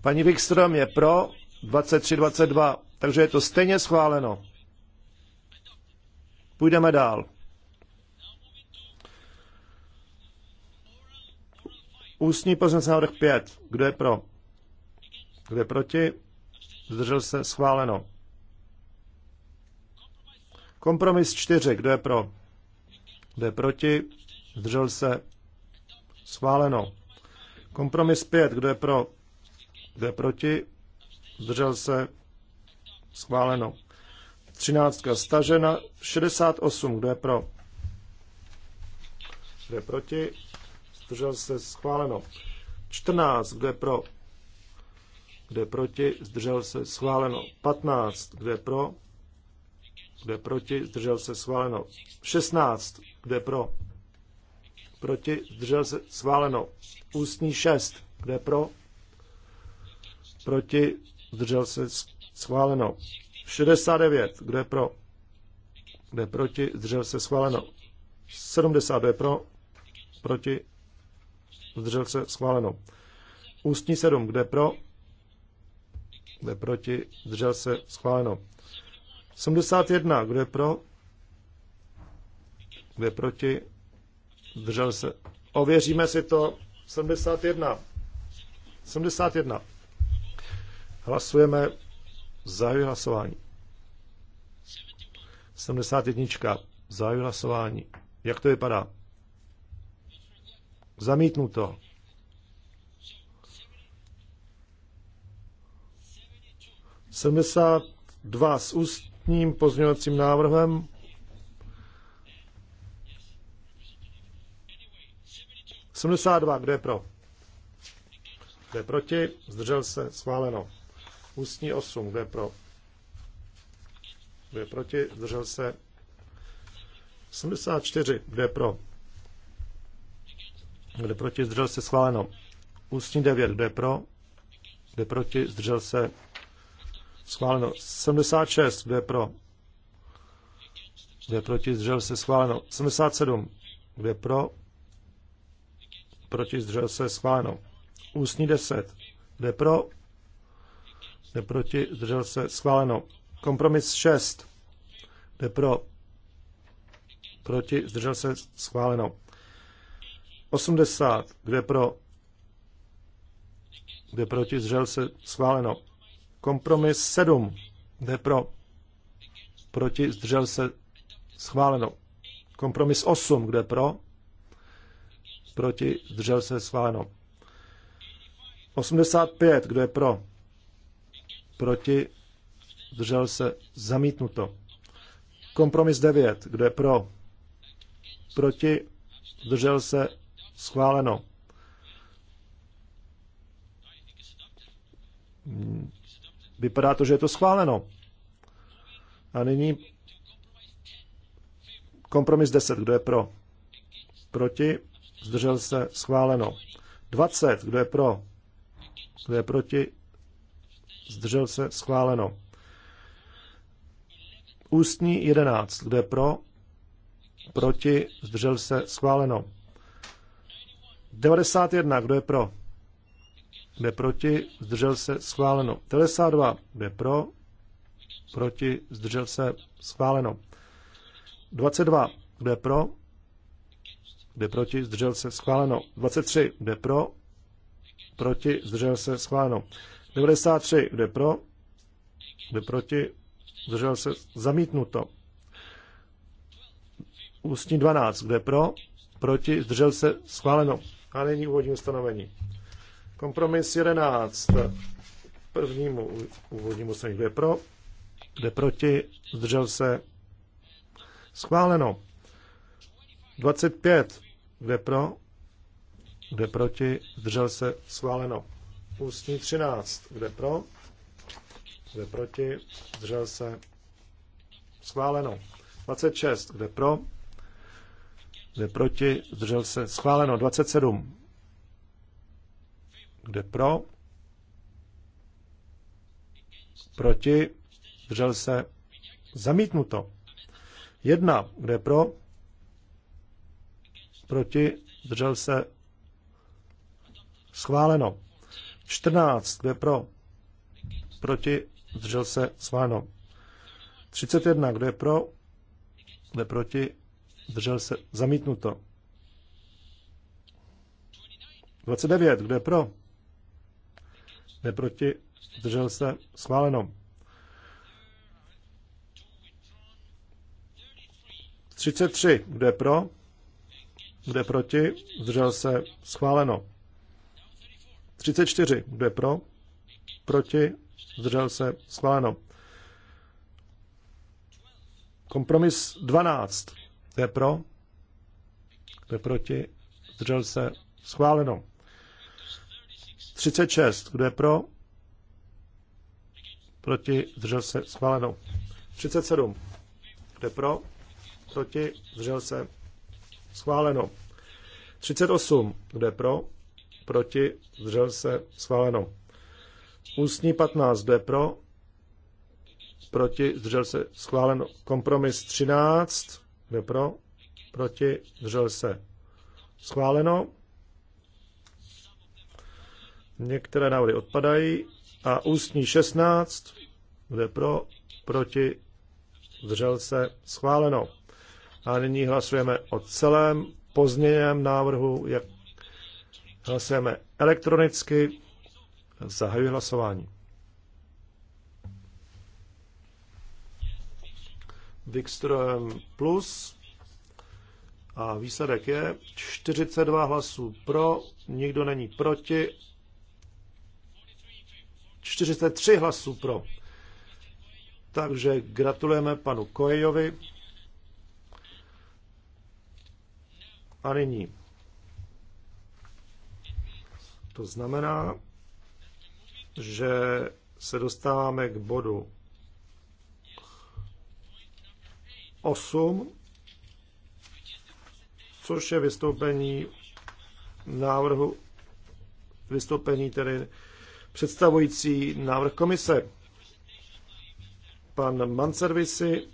Paní Wikström je pro 23-22, takže je to stejně schváleno. Půjdeme dál. Ústní pozměnce návrh 5. Kdo je pro? Kdo je proti? Zdržel se? Schváleno. Kompromis 4. Kdo je pro? Kdo je proti? Zdržel se? Schváleno. Kompromis 5. Kdo je pro? Kdo je proti? Zdržel se? Schváleno. 13. Stažena 68. Kdo je pro? Kdo je proti? Zdržel se? Schváleno. 14. Kdo je pro? kde proti, zdržel se schváleno 15, kde pro, kde proti, zdržel se schváleno 16, kde pro, proti, zdržel se schváleno ústní 6, kde pro, proti, zdržel se schváleno 69, kde pro, kde proti, zdržel se schváleno 70, kde pro, proti, zdržel se schváleno ústní 7, kde pro, kdo je proti? Zdržel se? Schváleno. 71. Kdo je pro? Kdo je proti? Zdržel se? Ověříme si to. 71. 71. Hlasujeme. Zahajuji hlasování. 71. Zahajuji hlasování. Jak to vypadá? Zamítnuto. 72 s ústním pozměňovacím návrhem. Sedmdesát dva, kdo je pro? Kdo je proti? Zdržel se, schváleno. Ústní 8, kdo je pro? Kdo je proti? Zdržel se. 74, kdo je pro? Kdo je proti? Zdržel se, schváleno. Ústní 9, kdo je pro? Kdo je proti? Zdržel se, schváleno 76, kdo je pro, kdo je proti, zdržel se, schváleno 77, kdo je pro, proti, zdržel se, schváleno ústní 10, kdo je pro, kdo je proti, zdržel se, schváleno kompromis 6, kdo je pro, proti, zdržel se, schváleno 80, kdo je pro, Kde proti, zdržel se, schváleno Kompromis 7. Jde pro. Proti zdržel se schváleno. Kompromis 8. Kde pro? Proti zdržel se schváleno. 85. Kdo je pro? Proti zdržel se zamítnuto. Kompromis 9. Kdo je pro? Proti zdržel se schváleno. Vypadá to, že je to schváleno. A nyní kompromis 10. Kdo je pro? Proti? Zdržel se? Schváleno. 20. Kdo je pro? Kdo je proti? Zdržel se? Schváleno. Ústní 11. Kdo je pro? Proti? Zdržel se? Schváleno. 91. Kdo je pro? kde proti, zdržel se, schváleno. 92, kde pro, proti, zdržel se, schváleno. 22, kde pro, kde proti, zdržel se, schváleno. 23, kde pro, proti, zdržel se, schváleno. 93, kde pro, kde proti, zdržel se, zamítnuto. Ústní 12, kde pro, proti, zdržel se, schváleno. A není úvodní ustanovení. Kompromis 11. Prvnímu úvodnímu se jde pro, jde proti, zdržel se. Schváleno. 25. Jde pro, jde proti, zdržel se. Schváleno. Ústní 13. Jde pro, jde proti, zdržel se. Schváleno. 26. Jde pro, jde proti, zdržel se. Schváleno. 27 kde pro? Proti? Držel se? Zamítnuto. Jedna. Kde pro? Proti? Držel se? Schváleno. 14. Kde pro? Proti? Držel se? Schváleno. 31. Kdo je pro? kde proti? Držel se. Zamítnuto. 29. Kdo je pro? neproti, zdržel se, schváleno. 33, kdo je pro, kdo je proti, zdržel se, schváleno. 34, kdo je pro, proti, zdržel se, schváleno. Kompromis 12, kdo je pro, kdo je proti, zdržel se, schváleno. 36. Kdo je pro? Proti? Zdržel se? Schváleno. 37. Kdo je pro? Proti? Zdržel se? Schváleno. 38. Kdo je pro? Proti? Zdržel se? Schváleno. Ústní 15. Kdo je pro? Proti? Zdržel se? Schváleno. Kompromis 13. Kdo je pro? Proti? Zdržel se? Schváleno. Některé návrhy odpadají. A ústní 16, je pro, proti, zdržel se, schváleno. A nyní hlasujeme o celém pozměněném návrhu, jak hlasujeme elektronicky. Zahajuji hlasování. Wikström plus a výsledek je 42 hlasů pro, nikdo není proti 43 hlasů pro. Takže gratulujeme panu Kojejovi. A nyní. To znamená, že se dostáváme k bodu 8, což je vystoupení návrhu, vystoupení tedy představující návrh komise. Pan Manservisi,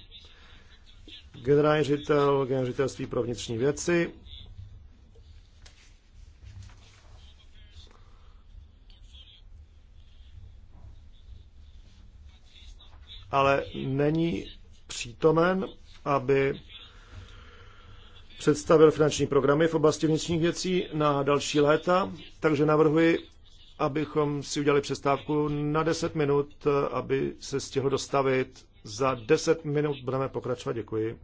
generální ředitel, generální ředitelství pro vnitřní věci, ale není přítomen, aby představil finanční programy v oblasti vnitřních věcí na další léta, takže navrhuji, abychom si udělali přestávku na 10 minut, eh, aby se stihl dostavit. Za 10 minut budeme pokračovat. Děkuji.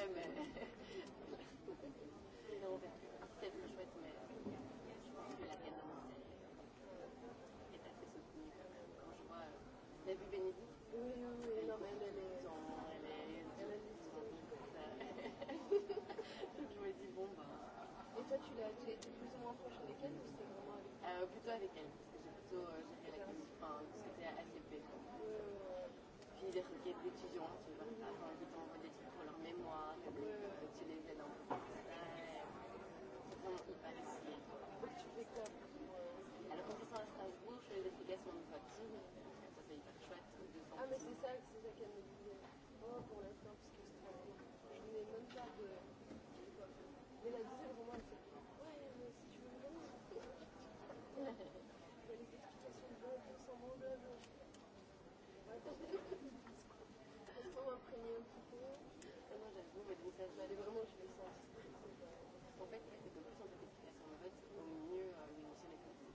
fait, mais. non, c'est plus chouette, mais je pense que la Canon est assez soutenue quand même. Quand je vois. T'as vu Bénédicte Oui, oui, oui, elle est. Elle est. Elle est. Donc je me dis, bon, ben. Et toi, tu l'as plus ou moins proche avec elle ou c'est vraiment avec elle euh, Plutôt avec elle, parce que j'ai plutôt. Euh, j'ai fait la question, enfin, c'était assez puis les requêtes d'étudiants qui leur avant ils t'envoient des trucs pour leur mémoire, que tu les aides un peu pour ça. C'est tu fais quoi Alors quand ils sont à Strasbourg, je fais les explications de voiture, ça c'est hyper chouette. Ah mais c'est ça, c'est ça qu'elle me disait. Oh pour l'instant, parce que Strasbourg, je n'ai même pas de... Mais la disait vraiment, elle s'est ouais mais si tu veux vraiment... les explications de vote, sans mon Ouais, j'allais vraiment je les sens. En fait, il y a des copies sont elles sont mauvaises au milieu d'une mission d'expertise.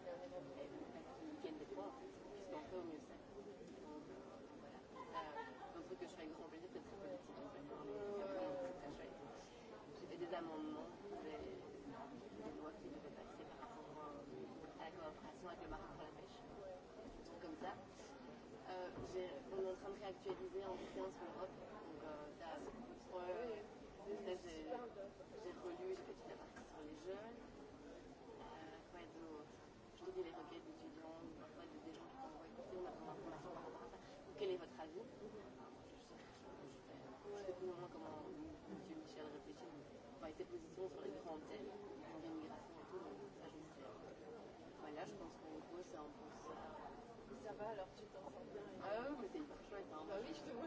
Elles viennent des trois, qui sont entrées au mieux. Voilà. Un truc que je fais avec grand plaisir, c'est très politique. J'ai fait des amendements, des, des lois qui devaient passer par rapport à la coopération avec le Maroc pour la pêche. Des trucs comme ça. Euh, on est en train de réactualiser en séance pour l'Europe Ouais, ouais. J'ai relu une petite partie sur les jeunes. Euh, quoi d'autre Je lisais les requêtes d'étudiants, parfois de, des gens qui t'envoient écouter, on a besoin par rapport à ça. Donc quel est votre avis mhm. Je sais plus ou comment M. Michel réfléchit, enfin, ses positions sur les grands thèmes, l'immigration et tout, donc ça je sais. Voilà, je pense qu'en gros c'est un peu ça. Ça va alors, tu t'en sens bien Ah oui, mais c'est hyper chouette. Hein. Bah oui, je te vois.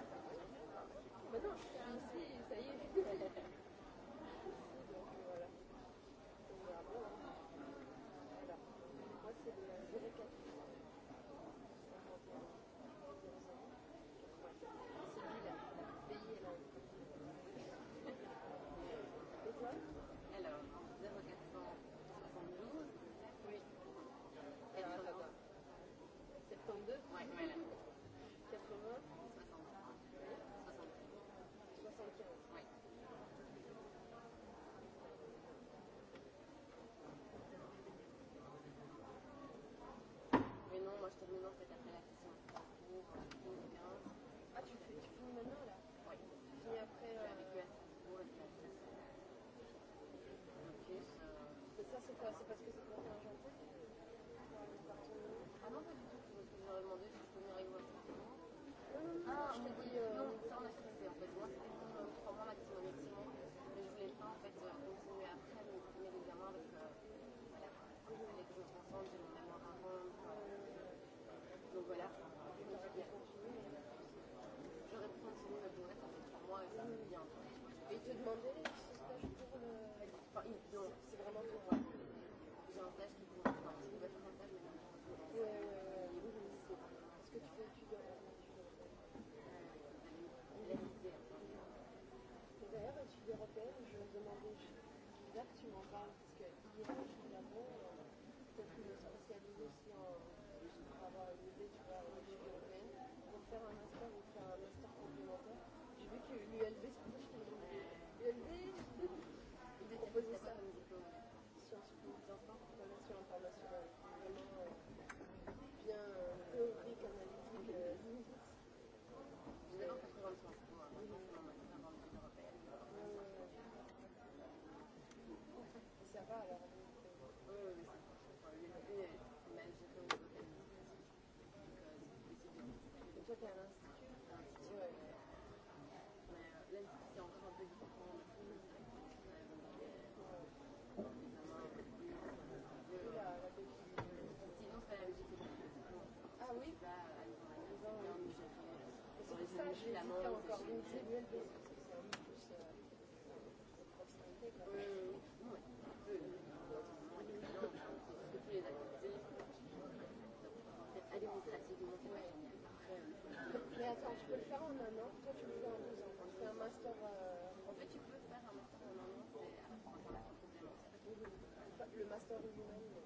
Quoi, c'est parce que c'est pour faire un gentil Ah non, pas du tout. J'aurais demandé si je peux venir avec moi. Ah, je te dis, euh... non, ça on a fixé en fait. Moi, c'était pour euh, 3 mois maximum, maximum. Mais je voulais pas en fait continuer après mes, mes examens parce que voilà, il fallait que je transcende, j'ai mon mémoire à rendre. donc voilà, je me suis bien J'aurais pu continuer ma durée, ça fait 3 mois et ça me bien. Et te demander qu'il y Mais euh, c'est encore un peu différent. j'ai Ah oui Sur les peux le faire en un an. Toi, tu le fais en deux ans. Quand c'est un master. Euh... En fait, tu peux faire master en un an. C'est à la Le master humain.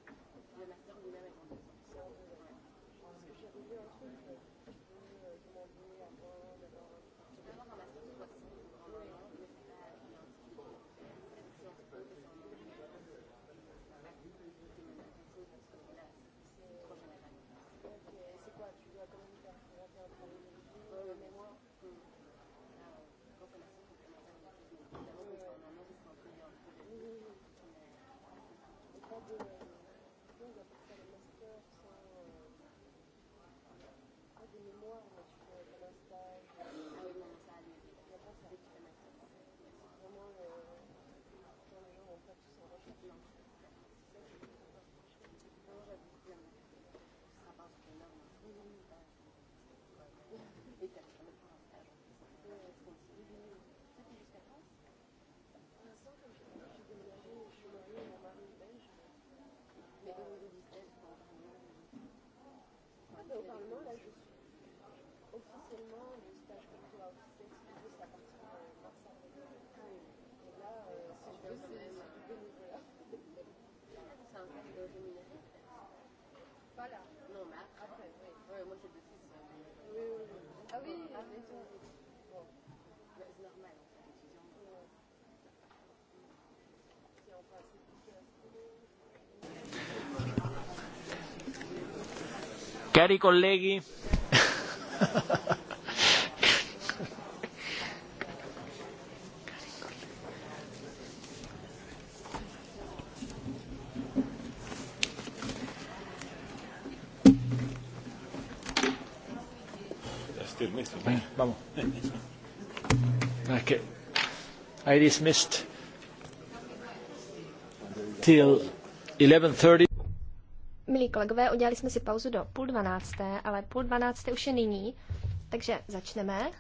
Mwaura Pas Non, mais après, oui. moi j'ai deux fils. Oui, oui, oui. Ah oui, ah, mais Bon. c'est normal, en fait, étudiant. Euh, si on passe Cari colleghi, Vamos. I dismissed till 11.30. Milí kolegové, udělali jsme si pauzu do půl dvanácté, ale půl dvanácté už je nyní, takže začneme.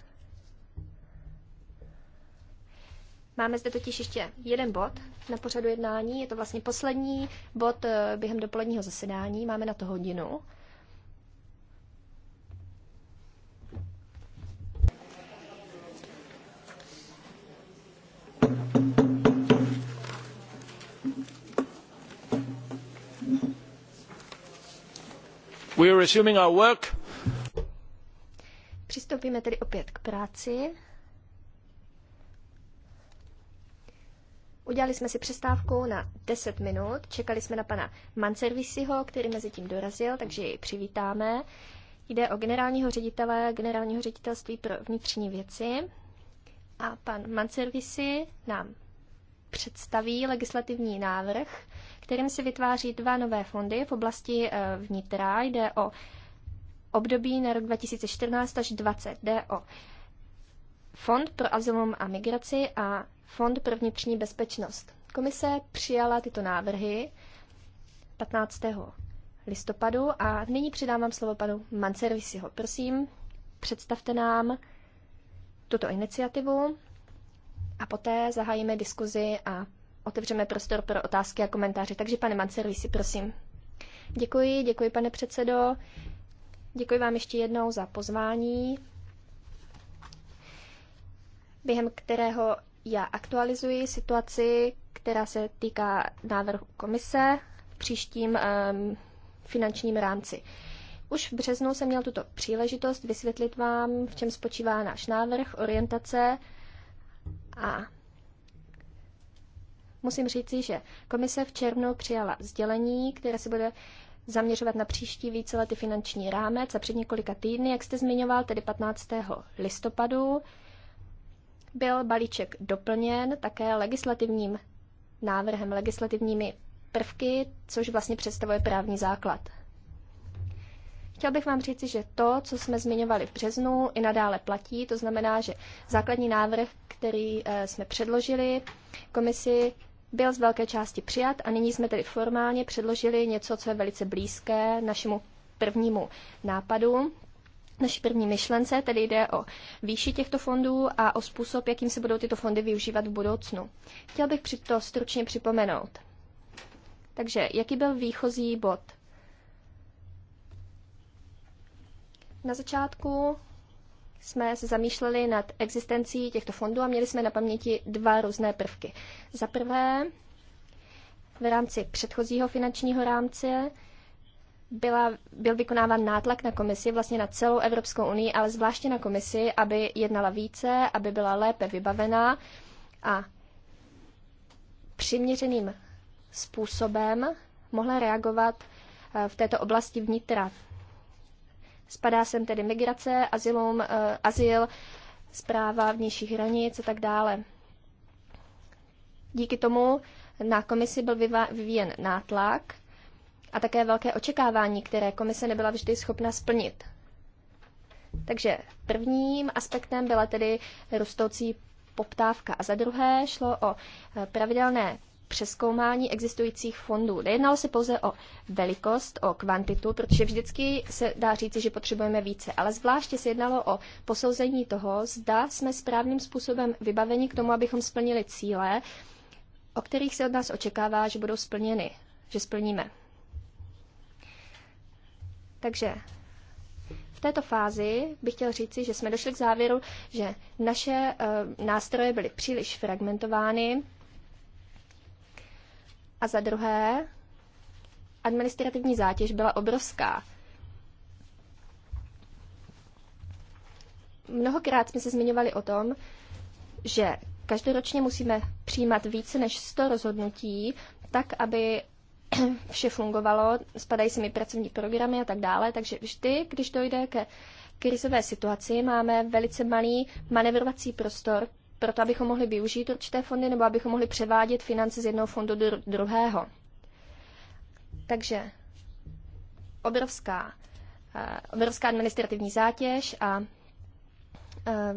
Máme zde totiž ještě jeden bod na pořadu jednání, je to vlastně poslední bod eh, během dopoledního zasedání, máme na to hodinu. Přistoupíme tedy opět k práci. Udělali jsme si přestávku na 10 minut, čekali jsme na pana Manservisiho, který mezi tím dorazil, takže jej přivítáme. Jde o generálního ředitele generálního ředitelství pro vnitřní věci a pan Manservisi nám představí legislativní návrh, kterým se vytváří dva nové fondy v oblasti eh, vnitra. Jde o období na rok 2014 až 2020. Jde o Fond pro azylum a migraci a Fond pro vnitřní bezpečnost. Komise přijala tyto návrhy 15. listopadu a nyní předávám slovo panu Manservisiho. Prosím, představte nám tuto iniciativu a poté zahájíme diskuzi a otevřeme prostor pro otázky a komentáře. Takže pane Mancervisi, prosím. Děkuji, děkuji pane předsedo. Děkuji vám ještě jednou za pozvání, během kterého já aktualizuji situaci, která se týká návrhu komise v příštím um, finančním rámci. Už v březnu jsem měl tuto příležitost vysvětlit vám, v čem spočívá náš návrh, orientace, a musím říci, že komise v červnu přijala sdělení, které se bude zaměřovat na příští víceletý finanční rámec a před několika týdny, jak jste zmiňoval, tedy 15. listopadu, byl balíček doplněn také legislativním návrhem, legislativními prvky, což vlastně představuje právní základ. Chtěl bych vám říci, že to, co jsme zmiňovali v březnu, i nadále platí. To znamená, že základní návrh, který eh, jsme předložili komisi, byl z velké části přijat a nyní jsme tedy formálně předložili něco, co je velice blízké našemu prvnímu nápadu, naší první myšlence, tedy jde o výši těchto fondů a o způsob, jakým se budou tyto fondy využívat v budoucnu. Chtěl bych to stručně připomenout. Takže jaký byl výchozí bod? Na začátku jsme se zamýšleli nad existencí těchto fondů a měli jsme na paměti dva různé prvky. Za prvé, v rámci předchozího finančního rámce byla, byl vykonáván nátlak na komisi, vlastně na celou Evropskou unii, ale zvláště na komisi, aby jednala více, aby byla lépe vybavená a přiměřeným způsobem mohla reagovat eh, v této oblasti vnitra, Spadá sem tedy migrace, azylum, eh, azyl, zpráva vnějších hranic a tak dále. Díky tomu na komisi byl vyvíjen nátlak a také velké očekávání, které komise nebyla vždy schopna splnit. Takže prvním aspektem byla tedy rostoucí poptávka a za druhé šlo o eh, pravidelné přeskoumání existujících fondů. Nejednalo se pouze o velikost, o kvantitu, protože vždycky se dá říci, že potřebujeme více, ale zvláště se jednalo o posouzení toho, zda jsme správným způsobem vybaveni k tomu, abychom splnili cíle, o kterých se od nás očekává, že budou splněny, že splníme. Takže v této fázi bych chtěl říci, že jsme došli k závěru, že naše e, nástroje byly příliš fragmentovány, a za druhé, administrativní zátěž byla obrovská. Mnohokrát jsme se zmiňovali o tom, že každoročně musíme přijímat více než 100 rozhodnutí, tak, aby vše fungovalo, spadají se mi pracovní programy a tak dále, takže vždy, když dojde ke krizové situaci, máme velice malý manevrovací prostor proto abychom mohli využít určité fondy nebo abychom mohli převádět finance z jednoho fondu do druhého. Takže obrovská, eh, obrovská administrativní zátěž a eh,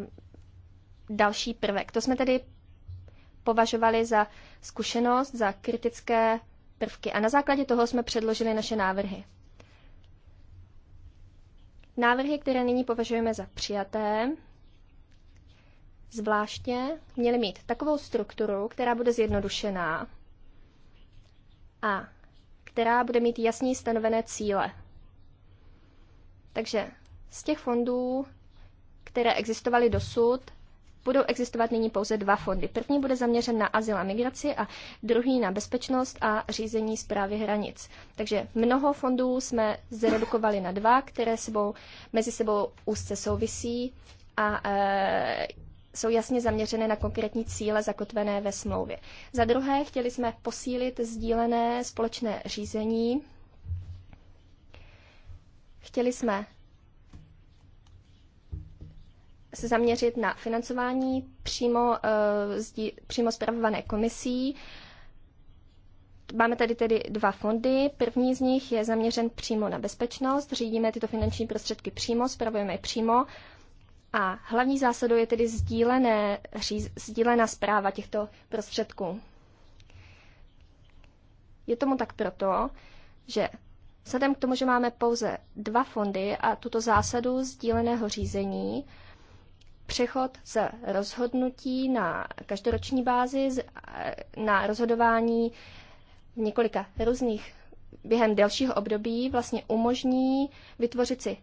další prvek. To jsme tedy považovali za zkušenost, za kritické prvky a na základě toho jsme předložili naše návrhy. Návrhy, které nyní považujeme za přijaté, zvláště měly mít takovou strukturu, která bude zjednodušená a která bude mít jasně stanovené cíle. Takže z těch fondů, které existovaly dosud, budou existovat nyní pouze dva fondy. První bude zaměřen na azyl a migraci a druhý na bezpečnost a řízení zprávy hranic. Takže mnoho fondů jsme zredukovali na dva, které sebou, mezi sebou úzce souvisí a e, jsou jasně zaměřené na konkrétní cíle zakotvené ve smlouvě. Za druhé, chtěli jsme posílit sdílené společné řízení. Chtěli jsme se zaměřit na financování přímo, uh, přímo zpravované komisí. Máme tady tedy dva fondy. První z nich je zaměřen přímo na bezpečnost. Řídíme tyto finanční prostředky přímo, spravujeme je přímo. A hlavní zásadou je tedy sdílené, říz, sdílená zpráva těchto prostředků. Je tomu tak proto, že vzhledem k tomu, že máme pouze dva fondy a tuto zásadu sdíleného řízení, přechod z rozhodnutí na každoroční bázi eh, na rozhodování v několika různých během delšího období vlastně umožní vytvořit si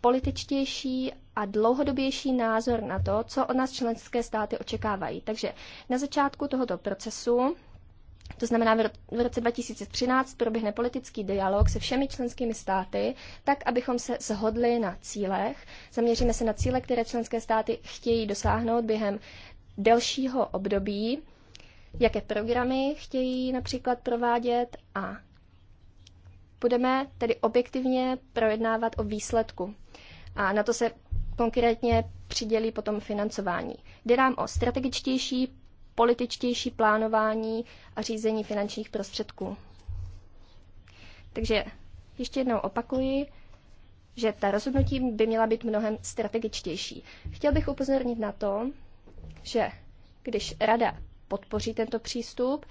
političtější a dlouhodobější názor na to, co od nás členské státy očekávají. Takže na začátku tohoto procesu, to znamená v roce 2013, proběhne politický dialog se všemi členskými státy, tak, abychom se shodli na cílech. Zaměříme se na cíle, které členské státy chtějí dosáhnout během delšího období, jaké programy chtějí například provádět a budeme tedy objektivně projednávat o výsledku. A na to se konkrétně přidělí potom financování. Jde nám o strategičtější, političtější plánování a řízení finančních prostředků. Takže ještě jednou opakuji, že ta rozhodnutí by měla být mnohem strategičtější. Chtěl bych upozornit na to, že když Rada podpoří tento přístup.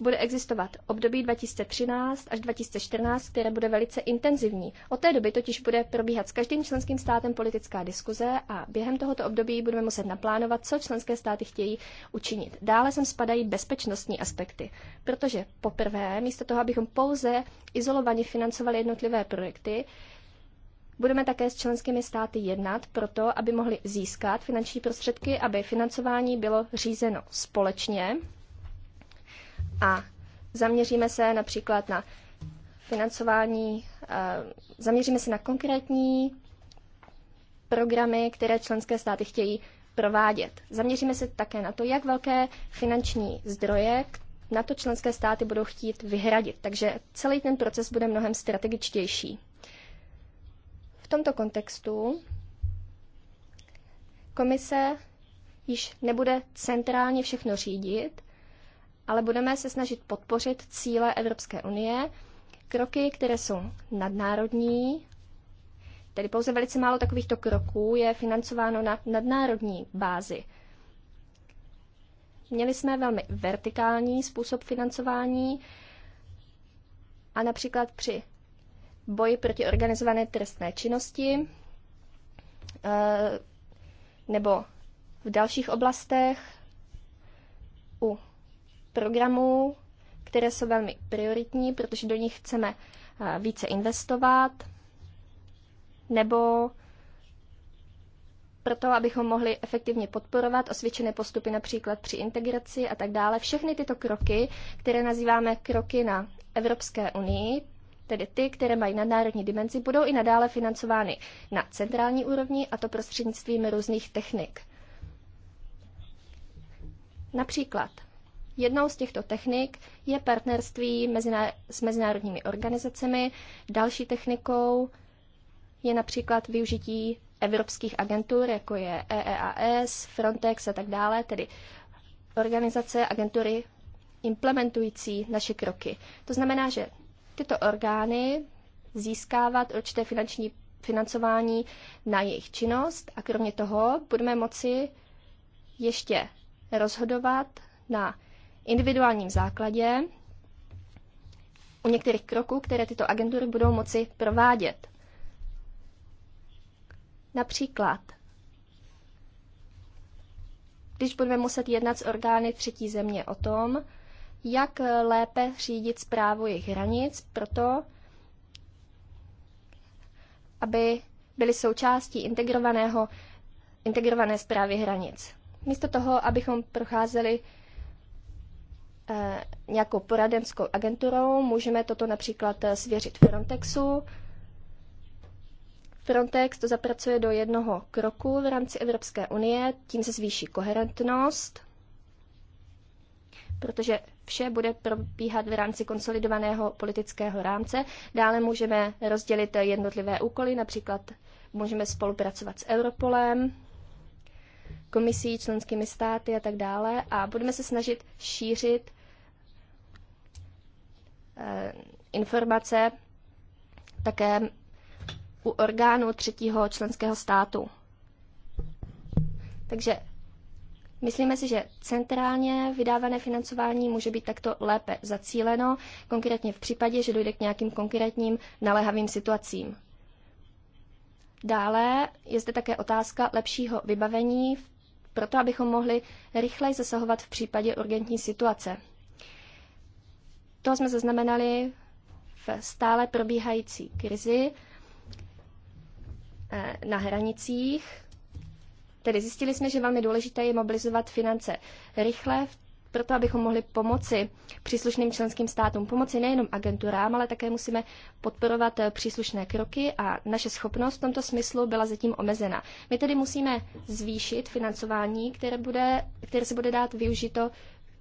Bude existovat období 2013 až 2014, které bude velice intenzivní. Od té doby totiž bude probíhat s každým členským státem politická diskuze a během tohoto období budeme muset naplánovat, co členské státy chtějí učinit. Dále sem spadají bezpečnostní aspekty, protože poprvé, místo toho, abychom pouze izolovaně financovali jednotlivé projekty, Budeme také s členskými státy jednat proto, aby mohli získat finanční prostředky, aby financování bylo řízeno společně a zaměříme se například na financování, eh, zaměříme se na konkrétní programy, které členské státy chtějí provádět. Zaměříme se také na to, jak velké finanční zdroje na to členské státy budou chtít vyhradit. Takže celý ten proces bude mnohem strategičtější. V tomto kontextu komise již nebude centrálně všechno řídit, ale budeme se snažit podpořit cíle Evropské unie, kroky, které jsou nadnárodní, tedy pouze velice málo takovýchto kroků je financováno na nadnárodní bázi. Měli jsme velmi vertikální způsob financování a například při boji proti organizované trestné činnosti eh, nebo v dalších oblastech u programů, které jsou velmi prioritní, protože do nich chceme eh, více investovat, nebo proto, abychom mohli efektivně podporovat osvědčené postupy například při integraci a tak dále. Všechny tyto kroky, které nazýváme kroky na Evropské unii, tedy ty, které mají nadnárodní dimenzi, budou i nadále financovány na centrální úrovni a to prostřednictvím různých technik. Například jednou z těchto technik je partnerství s mezinárodními organizacemi. Další technikou je například využití evropských agentur, jako je EEAS, Frontex a tak dále, tedy organizace, agentury implementující naše kroky. To znamená, že tyto orgány získávat určité finanční financování na jejich činnost a kromě toho budeme moci ještě rozhodovat na individuálním základě u některých kroků, které tyto agentury budou moci provádět. Například, když budeme muset jednat s orgány třetí země o tom, jak lépe řídit zprávu jejich hranic, proto aby byly součástí integrovaného, integrované zprávy hranic. Místo toho, abychom procházeli eh, nějakou poradenskou agenturou, můžeme toto například eh, svěřit Frontexu. Frontex to zapracuje do jednoho kroku v rámci Evropské unie, tím se zvýší koherentnost – protože vše bude probíhat v rámci konsolidovaného politického rámce. Dále můžeme rozdělit jednotlivé úkoly, například můžeme spolupracovat s Europolem, komisí, členskými státy a tak dále a budeme se snažit šířit eh, informace také u orgánů třetího členského státu. Takže Myslíme si, že centrálně vydávané financování může být takto lépe zacíleno, konkrétně v případě, že dojde k nějakým konkrétním naléhavým situacím. Dále je zde také otázka lepšího vybavení, proto abychom mohli rychleji zasahovat v případě urgentní situace. To jsme zaznamenali v stále probíhající krizi eh, na hranicích, Tedy zjistili jsme, že velmi důležité je mobilizovat finance rychle, proto abychom mohli pomoci příslušným členským státům, pomoci nejenom agenturám, ale také musíme podporovat příslušné kroky a naše schopnost v tomto smyslu byla zatím omezena. My tedy musíme zvýšit financování, které, bude, které se bude dát využito,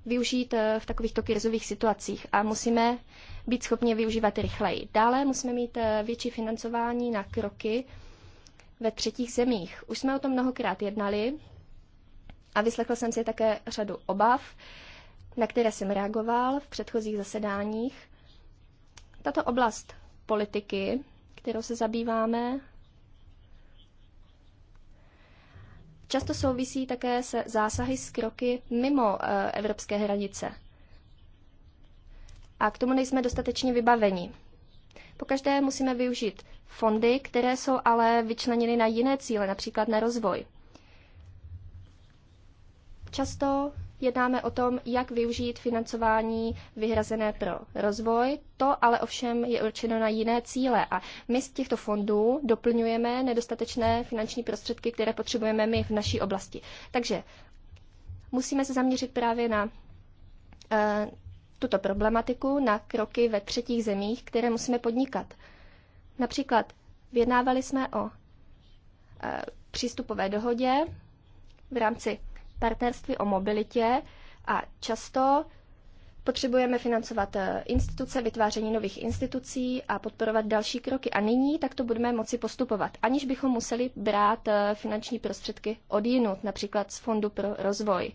využít eh, v takovýchto krizových situacích a musíme být schopni využívat rychleji. Dále musíme mít eh, větší financování na kroky, ve třetích zemích. Už jsme o tom mnohokrát jednali a vyslechl jsem si také řadu obav, na které jsem reagoval v předchozích zasedáních. Tato oblast politiky, kterou se zabýváme, často souvisí také se zásahy z kroky mimo eh, evropské hranice. A k tomu nejsme dostatečně vybaveni. Pokaždé musíme využít fondy, které jsou ale vyčleněny na jiné cíle, například na rozvoj. Často jednáme o tom, jak využít financování vyhrazené pro rozvoj. To ale ovšem je určeno na jiné cíle a my z těchto fondů doplňujeme nedostatečné finanční prostředky, které potřebujeme my v naší oblasti. Takže musíme se zaměřit právě na eh, tuto problematiku na kroky ve třetích zemích, které musíme podnikat. Například vyjednávali jsme o e, přístupové dohodě v rámci partnerství o mobilitě a často potřebujeme financovat e, instituce, vytváření nových institucí a podporovat další kroky. A nyní takto budeme moci postupovat, aniž bychom museli brát e, finanční prostředky od jinut, například z Fondu pro rozvoj.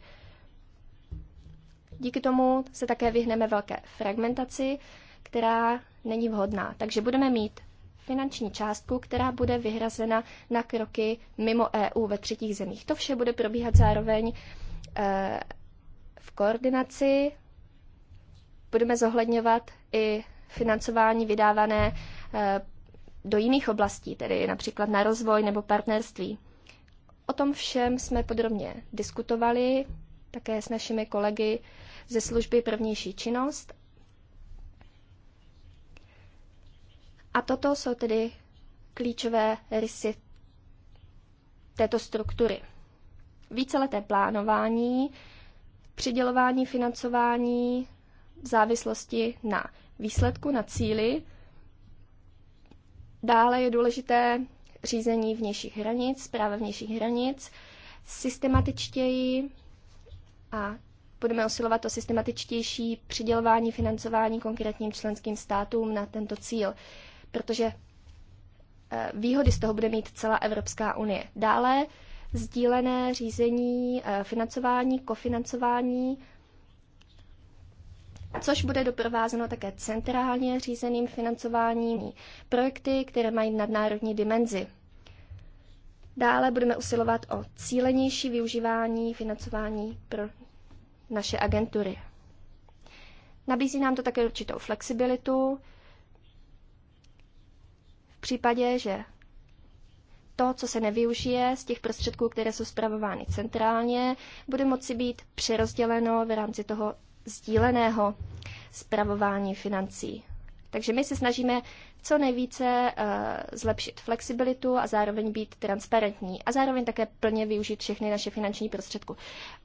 Díky tomu se také vyhneme velké fragmentaci, která není vhodná. Takže budeme mít finanční částku, která bude vyhrazena na kroky mimo EU ve třetích zemích. To vše bude probíhat zároveň eh, v koordinaci. Budeme zohledňovat i financování vydávané eh, do jiných oblastí, tedy například na rozvoj nebo partnerství. O tom všem jsme podrobně diskutovali také s našimi kolegy ze služby prvnější činnost. A toto jsou tedy klíčové rysy této struktury. Víceleté plánování, přidělování financování v závislosti na výsledku, na cíli. Dále je důležité řízení vnějších hranic, zpráva vnějších hranic, systematičtěji a budeme osilovat o systematičtější přidělování financování konkrétním členským státům na tento cíl, protože eh, výhody z toho bude mít celá Evropská unie. Dále sdílené řízení, eh, financování, kofinancování, což bude doprovázeno také centrálně řízeným financováním projekty, které mají nadnárodní dimenzi. Dále budeme usilovat o cílenější využívání financování pro naše agentury. Nabízí nám to také určitou flexibilitu v případě, že to, co se nevyužije z těch prostředků, které jsou zpravovány centrálně, bude moci být přerozděleno v rámci toho sdíleného zpravování financí. Takže my se snažíme co nejvíce eh, zlepšit flexibilitu a zároveň být transparentní a zároveň také plně využít všechny naše finanční prostředky.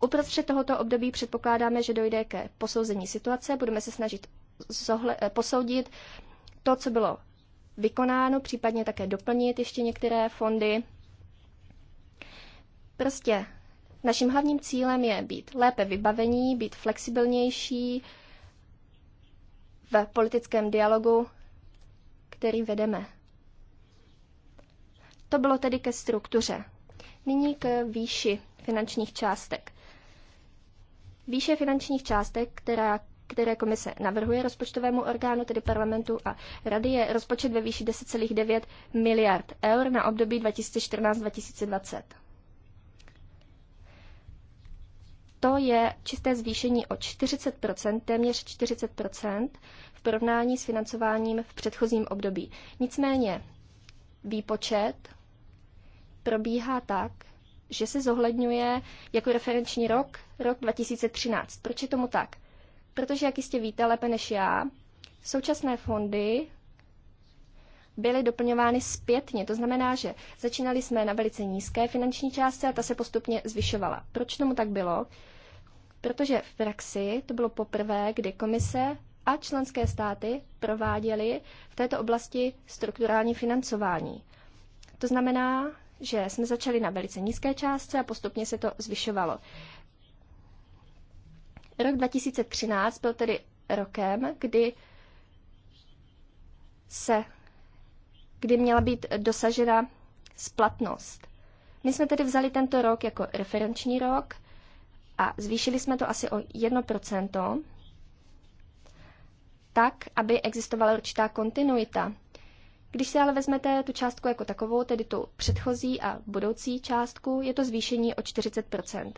Uprostřed tohoto období předpokládáme, že dojde ke posouzení situace, budeme se snažit eh, posoudit to, co bylo vykonáno, případně také doplnit ještě některé fondy. Prostě naším hlavním cílem je být lépe vybavení, být flexibilnější, v politickém dialogu, který vedeme. To bylo tedy ke struktuře. Nyní k výši finančních částek. Výše finančních částek, která, které komise navrhuje rozpočtovému orgánu, tedy parlamentu a rady, je rozpočet ve výši 10,9 miliard eur na období 2014-2020. to je čisté zvýšení o 40 téměř 40 v porovnání s financováním v předchozím období. Nicméně výpočet probíhá tak, že se zohledňuje jako referenční rok rok 2013. Proč je tomu tak? Protože, jak jistě víte lépe než já, současné fondy byly doplňovány zpětně. To znamená, že začínali jsme na velice nízké finanční částce a ta se postupně zvyšovala. Proč tomu tak bylo? protože v praxi to bylo poprvé, kdy komise a členské státy prováděly v této oblasti strukturální financování. To znamená, že jsme začali na velice nízké částce a postupně se to zvyšovalo. Rok 2013 byl tedy rokem, kdy se, kdy měla být dosažena splatnost. My jsme tedy vzali tento rok jako referenční rok a zvýšili jsme to asi o 1%, tak, aby existovala určitá kontinuita. Když si ale vezmete tu částku jako takovou, tedy tu předchozí a budoucí částku, je to zvýšení o 40%.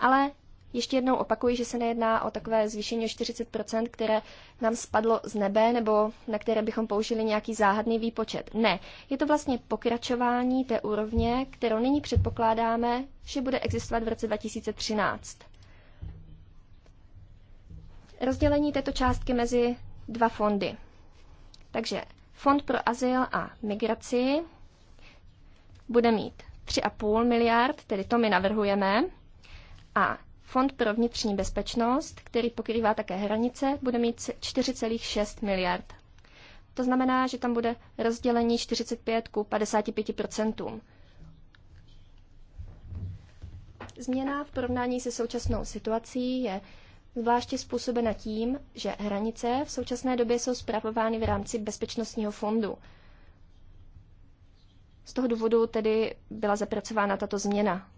Ale ještě jednou opakuji, že se nejedná o takové zvýšení o 40%, které nám spadlo z nebe nebo na které bychom použili nějaký záhadný výpočet. Ne, je to vlastně pokračování té úrovně, kterou nyní předpokládáme, že bude existovat v roce 2013 rozdělení této částky mezi dva fondy. Takže Fond pro azyl a migraci bude mít 3,5 miliard, tedy to my navrhujeme, a Fond pro vnitřní bezpečnost, který pokrývá také hranice, bude mít 4,6 miliard. To znamená, že tam bude rozdělení 45 ku 55 Změna v porovnání se současnou situací je zvláště způsobena tím, že hranice v současné době jsou zpravovány v rámci Bezpečnostního fondu. Z toho důvodu tedy byla zapracována tato změna.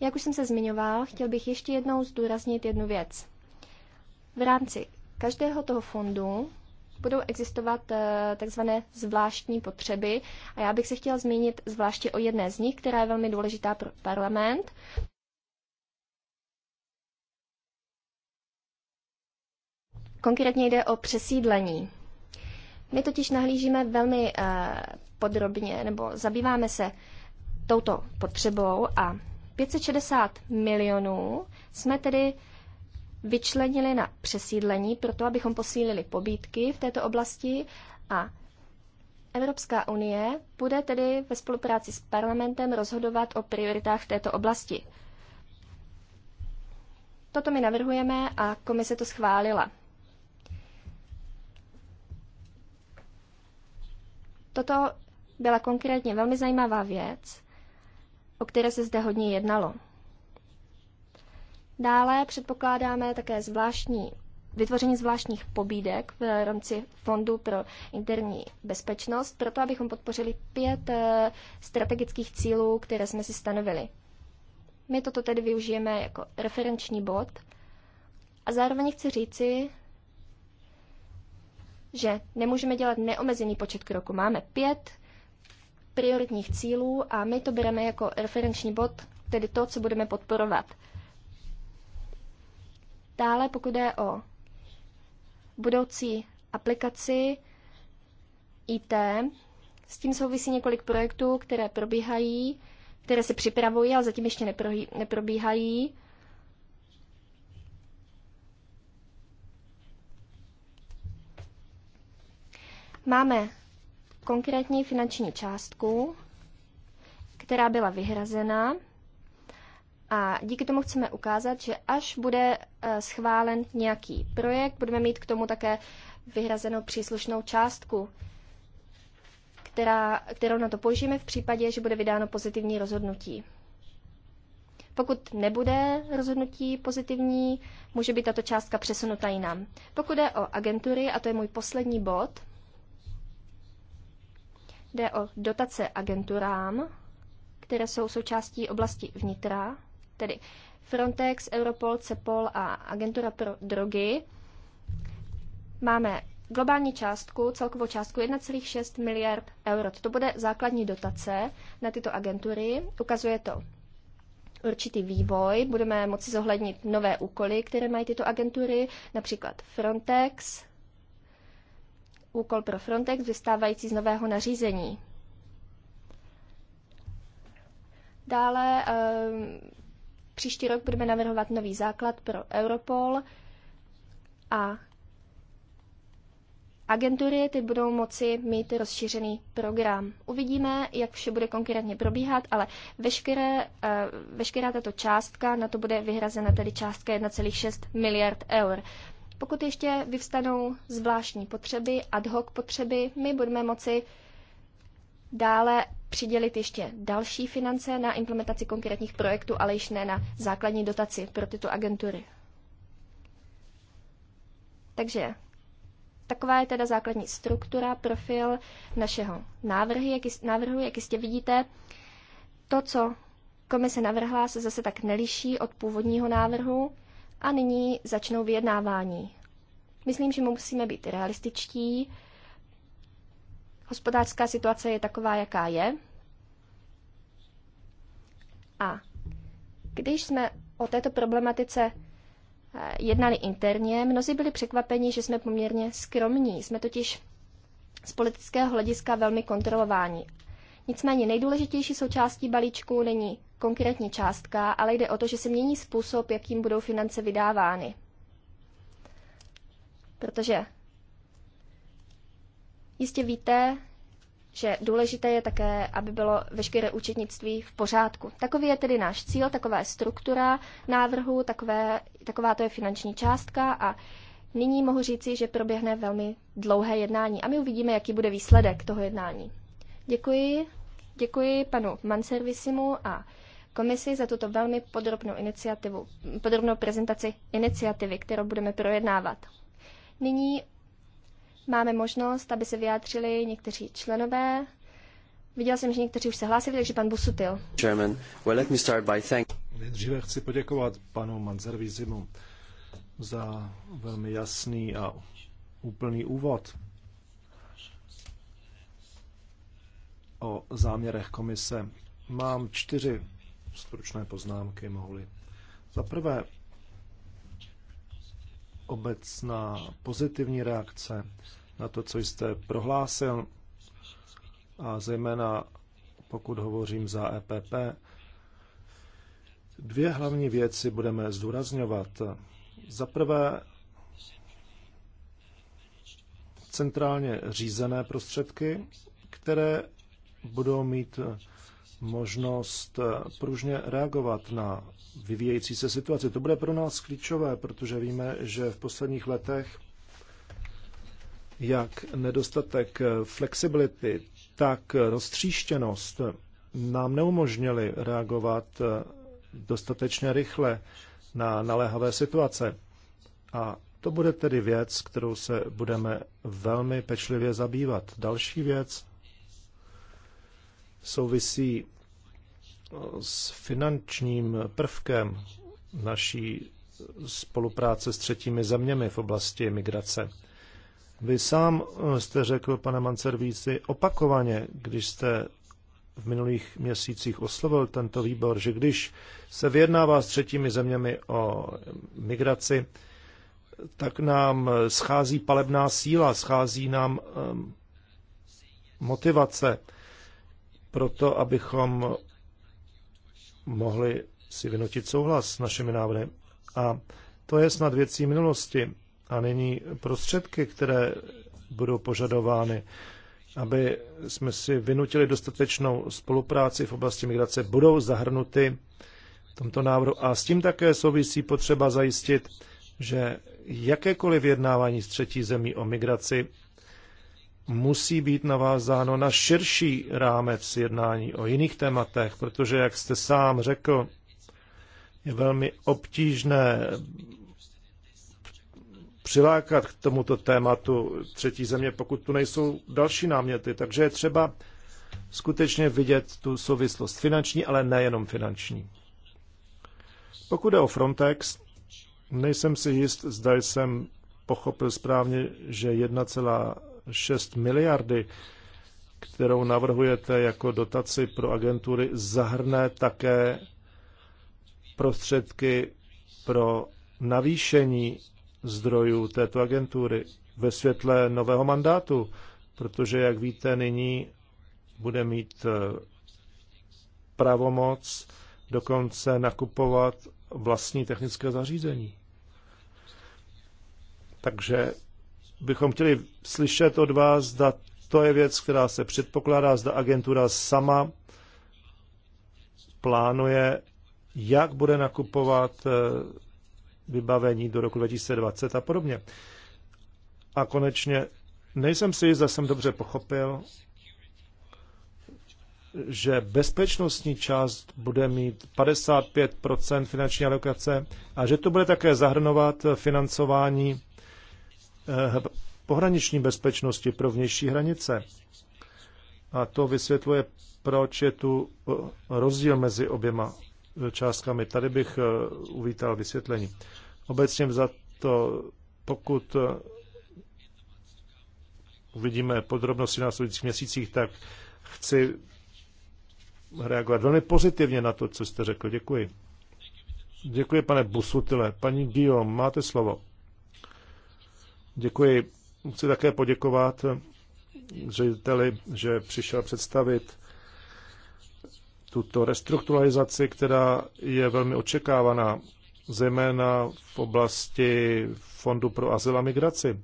Jak už jsem se zmiňoval, chtěl bych ještě jednou zdůraznit jednu věc. V rámci každého toho fondu budou existovat eh, takzvané zvláštní potřeby a já bych se chtěla zmínit zvláště o jedné z nich, která je velmi důležitá pro parlament. Konkrétně jde o přesídlení. My totiž nahlížíme velmi eh, podrobně, nebo zabýváme se touto potřebou a 560 milionů jsme tedy vyčlenili na přesídlení, proto abychom posílili pobídky v této oblasti a Evropská unie bude tedy ve spolupráci s parlamentem rozhodovat o prioritách v této oblasti. Toto my navrhujeme a komise to schválila. Toto byla konkrétně velmi zajímavá věc, o které se zde hodně jednalo. Dále předpokládáme také zvláštní vytvoření zvláštních pobídek v rámci Fondu pro interní bezpečnost, proto abychom podpořili pět eh, strategických cílů, které jsme si stanovili. My toto tedy využijeme jako referenční bod a zároveň chci říci, že nemůžeme dělat neomezený počet kroků. Máme pět prioritních cílů a my to bereme jako referenční bod, tedy to, co budeme podporovat. Dále, pokud jde o budoucí aplikaci IT, s tím souvisí několik projektů, které probíhají, které se připravují, ale zatím ještě neprobíhají. Máme konkrétní finanční částku, která byla vyhrazena a díky tomu chceme ukázat, že až bude eh, schválen nějaký projekt, budeme mít k tomu také vyhrazenou příslušnou částku, která, kterou na to použijeme v případě, že bude vydáno pozitivní rozhodnutí. Pokud nebude rozhodnutí pozitivní, může být tato částka přesunuta jinam. Pokud je o agentury, a to je můj poslední bod, Jde o dotace agenturám, které jsou součástí oblasti vnitra, tedy Frontex, Europol, Cepol a Agentura pro drogy. Máme globální částku, celkovou částku 1,6 miliard euro. To bude základní dotace na tyto agentury. Ukazuje to určitý vývoj. Budeme moci zohlednit nové úkoly, které mají tyto agentury, například Frontex, úkol pro Frontex vystávající z nového nařízení. Dále ehm, příští rok budeme navrhovat nový základ pro Europol a agentury ty budou moci mít rozšířený program. Uvidíme, jak vše bude konkrétně probíhat, ale veškeré, ehm, veškerá tato částka, na to bude vyhrazena tedy částka 1,6 miliard eur. Pokud ještě vyvstanou zvláštní potřeby, ad hoc potřeby, my budeme moci dále přidělit ještě další finance na implementaci konkrétních projektů, ale již ne na základní dotaci pro tyto agentury. Takže taková je teda základní struktura, profil našeho návrhu, jak, jist, návrhu, jak jistě vidíte. To, co komise navrhla, se zase tak neliší od původního návrhu a nyní začnou vyjednávání. Myslím, že musíme být realističtí. Hospodářská situace je taková, jaká je. A když jsme o této problematice eh, jednali interně, mnozí byli překvapeni, že jsme poměrně skromní. Jsme totiž z politického hlediska velmi kontrolováni. Nicméně nejdůležitější součástí balíčku není konkrétní částka, ale jde o to, že se mění způsob, jakým budou finance vydávány. Protože jistě víte, že důležité je také, aby bylo veškeré účetnictví v pořádku. Takový je tedy náš cíl, taková je struktura návrhu, takové, taková to je finanční částka a nyní mohu říci, že proběhne velmi dlouhé jednání a my uvidíme, jaký bude výsledek toho jednání. Děkuji. Děkuji panu Manservisimu a komisi za tuto velmi podrobnou, iniciativu, podrobnou prezentaci iniciativy, kterou budeme projednávat. Nyní máme možnost, aby se vyjádřili někteří členové. Viděl jsem, že někteří už se hlásili, takže pan Busutil. German. Well, let me start by thank... Nejdříve chci poděkovat panu Manzervizimu za velmi jasný a úplný úvod o záměrech komise. Mám čtyři stručné poznámky mohly. Za prvé, obecná pozitivní reakce na to, co jste prohlásil, a zejména pokud hovořím za EPP, dvě hlavní věci budeme zdůrazňovat. Za prvé, centrálně řízené prostředky, které budou mít možnost eh, pružně reagovat na vyvíjející se situaci. To bude pro nás klíčové, protože víme, že v posledních letech jak nedostatek eh, flexibility, tak roztříštěnost nám neumožnili reagovat eh, dostatečně rychle na naléhavé situace. A to bude tedy věc, kterou se budeme velmi pečlivě zabývat. Další věc souvisí s finančním prvkem naší spolupráce s třetími zeměmi v oblasti migrace. Vy sám eh, jste řekl, pane Mancervíci, opakovaně, když jste v minulých měsících oslovil tento výbor, že když se vyjednává s třetími zeměmi o migraci, tak nám eh, schází palebná síla, schází nám eh, motivace pro to, abychom mohli si vynutit souhlas s našimi návrhy. A to je snad věcí minulosti. A nyní prostředky, které budou požadovány, aby jsme si vynutili dostatečnou spolupráci v oblasti migrace, budou zahrnuty v tomto návrhu. A s tím také souvisí potřeba zajistit, že jakékoliv vyjednávání s třetí zemí o migraci musí být navázáno na širší rámec jednání o jiných tématech, protože, jak jste sám řekl, je velmi obtížné přilákat k tomuto tématu třetí země, pokud tu nejsou další náměty. Takže je třeba skutečně vidět tu souvislost finanční, ale nejenom finanční. Pokud je o Frontex, nejsem si jist, zda jsem pochopil správně, že 6 miliardy, kterou navrhujete jako dotaci pro agentury, zahrne také prostředky pro navýšení zdrojů této agentury ve světle nového mandátu, protože, jak víte, nyní bude mít eh, pravomoc dokonce nakupovat vlastní technické zařízení. Takže bychom chtěli slyšet od vás, zda to je věc, která se předpokládá, zda agentura sama plánuje, jak bude nakupovat eh, vybavení do roku 2020 a podobně. A konečně nejsem si zda jsem dobře pochopil, že bezpečnostní část bude mít 55 finanční alokace a že to bude také zahrnovat financování Eh, pohraniční bezpečnosti pro vnější hranice. A to vysvětluje, proč je tu eh, rozdíl mezi oběma eh, částkami. Tady bych uvítal vysvětlení. Obecně za to, pokud uvidíme podrobnosti na následujících měsících, tak chci reagovat velmi pozitivně na to, co jste řekl. Děkuji. Děkuji, pane Busutile. Paní Guillaume, máte slovo. Děkuji. Chci také poděkovat řediteli, že přišel představit tuto restrukturalizaci, která je velmi očekávaná, zejména v oblasti Fondu pro azyl a migraci.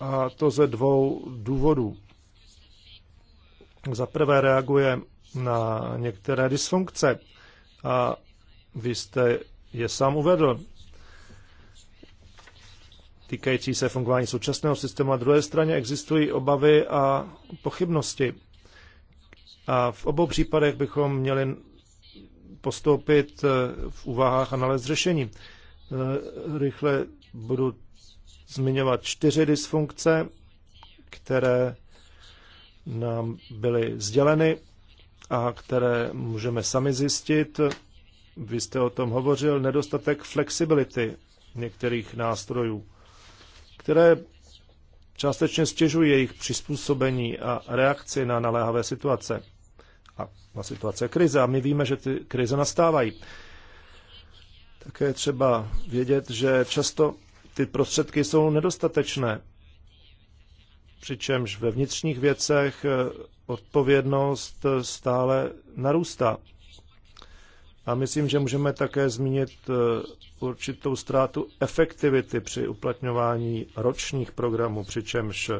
A to ze dvou důvodů. Za prvé reaguje na některé dysfunkce a vy jste je sám uvedl týkající se fungování současného systému. A druhé straně existují obavy a pochybnosti. A v obou případech bychom měli postoupit eh, v úvahách a nalézt řešení. Eh, rychle budu zmiňovat čtyři dysfunkce, které nám byly sděleny a které můžeme sami zjistit. Vy jste o tom hovořil, nedostatek flexibility některých nástrojů které částečně stěžují jejich přizpůsobení a reakci na naléhavé situace a na situace krize. A my víme, že ty krize nastávají. Také je třeba vědět, že často ty prostředky jsou nedostatečné, přičemž ve vnitřních věcech eh, odpovědnost eh, stále narůstá. A myslím, že můžeme také zmínit eh, určitou ztrátu efektivity při uplatňování ročních programů, přičemž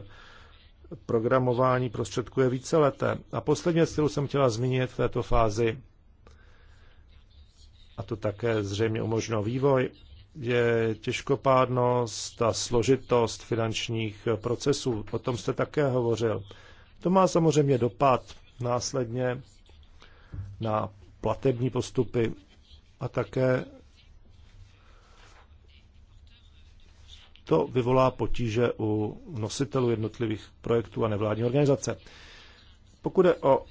programování prostředků je víceleté. A poslední věc, kterou jsem chtěla zmínit v této fázi, a to také zřejmě umožnil vývoj, je těžkopádnost a složitost finančních procesů. O tom jste také hovořil. To má samozřejmě dopad následně na platební postupy a také to vyvolá potíže u nositelů jednotlivých projektů a nevládní organizace. Pokud je o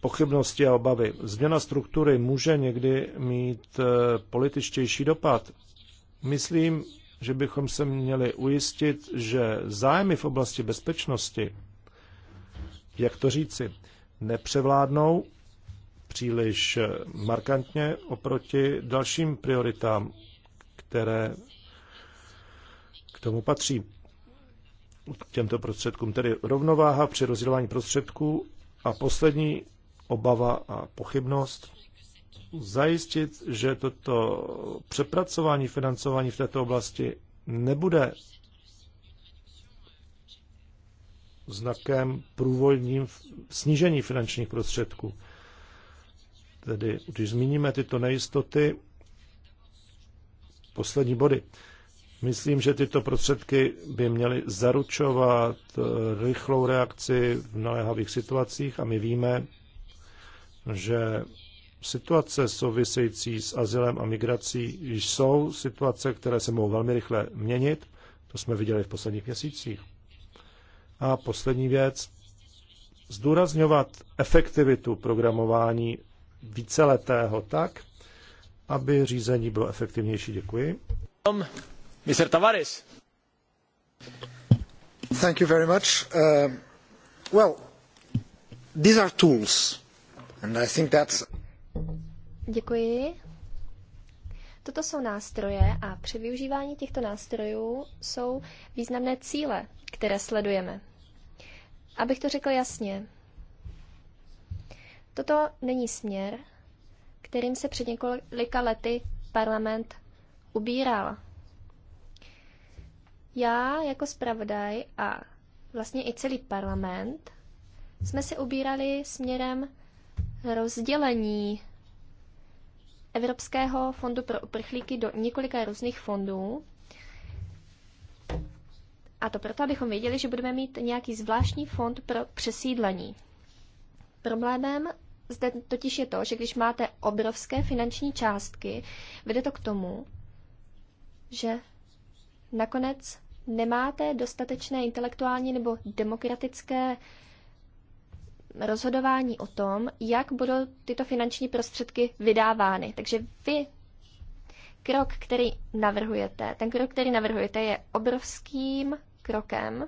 pochybnosti a obavy, změna struktury může někdy mít eh, političtější dopad. Myslím, že bychom se měli ujistit, že zájmy v oblasti bezpečnosti, jak to říci, nepřevládnou příliš eh, markantně oproti dalším prioritám, které k tomu patří. K těmto prostředkům tedy rovnováha při rozdělování prostředků a poslední obava a pochybnost zajistit, že toto přepracování financování v této oblasti nebude znakem průvodním snížení finančních prostředků. Tedy, když zmíníme tyto nejistoty, poslední body. Myslím, že tyto prostředky by měly zaručovat eh, rychlou reakci v naléhavých situacích a my víme, že situace související s azylem a migrací jsou situace, které se mohou velmi rychle měnit. To jsme viděli v posledních měsících. A poslední věc, zdůrazňovat efektivitu programování víceletého tak, aby řízení bylo efektivnější. Děkuji. Mr. Tavares. Děkuji. Toto jsou nástroje a při využívání těchto nástrojů jsou významné cíle, které sledujeme. Abych to řekl jasně, toto není směr, kterým se před několika lety parlament ubíral. Já jako zpravodaj a vlastně i celý parlament jsme se ubírali směrem rozdělení Evropského fondu pro uprchlíky do několika různých fondů. A to proto, abychom věděli, že budeme mít nějaký zvláštní fond pro přesídlení. Problémem zde totiž je to, že když máte obrovské finanční částky, vede to k tomu, že nakonec nemáte dostatečné intelektuální nebo demokratické rozhodování o tom, jak budou tyto finanční prostředky vydávány. Takže vy krok, který navrhujete, ten krok, který navrhujete, je obrovským krokem.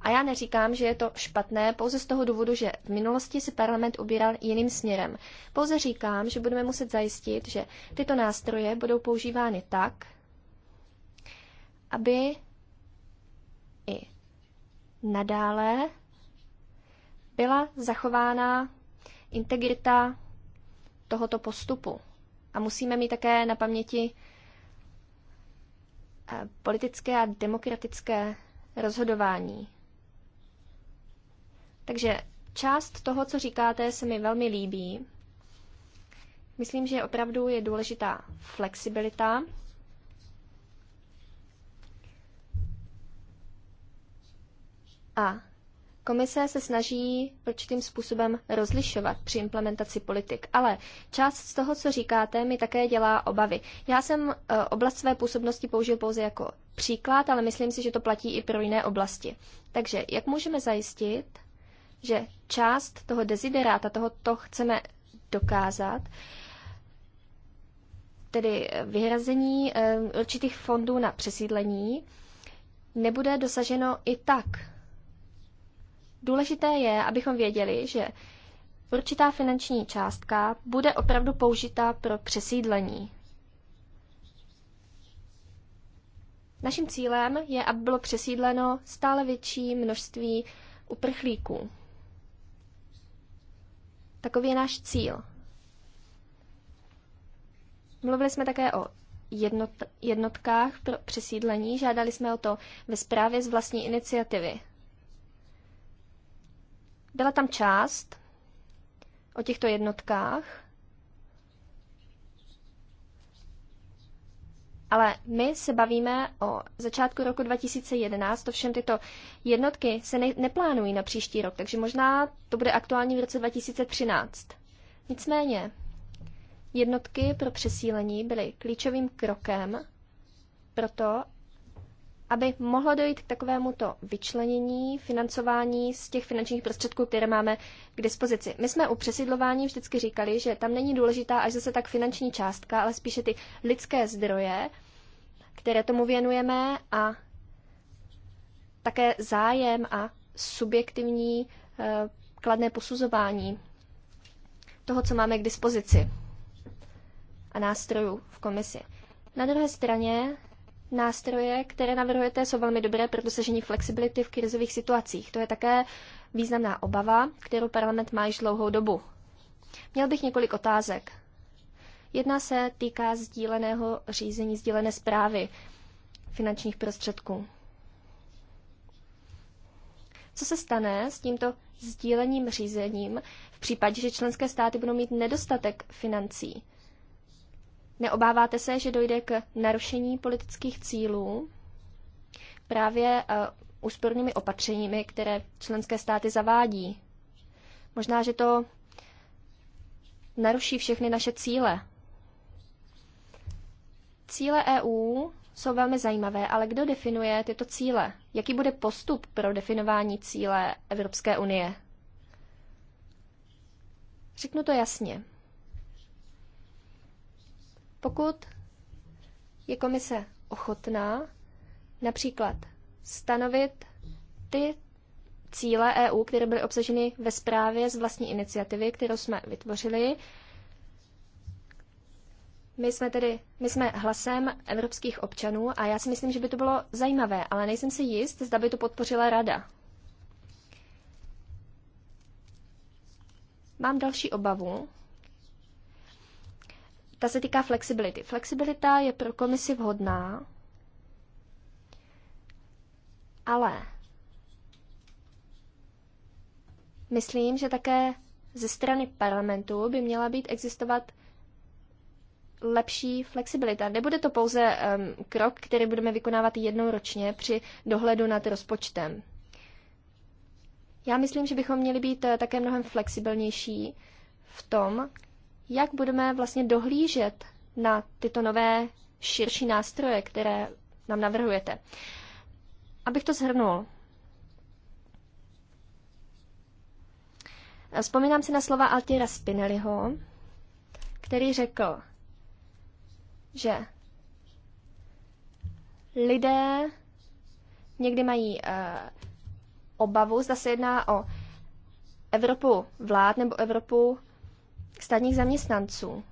A já neříkám, že je to špatné pouze z toho důvodu, že v minulosti si parlament ubíral jiným směrem. Pouze říkám, že budeme muset zajistit, že tyto nástroje budou používány tak, aby i nadále byla zachována integrita tohoto postupu. A musíme mít také na paměti eh, politické a demokratické rozhodování. Takže část toho, co říkáte, se mi velmi líbí. Myslím, že opravdu je důležitá flexibilita A Komise se snaží určitým způsobem rozlišovat při implementaci politik, ale část z toho, co říkáte, mi také dělá obavy. Já jsem e, oblast své působnosti použil pouze jako příklad, ale myslím si, že to platí i pro jiné oblasti. Takže jak můžeme zajistit, že část toho dezideráta, toho to chceme dokázat, tedy vyhrazení e, určitých fondů na přesídlení, nebude dosaženo i tak Důležité je, abychom věděli, že určitá finanční částka bude opravdu použita pro přesídlení. Naším cílem je, aby bylo přesídleno stále větší množství uprchlíků. Takový je náš cíl. Mluvili jsme také o jednotkách pro přesídlení, žádali jsme o to ve zprávě z vlastní iniciativy. Byla tam část o těchto jednotkách, ale my se bavíme o začátku roku 2011, to všem tyto jednotky se ne- neplánují na příští rok, takže možná to bude aktuální v roce 2013. Nicméně, jednotky pro přesílení byly klíčovým krokem pro to, aby mohlo dojít k takovému to vyčlenění financování z těch finančních prostředků, které máme k dispozici. My jsme u přesidlování vždycky říkali, že tam není důležitá až zase tak finanční částka, ale spíše ty lidské zdroje, které tomu věnujeme a také zájem a subjektivní eh, kladné posuzování toho, co máme k dispozici a nástrojů v komisi. Na druhé straně Nástroje, které navrhujete, jsou velmi dobré pro dosažení flexibility v krizových situacích. To je také významná obava, kterou parlament má již dlouhou dobu. Měl bych několik otázek. Jedna se týká sdíleného řízení, sdílené zprávy finančních prostředků. Co se stane s tímto sdílením řízením v případě, že členské státy budou mít nedostatek financí? Neobáváte se, že dojde k narušení politických cílů právě eh, úspornými opatřeními, které členské státy zavádí? Možná, že to naruší všechny naše cíle. Cíle EU jsou velmi zajímavé, ale kdo definuje tyto cíle? Jaký bude postup pro definování cíle Evropské unie? Řeknu to jasně. Pokud je komise ochotná například stanovit ty cíle EU, které byly obsaženy ve zprávě z vlastní iniciativy, kterou jsme vytvořili. My jsme tedy my jsme hlasem evropských občanů a já si myslím, že by to bylo zajímavé, ale nejsem si jist, zda by to podpořila rada. Mám další obavu, ta se týká flexibility. Flexibilita je pro komisi vhodná, ale myslím, že také ze strany parlamentu by měla být existovat lepší flexibilita. Nebude to pouze um, krok, který budeme vykonávat jednou ročně při dohledu nad rozpočtem. Já myslím, že bychom měli být eh, také mnohem flexibilnější v tom, jak budeme vlastně dohlížet na tyto nové širší nástroje, které nám navrhujete. Abych to zhrnul. Vzpomínám si na slova Altiera Spinelliho, který řekl, že lidé někdy mají uh, obavu, zda se jedná o Evropu vlád nebo Evropu státních zaměstnanců.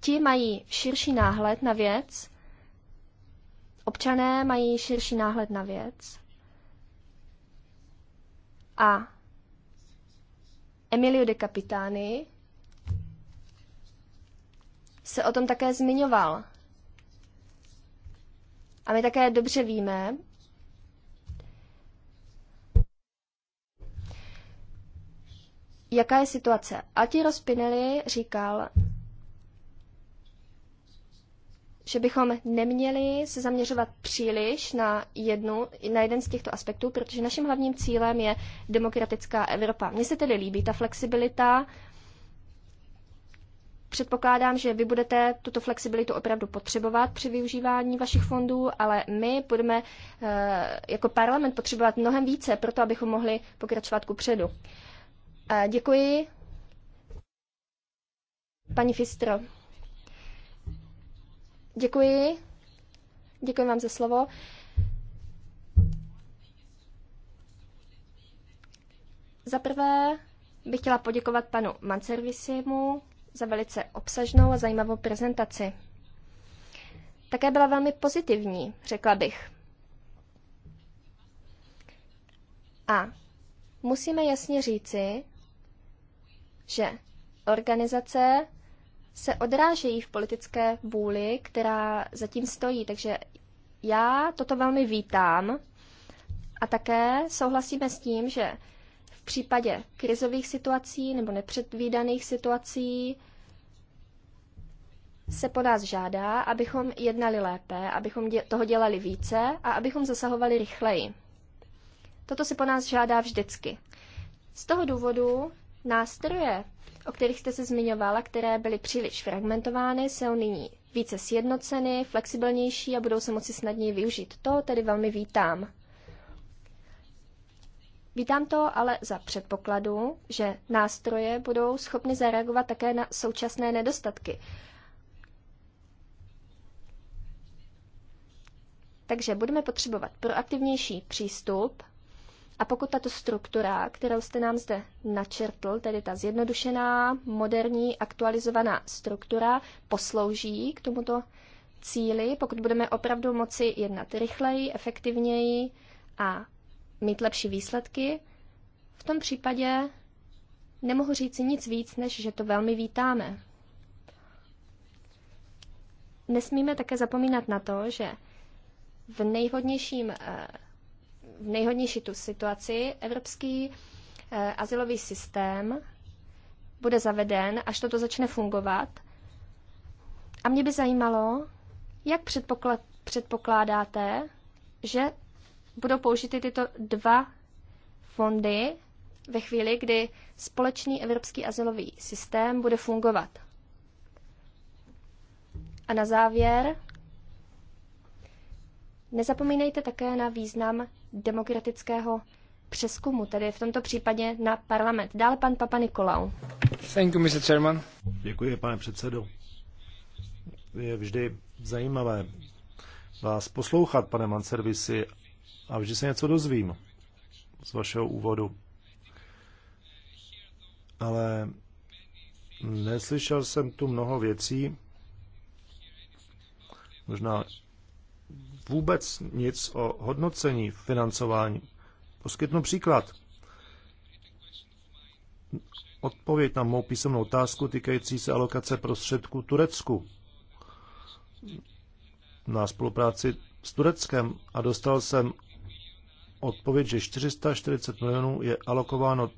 Ti mají širší náhled na věc, občané mají širší náhled na věc a Emilio de Capitani se o tom také zmiňoval. A my také dobře víme, jaká je situace. Altiero Spinelli říkal, že bychom neměli se zaměřovat příliš na, jednu, na jeden z těchto aspektů, protože naším hlavním cílem je demokratická Evropa. Mně se tedy líbí ta flexibilita. Předpokládám, že vy budete tuto flexibilitu opravdu potřebovat při využívání vašich fondů, ale my budeme eh, jako parlament potřebovat mnohem více pro to, abychom mohli pokračovat ku předu. Děkuji. Paní Fistro. Děkuji. Děkuji vám za slovo. Za prvé bych chtěla poděkovat panu Manservisimu za velice obsažnou a zajímavou prezentaci. Také byla velmi pozitivní, řekla bych. A musíme jasně říci, že organizace se odrážejí v politické vůli, která zatím stojí. Takže já toto velmi vítám a také souhlasíme s tím, že v případě krizových situací nebo nepředvídaných situací se po nás žádá, abychom jednali lépe, abychom dě- toho dělali více a abychom zasahovali rychleji. Toto se po nás žádá vždycky. Z toho důvodu Nástroje, o kterých jste se zmiňovala, které byly příliš fragmentovány, jsou nyní více sjednoceny, flexibilnější a budou se moci snadněji využít. To tedy velmi vítám. Vítám to ale za předpokladu, že nástroje budou schopny zareagovat také na současné nedostatky. Takže budeme potřebovat proaktivnější přístup a pokud tato struktura, kterou jste nám zde načrtl, tedy ta zjednodušená, moderní, aktualizovaná struktura, poslouží k tomuto cíli, pokud budeme opravdu moci jednat rychleji, efektivněji a mít lepší výsledky, v tom případě nemohu říci nic víc, než že to velmi vítáme. Nesmíme také zapomínat na to, že v nejvhodnějším eh, nejhodnější tu situaci. Evropský e, asilový systém bude zaveden, až toto začne fungovat. A mě by zajímalo, jak předpokládáte, že budou použity tyto dva fondy ve chvíli, kdy společný evropský asilový systém bude fungovat. A na závěr, nezapomínejte také na význam demokratického přeskumu, tedy v tomto případě na parlament. Dále pan Papa Nikolau. Thank you, Mr. Chairman. Děkuji, pane předsedo. Je vždy zajímavé vás poslouchat, pane Manservisi, a vždy se něco dozvím z vašeho úvodu. Ale neslyšel jsem tu mnoho věcí, možná vůbec nic o hodnocení financování. Poskytnu příklad. Odpověď na mou písemnou otázku týkající se alokace prostředků Turecku na spolupráci s Tureckem a dostal jsem odpověď, že 440 milionů je alokováno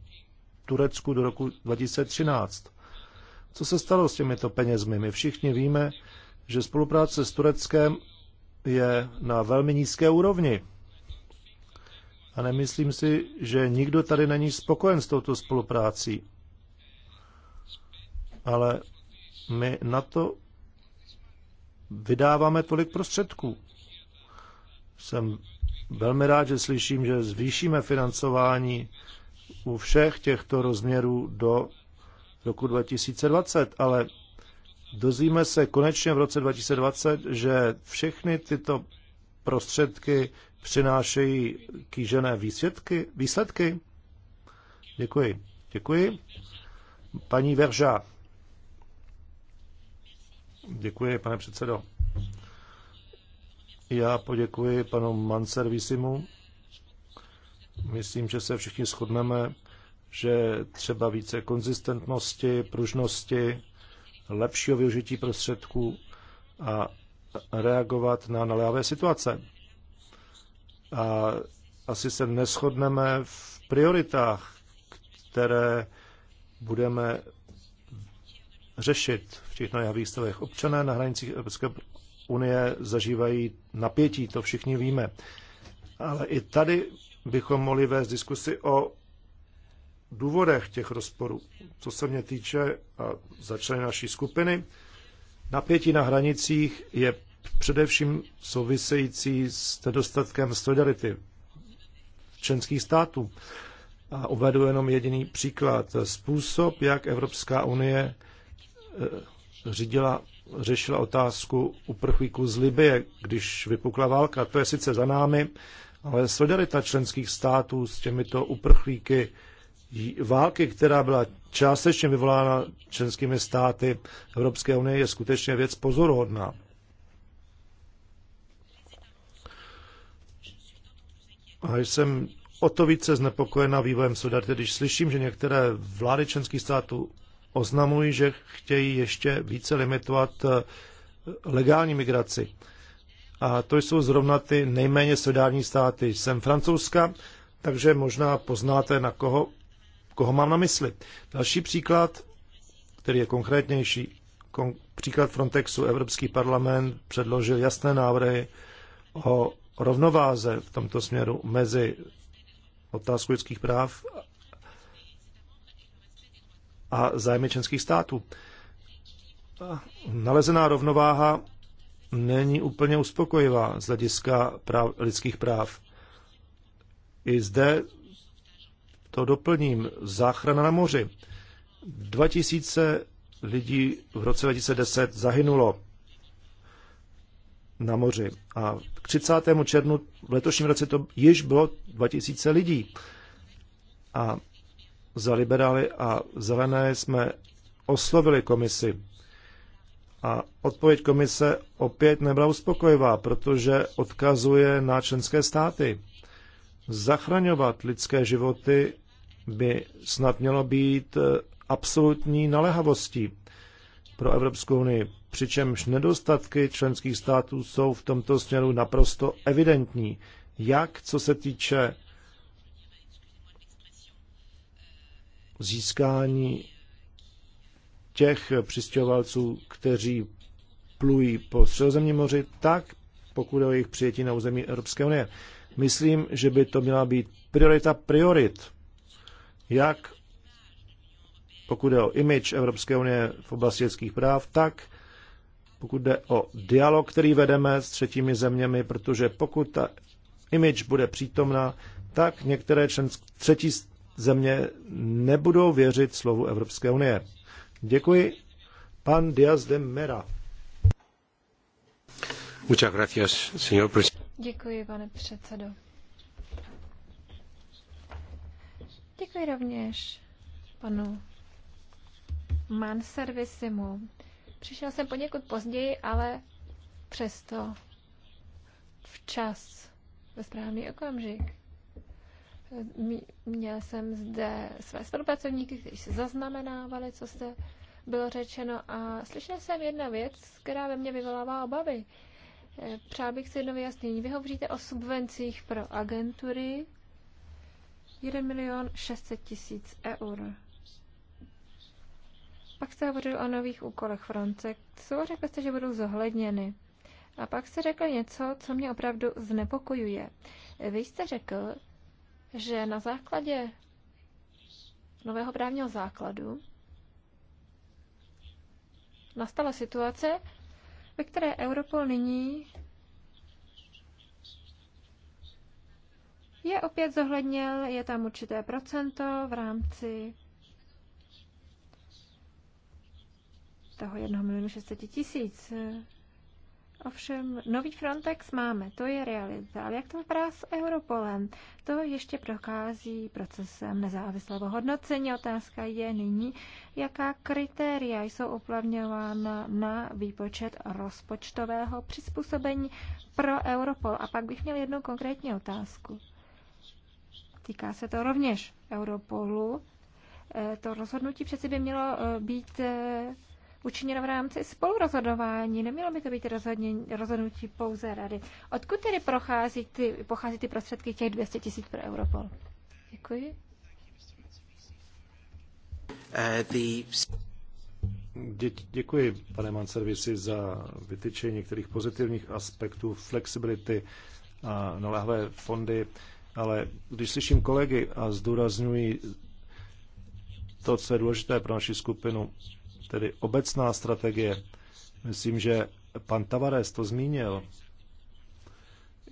Turecku do roku 2013. Co se stalo s těmito penězmi? My všichni víme, že spolupráce s Tureckem je na velmi nízké úrovni. A nemyslím si, že nikdo tady není spokojen s touto spoluprácí. Ale my na to vydáváme tolik prostředků. Jsem velmi rád, že slyším, že zvýšíme financování u všech těchto rozměrů do roku 2020, ale Dozvíme se konečně v roce 2020, že všechny tyto prostředky přinášejí kýžené výsledky? výsledky? Děkuji. Děkuji. Paní Verža. Děkuji, pane předsedo. Já poděkuji panu Manservisimu. Myslím, že se všichni shodneme, že třeba více konzistentnosti, pružnosti, lepšího využití prostředků a reagovat na naléhavé situace. A asi se neschodneme v prioritách, které budeme řešit v těch naléhavých stavech. Občané na hranicích Evropské unie zažívají napětí, to všichni víme. Ale i tady bychom mohli vést diskusi o důvodech těch rozporů. Co se mě týče a začaly naší skupiny, napětí na hranicích je především související s nedostatkem solidarity členských států. A uvedu jenom jediný příklad. Způsob, jak Evropská unie eh, řídila, řešila otázku uprchlíků z Libie, když vypukla válka. To je sice za námi, ale solidarita členských států s těmito uprchlíky války, která byla částečně vyvolána členskými státy Evropské unie, je skutečně věc pozoruhodná. A jsem o to více znepokojena vývojem solidarity, když slyším, že některé vlády členských států oznamují, že chtějí ještě více limitovat eh, legální migraci. A to jsou zrovna ty nejméně solidární státy. Jsem francouzska, takže možná poznáte, na koho koho mám na mysli. Další příklad, který je konkrétnější, kon, příklad Frontexu, Evropský parlament předložil jasné návrhy o rovnováze v tomto směru mezi otázkou lidských práv a zájmy členských států. Nalezená rovnováha není úplně uspokojivá z hlediska práv, lidských práv. I zde to doplním. Záchrana na moři. 2000 lidí v roce 2010 zahynulo na moři. A k 30. červnu v letošním roce to již bylo 2000 lidí. A za liberály a zelené jsme oslovili komisi. A odpověď komise opět nebyla uspokojivá, protože odkazuje na členské státy. Zachraňovat lidské životy by snad mělo být eh, absolutní naléhavostí pro Evropskou unii, přičemž nedostatky členských států jsou v tomto směru naprosto evidentní. Jak co se týče získání těch přistěhovalců, kteří plují po Středozemním moři, tak pokud je o jejich přijetí na území Evropské unie. Myslím, že by to měla být priorita priorit jak pokud jde o image Evropské unie v oblasti lidských práv, tak pokud jde o dialog, který vedeme s třetími zeměmi, protože pokud ta image bude přítomná, tak některé členské třetí země nebudou věřit slovu Evropské unie. Děkuji. Pan Diaz de Mera. Děkuji, pane předsedo. Děkuji rovněž panu Manservisimu. Přišel jsem poněkud později, ale přesto včas, ve správný okamžik. Měl jsem zde své spolupracovníky, kteří se zaznamenávali, co se bylo řečeno a slyšel jsem jedna věc, která ve mně vyvolává obavy. E, přál bych si jedno vyjasnění. Vy hovoříte o subvencích pro agentury, 1 milion 600 tisíc eur. Pak se hovořil o nových úkolech France. Co řekl jste, že budou zohledněny. A pak jste řekl něco, co mě opravdu znepokojuje. Vy jste řekl, že na základě nového právního základu nastala situace, ve které Europol nyní je opět zohlednil, je tam určité procento v rámci toho 1 milionu 600 tisíc. Ovšem, nový Frontex máme, to je realita. Ale jak to vypadá s Europolem? To ještě prochází procesem nezávislého hodnocení. Otázka je nyní, jaká kritéria jsou uplavňována na výpočet rozpočtového přizpůsobení pro Europol. A pak bych měl jednu konkrétní otázku. Týká se to rovněž Europolu. E, to rozhodnutí přeci by mělo e, být e, učiněno v rámci spolurozhodování, nemělo by to být rozhodnutí pouze rady. Odkud tedy prochází ty, pochází ty prostředky těch 200 tisíc pro Europol? Děkuji. Dě, děkuji, pane Manservisi, za vytyčení některých pozitivních aspektů flexibility a nalehavé fondy ale když slyším kolegy a zdůrazňuji to, co je důležité pro naši skupinu, tedy obecná strategie, myslím, že pan Tavares to zmínil,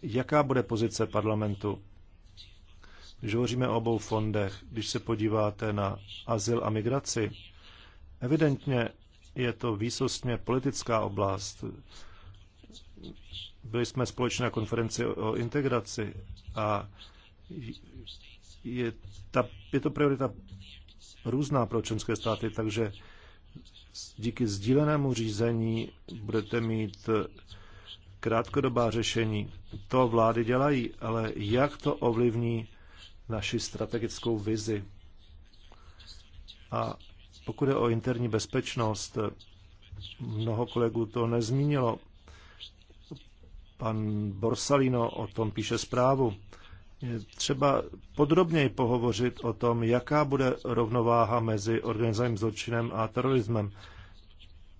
jaká bude pozice parlamentu, když hovoříme o obou fondech, když se podíváte na azyl a migraci, evidentně je to výsostně politická oblast byli jsme společně na konferenci o integraci a je, ta, je to priorita různá pro členské státy, takže díky sdílenému řízení budete mít krátkodobá řešení. To vlády dělají, ale jak to ovlivní naši strategickou vizi? A pokud je o interní bezpečnost, mnoho kolegů to nezmínilo. Pan Borsalino o tom píše zprávu. Je třeba podrobněji pohovořit o tom, jaká bude rovnováha mezi organizovaným zločinem a terorismem,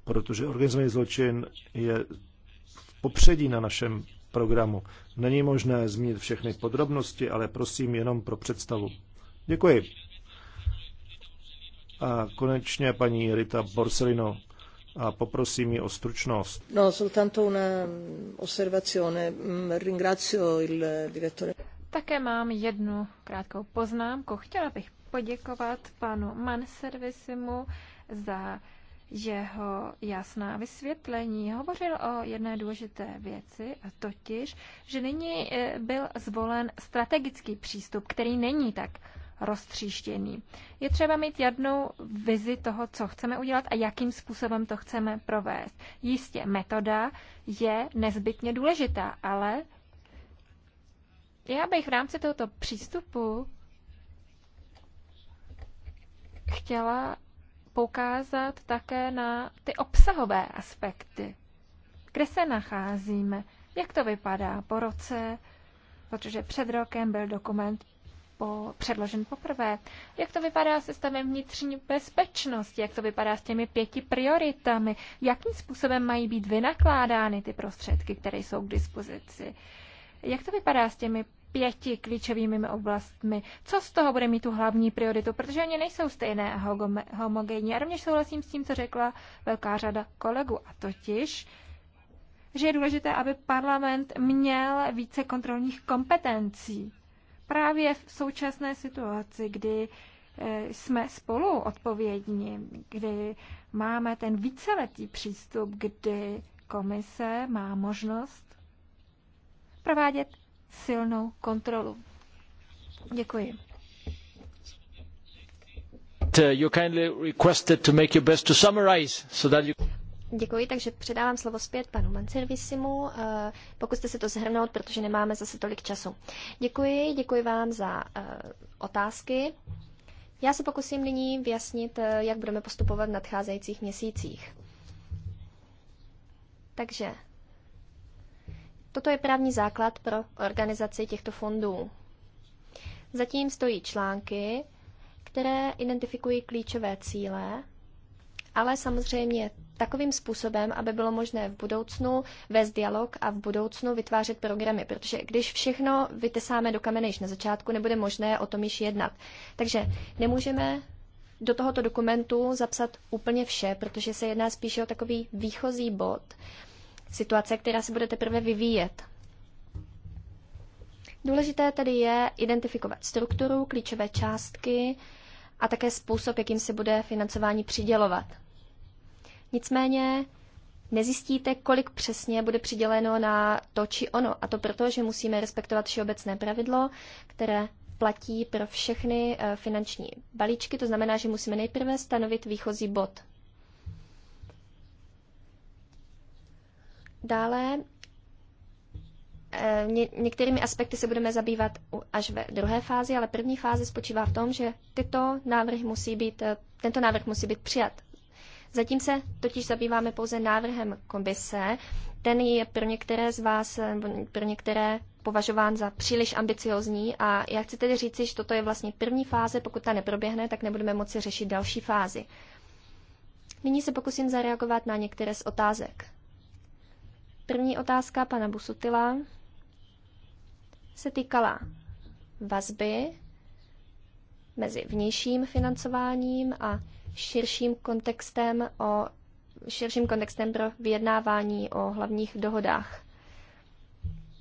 protože organizovaný zločin je v popředí na našem programu. Není možné zmínit všechny podrobnosti, ale prosím jenom pro představu. Děkuji. A konečně paní Rita Borsellino a poprosím ji o stručnost. No, soltanto una osservazione. Mm, ringrazio il direttore. Také mám jednu krátkou poznámku. Chtěla bych poděkovat panu Manservisimu za jeho jasná vysvětlení. Hovořil o jedné důležité věci, a totiž, že nyní eh, byl zvolen strategický přístup, který není tak roztříštěný. Je třeba mít jednu vizi toho, co chceme udělat a jakým způsobem to chceme provést. Jistě, metoda je nezbytně důležitá, ale já bych v rámci tohoto přístupu chtěla poukázat také na ty obsahové aspekty. Kde se nacházíme? Jak to vypadá po roce? Protože před rokem byl dokument po, předložen poprvé. Jak to vypadá se stavem vnitřní bezpečnosti? Jak to vypadá s těmi pěti prioritami? Jakým způsobem mají být vynakládány ty prostředky, které jsou k dispozici? Jak to vypadá s těmi pěti klíčovými oblastmi. Co z toho bude mít tu hlavní prioritu, protože oni nejsou stejné a homogenní. A rovněž souhlasím s tím, co řekla velká řada kolegů, a totiž, že je důležité, aby parlament měl více kontrolních kompetencí právě v současné situaci, kdy eh, jsme spolu odpovědní, kdy máme ten víceletý přístup, kdy komise má možnost provádět silnou kontrolu. Děkuji. Uh, you kindly requested to make your best to summarize so that you Děkuji, takže předávám slovo zpět panu Mancervisimu, eh, pokud jste se to zhrnout, protože nemáme zase tolik času. Děkuji, děkuji vám za eh, otázky. Já se pokusím nyní vyjasnit, eh, jak budeme postupovat v nadcházejících měsících. Takže toto je právní základ pro organizaci těchto fondů. Zatím stojí články, které identifikují klíčové cíle ale samozřejmě takovým způsobem, aby bylo možné v budoucnu vést dialog a v budoucnu vytvářet programy, protože když všechno vytesáme do kamene již na začátku, nebude možné o tom již jednat. Takže nemůžeme do tohoto dokumentu zapsat úplně vše, protože se jedná spíše o takový výchozí bod, situace, která se bude teprve vyvíjet. Důležité tedy je identifikovat strukturu, klíčové částky a také způsob, jakým se bude financování přidělovat. Nicméně nezjistíte, kolik přesně bude přiděleno na to či ono. A to proto, že musíme respektovat všeobecné pravidlo, které platí pro všechny eh, finanční balíčky. To znamená, že musíme nejprve stanovit výchozí bod. Dále eh, některými aspekty se budeme zabývat až ve druhé fázi, ale první fáze spočívá v tom, že tyto návrhy musí být, eh, tento návrh musí být přijat Zatím se totiž zabýváme pouze návrhem komise. Ten je pro některé z vás, pro některé považován za příliš ambiciozní a já chci tedy říci, že toto je vlastně první fáze, pokud ta neproběhne, tak nebudeme moci řešit další fázi. Nyní se pokusím zareagovat na některé z otázek. První otázka pana Busutila se týkala vazby mezi vnějším financováním a širším kontextem, o, širším kontextem pro vyjednávání o hlavních dohodách.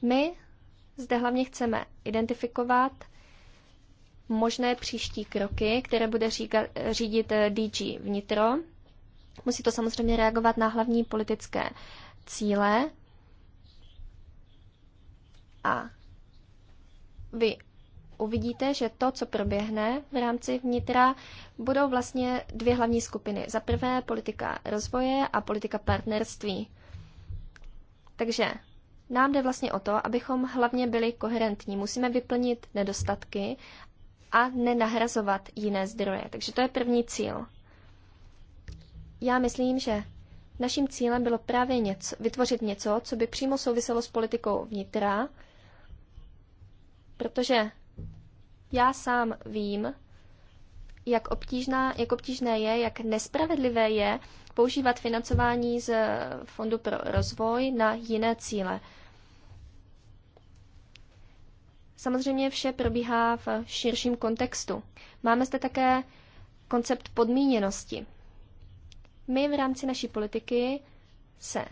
My zde hlavně chceme identifikovat možné příští kroky, které bude říkat, řídit eh, DG vnitro. Musí to samozřejmě reagovat na hlavní politické cíle. A vy uvidíte, že to, co proběhne v rámci vnitra, budou vlastně dvě hlavní skupiny. Za prvé politika rozvoje a politika partnerství. Takže nám jde vlastně o to, abychom hlavně byli koherentní. Musíme vyplnit nedostatky a nenahrazovat jiné zdroje. Takže to je první cíl. Já myslím, že naším cílem bylo právě něco, vytvořit něco, co by přímo souviselo s politikou vnitra, protože já sám vím, jak, obtížná, jak obtížné je, jak nespravedlivé je používat financování z Fondu pro rozvoj na jiné cíle. Samozřejmě vše probíhá v širším kontextu. Máme zde také koncept podmíněnosti. My v rámci naší politiky se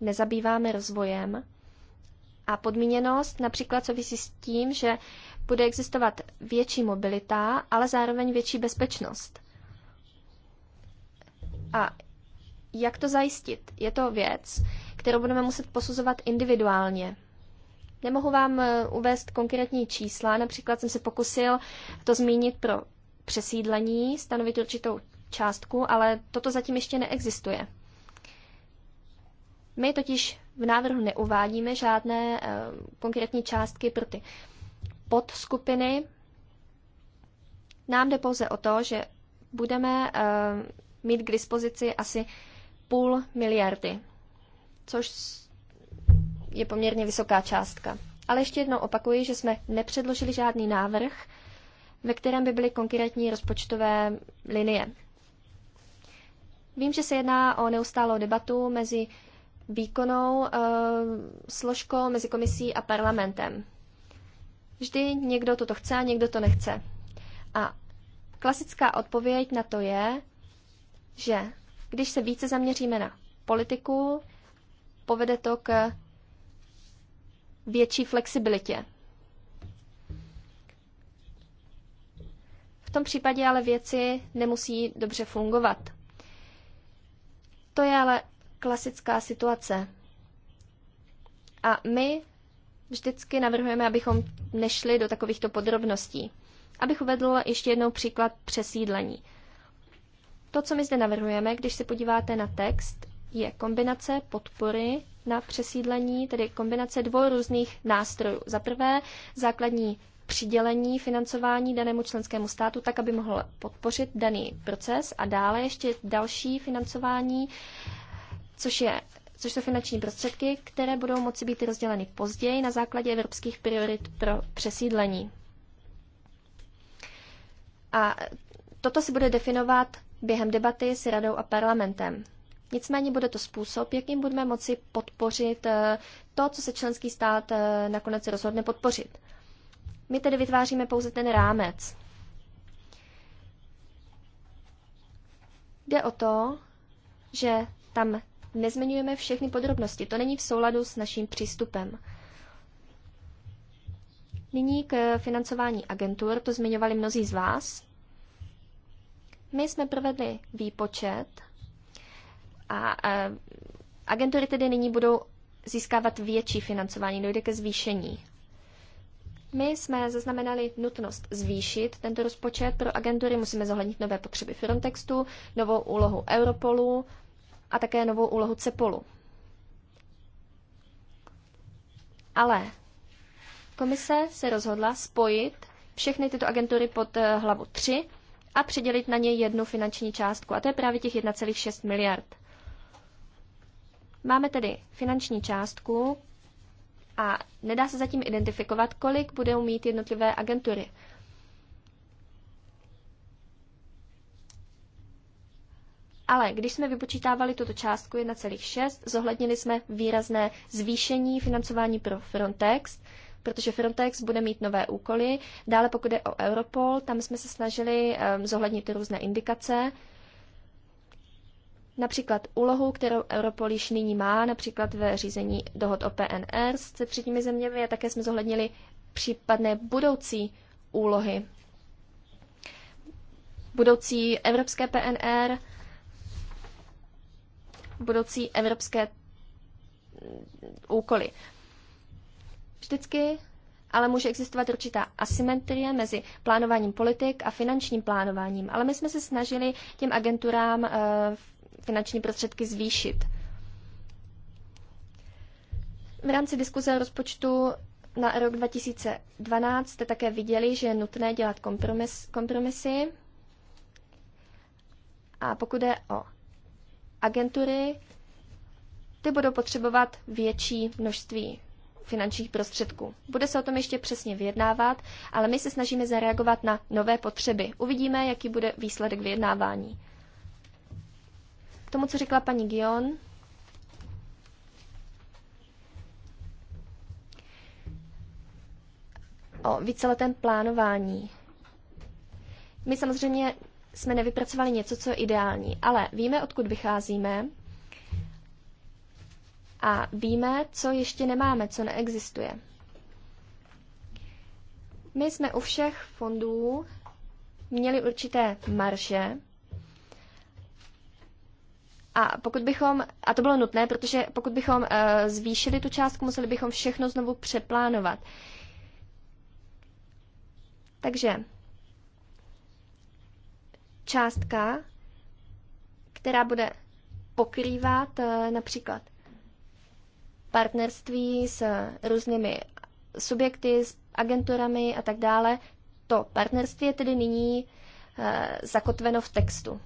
nezabýváme rozvojem a podmíněnost například souvisí s tím, že bude existovat větší mobilita, ale zároveň větší bezpečnost. A jak to zajistit? Je to věc, kterou budeme muset posuzovat individuálně. Nemohu vám eh, uvést konkrétní čísla, například jsem se pokusil to zmínit pro přesídlení, stanovit určitou částku, ale toto zatím ještě neexistuje. My totiž v návrhu neuvádíme žádné eh, konkrétní částky pro ty podskupiny. Nám jde pouze o to, že budeme eh, mít k dispozici asi půl miliardy, což je poměrně vysoká částka. Ale ještě jednou opakuji, že jsme nepředložili žádný návrh, ve kterém by byly konkrétní rozpočtové linie. Vím, že se jedná o neustálou debatu mezi výkonnou e, složkou, mezi komisí a parlamentem. Vždy někdo toto chce a někdo to nechce. A klasická odpověď na to je, že když se více zaměříme na politiku, povede to k větší flexibilitě. V tom případě ale věci nemusí dobře fungovat. To je ale klasická situace. A my vždycky navrhujeme, abychom nešli do takovýchto podrobností. Abych uvedl ještě jednou příklad přesídlení. To, co my zde navrhujeme, když se podíváte na text, je kombinace podpory na přesídlení, tedy kombinace dvou různých nástrojů. Za prvé základní přidělení financování danému členskému státu, tak aby mohl podpořit daný proces a dále ještě další financování, což je což jsou finanční prostředky, které budou moci být rozděleny později na základě evropských priorit pro přesídlení. A toto se bude definovat během debaty s radou a parlamentem. Nicméně bude to způsob, jakým budeme moci podpořit eh, to, co se členský stát eh, nakonec rozhodne podpořit. My tedy vytváříme pouze ten rámec. Jde o to, že tam nezmiňujeme všechny podrobnosti. To není v souladu s naším přístupem. Nyní k financování agentur, to zmiňovali mnozí z vás. My jsme provedli výpočet a, a agentury tedy nyní budou získávat větší financování, dojde ke zvýšení. My jsme zaznamenali nutnost zvýšit tento rozpočet pro agentury, musíme zohlednit nové potřeby Frontextu, novou úlohu Europolu, a také novou úlohu CEPOLu. Ale komise se rozhodla spojit všechny tyto agentury pod eh, hlavu 3 a přidělit na ně jednu finanční částku, a to je právě těch 1,6 miliard. Máme tedy finanční částku a nedá se zatím identifikovat, kolik budou mít jednotlivé agentury. Ale když jsme vypočítávali tuto částku 1,6, zohlednili jsme výrazné zvýšení financování pro Frontex, protože Frontex bude mít nové úkoly. Dále pokud je o Europol, tam jsme se snažili ehm, zohlednit ty různé indikace, například úlohu, kterou Europol již nyní má, například ve řízení dohod o PNR se třetími zeměmi a také jsme zohlednili případné budoucí úlohy. Budoucí evropské PNR, budoucí evropské úkoly. Vždycky ale může existovat určitá asymetrie mezi plánováním politik a finančním plánováním. Ale my jsme se snažili těm agenturám eh, finanční prostředky zvýšit. V rámci diskuze o rozpočtu na rok 2012 jste také viděli, že je nutné dělat kompromis, kompromisy. A pokud je o agentury, ty budou potřebovat větší množství finančních prostředků. Bude se o tom ještě přesně vyjednávat, ale my se snažíme zareagovat na nové potřeby. Uvidíme, jaký bude výsledek vyjednávání. K tomu, co řekla paní Gion, o víceletém plánování. My samozřejmě jsme nevypracovali něco, co je ideální, ale víme, odkud vycházíme a víme, co ještě nemáme, co neexistuje. My jsme u všech fondů měli určité marže, a pokud bychom, a to bylo nutné, protože pokud bychom uh, zvýšili tu částku, museli bychom všechno znovu přeplánovat. Takže částka, která bude pokrývat eh, například partnerství s různými subjekty, s agenturami a tak dále. To partnerství je tedy nyní eh, zakotveno v textu.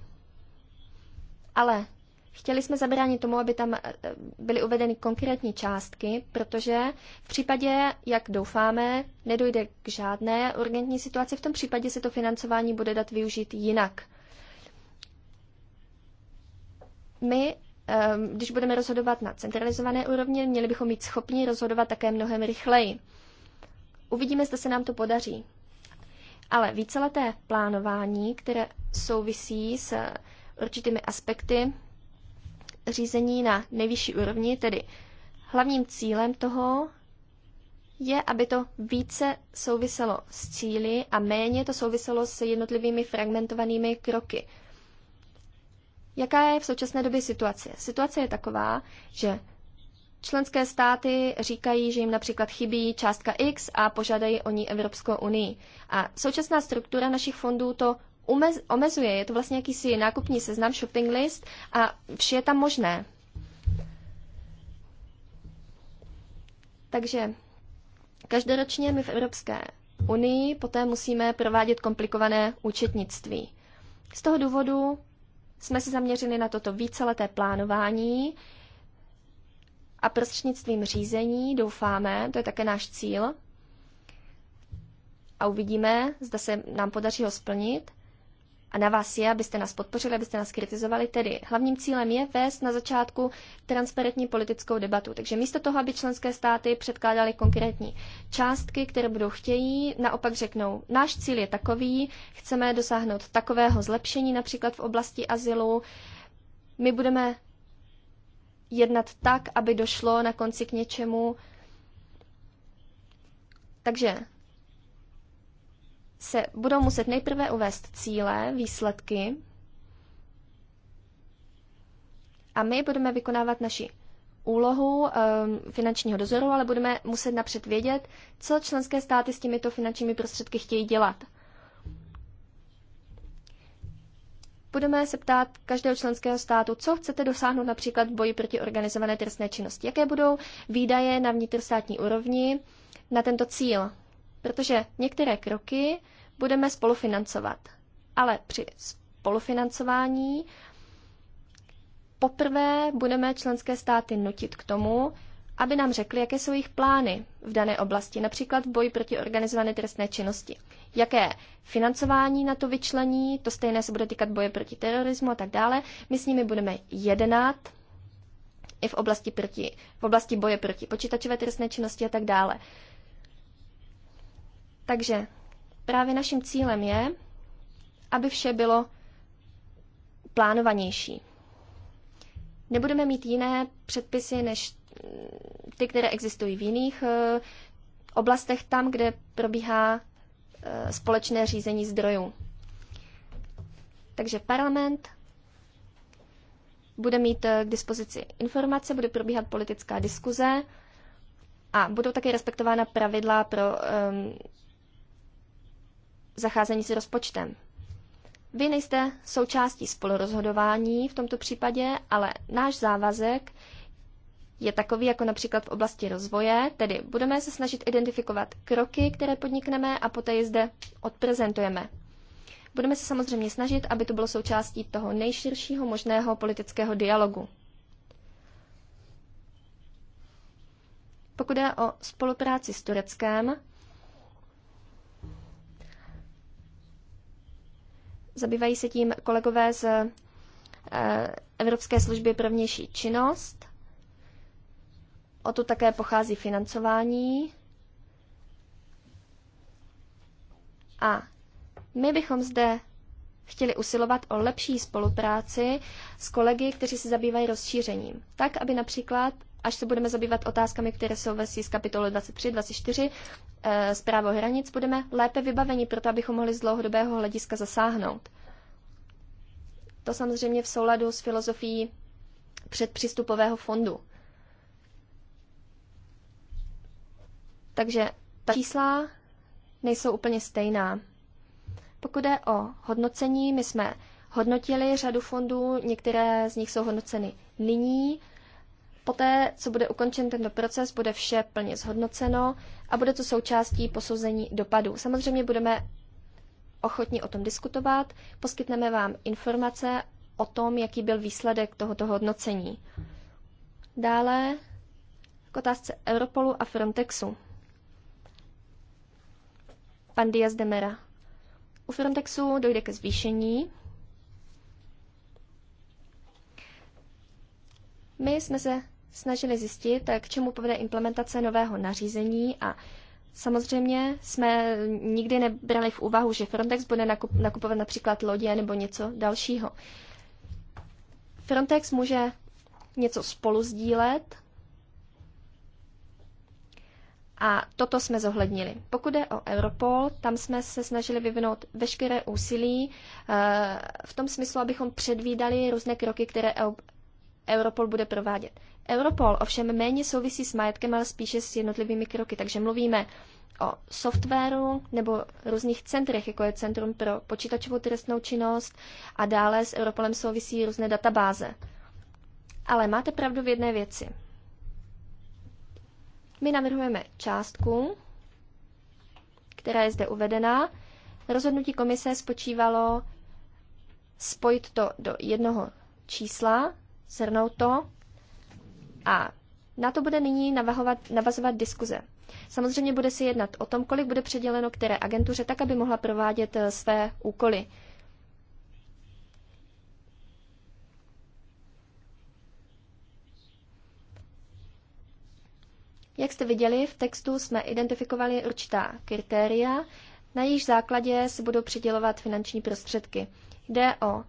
Ale chtěli jsme zabránit tomu, aby tam eh, byly uvedeny konkrétní částky, protože v případě, jak doufáme, nedojde k žádné urgentní situaci, v tom případě se to financování bude dát využít jinak. My, když budeme rozhodovat na centralizované úrovni, měli bychom být schopni rozhodovat také mnohem rychleji. Uvidíme, zda se nám to podaří. Ale víceleté plánování, které souvisí s eh, určitými aspekty řízení na nejvyšší úrovni, tedy hlavním cílem toho je, aby to více souviselo s cíly a méně to souviselo s jednotlivými fragmentovanými kroky. Jaká je v současné době situace? Situace je taková, že členské státy říkají, že jim například chybí částka X a požádají o ní Evropskou unii. A současná struktura našich fondů to umez, omezuje. Je to vlastně jakýsi nákupní seznam, shopping list a vše je tam možné. Takže každoročně my v Evropské unii poté musíme provádět komplikované účetnictví. Z toho důvodu jsme se zaměřili na toto víceleté plánování a prostřednictvím řízení doufáme, to je také náš cíl, a uvidíme, zda se nám podaří ho splnit, a na vás je, abyste nás podpořili, abyste nás kritizovali. Tedy hlavním cílem je vést na začátku transparentní politickou debatu. Takže místo toho, aby členské státy předkládaly konkrétní částky, které budou chtějí, naopak řeknou, náš cíl je takový, chceme dosáhnout takového zlepšení například v oblasti azylu, my budeme jednat tak, aby došlo na konci k něčemu. Takže se budou muset nejprve uvést cíle, výsledky a my budeme vykonávat naši úlohu ehm, finančního dozoru, ale budeme muset napřed vědět, co členské státy s těmito finančními prostředky chtějí dělat. Budeme se ptát každého členského státu, co chcete dosáhnout například v boji proti organizované trestné činnosti. Jaké budou výdaje na vnitrostátní úrovni na tento cíl? protože některé kroky budeme spolufinancovat. Ale při spolufinancování poprvé budeme členské státy nutit k tomu, aby nám řekli, jaké jsou jejich plány v dané oblasti, například v boji proti organizované trestné činnosti. Jaké financování na to vyčlení, to stejné se bude týkat boje proti terorismu a tak dále. My s nimi budeme jednat i v oblasti, proti, v oblasti boje proti počítačové trestné činnosti a tak dále. Takže právě naším cílem je, aby vše bylo plánovanější. Nebudeme mít jiné předpisy než mm, ty, které existují v jiných eh, oblastech, tam, kde probíhá eh, společné řízení zdrojů. Takže parlament bude mít eh, k dispozici informace, bude probíhat politická diskuze a budou také respektována pravidla pro um, zacházení s rozpočtem. Vy nejste součástí spolurozhodování v tomto případě, ale náš závazek je takový jako například v oblasti rozvoje, tedy budeme se snažit identifikovat kroky, které podnikneme a poté je zde odprezentujeme. Budeme se samozřejmě snažit, aby to bylo součástí toho nejširšího možného politického dialogu. Pokud je o spolupráci s Tureckem, Zabývají se tím kolegové z eh, Evropské služby pro vnější činnost. O to také pochází financování. A my bychom zde chtěli usilovat o lepší spolupráci s kolegy, kteří se zabývají rozšířením. Tak, aby například až se budeme zabývat otázkami, které souvisí s kapitolou 23, 24, e, zprávou hranic, budeme lépe vybaveni to, abychom mohli z dlouhodobého hlediska zasáhnout. To samozřejmě v souladu s filozofií předpřístupového fondu. Takže ta čísla nejsou úplně stejná. Pokud je o hodnocení, my jsme hodnotili řadu fondů, některé z nich jsou hodnoceny nyní, Poté, co bude ukončen tento proces, bude vše plně zhodnoceno a bude to součástí posouzení dopadů. Samozřejmě budeme ochotni o tom diskutovat, poskytneme vám informace o tom, jaký byl výsledek tohoto hodnocení. Dále k otázce Europolu a Frontexu. Pan Diaz de Mera. U Frontexu dojde ke zvýšení. My jsme se snažili zjistit, k čemu povede implementace nového nařízení a Samozřejmě jsme nikdy nebrali v úvahu, že Frontex bude nakup, nakupovat například lodě nebo něco dalšího. Frontex může něco spolu sdílet a toto jsme zohlednili. Pokud je o Europol, tam jsme se snažili vyvinout veškeré úsilí eh, v tom smyslu, abychom předvídali různé kroky, které Europol bude provádět. Europol ovšem méně souvisí s majetkem, ale spíše s jednotlivými kroky, takže mluvíme o softwaru nebo různých centrech, jako je Centrum pro počítačovou trestnou činnost a dále s Europolem souvisí různé databáze. Ale máte pravdu v jedné věci. My navrhujeme částku, která je zde uvedená. Rozhodnutí komise spočívalo spojit to do jednoho čísla, shrnout to a na to bude nyní navahovat, navazovat diskuze. Samozřejmě bude se jednat o tom, kolik bude předěleno které agentuře, tak aby mohla provádět eh, své úkoly. Jak jste viděli, v textu jsme identifikovali určitá kritéria, na jejich základě se budou přidělovat finanční prostředky. Jde o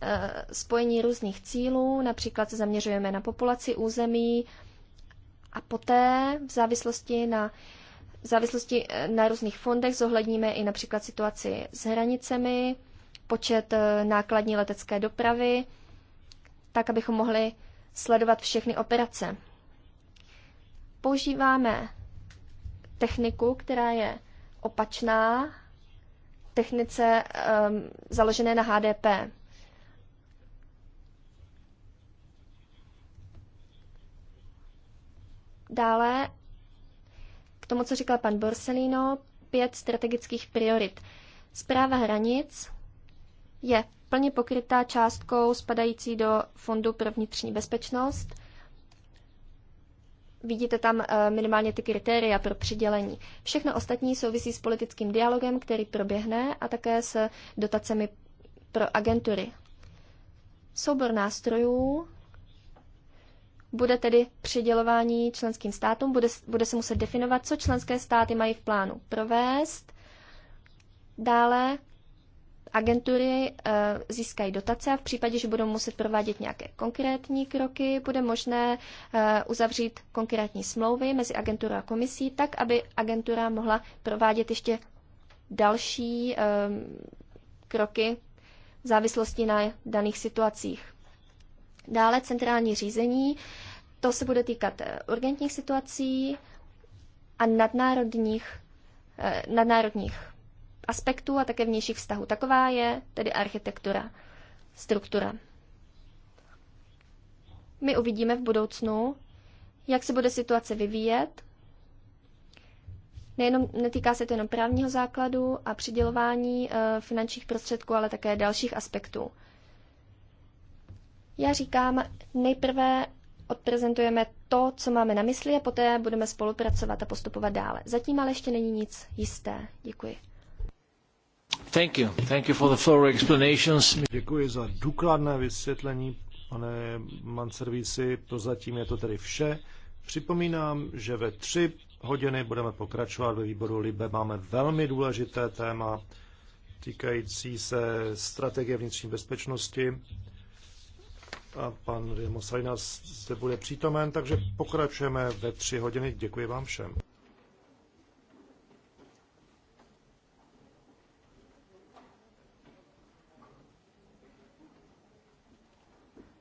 Eh, spojení různých cílů, například se zaměřujeme na populaci území a poté v závislosti na v závislosti eh, na různých fondech zohledníme i například situaci s hranicemi, počet eh, nákladní letecké dopravy, tak, abychom mohli sledovat všechny operace. Používáme techniku, která je opačná technice um, založené na HDP. Dále k tomu, co říkal pan Borsellino, pět strategických priorit. Zpráva hranic je plně pokrytá částkou spadající do Fondu pro vnitřní bezpečnost. Vidíte tam eh, minimálně ty kritéria pro přidělení. Všechno ostatní souvisí s politickým dialogem, který proběhne a také s dotacemi pro agentury. Soubor nástrojů bude tedy přidělování členským státům, bude, bude se muset definovat, co členské státy mají v plánu provést. Dále agentury eh, získají dotace a v případě, že budou muset provádět nějaké konkrétní kroky, bude možné eh, uzavřít konkrétní smlouvy mezi agenturou a komisí, tak aby agentura mohla provádět ještě další eh, kroky v závislosti na daných situacích. Dále centrální řízení, to se bude týkat eh, urgentních situací a nadnárodních, eh, nadnárodních aspektů a také vnějších vztahů. Taková je tedy architektura, struktura. My uvidíme v budoucnu, jak se bude situace vyvíjet. Nejenom, netýká se to jenom právního základu a přidělování eh, finančních prostředků, ale také dalších aspektů. Já říkám, nejprve odprezentujeme to, co máme na mysli a poté budeme spolupracovat a postupovat dále. Zatím ale ještě není nic jisté. Děkuji. Thank you. Thank you for the floor explanations. Děkuji za důkladné vysvětlení, pane Manservisi. Prozatím je to tedy vše. Připomínám, že ve tři hodiny budeme pokračovat ve výboru Libe. Máme velmi důležité téma týkající se strategie vnitřní bezpečnosti a pan Mosajna zde bude přítomen, takže pokračujeme ve tři hodiny. Děkuji vám všem.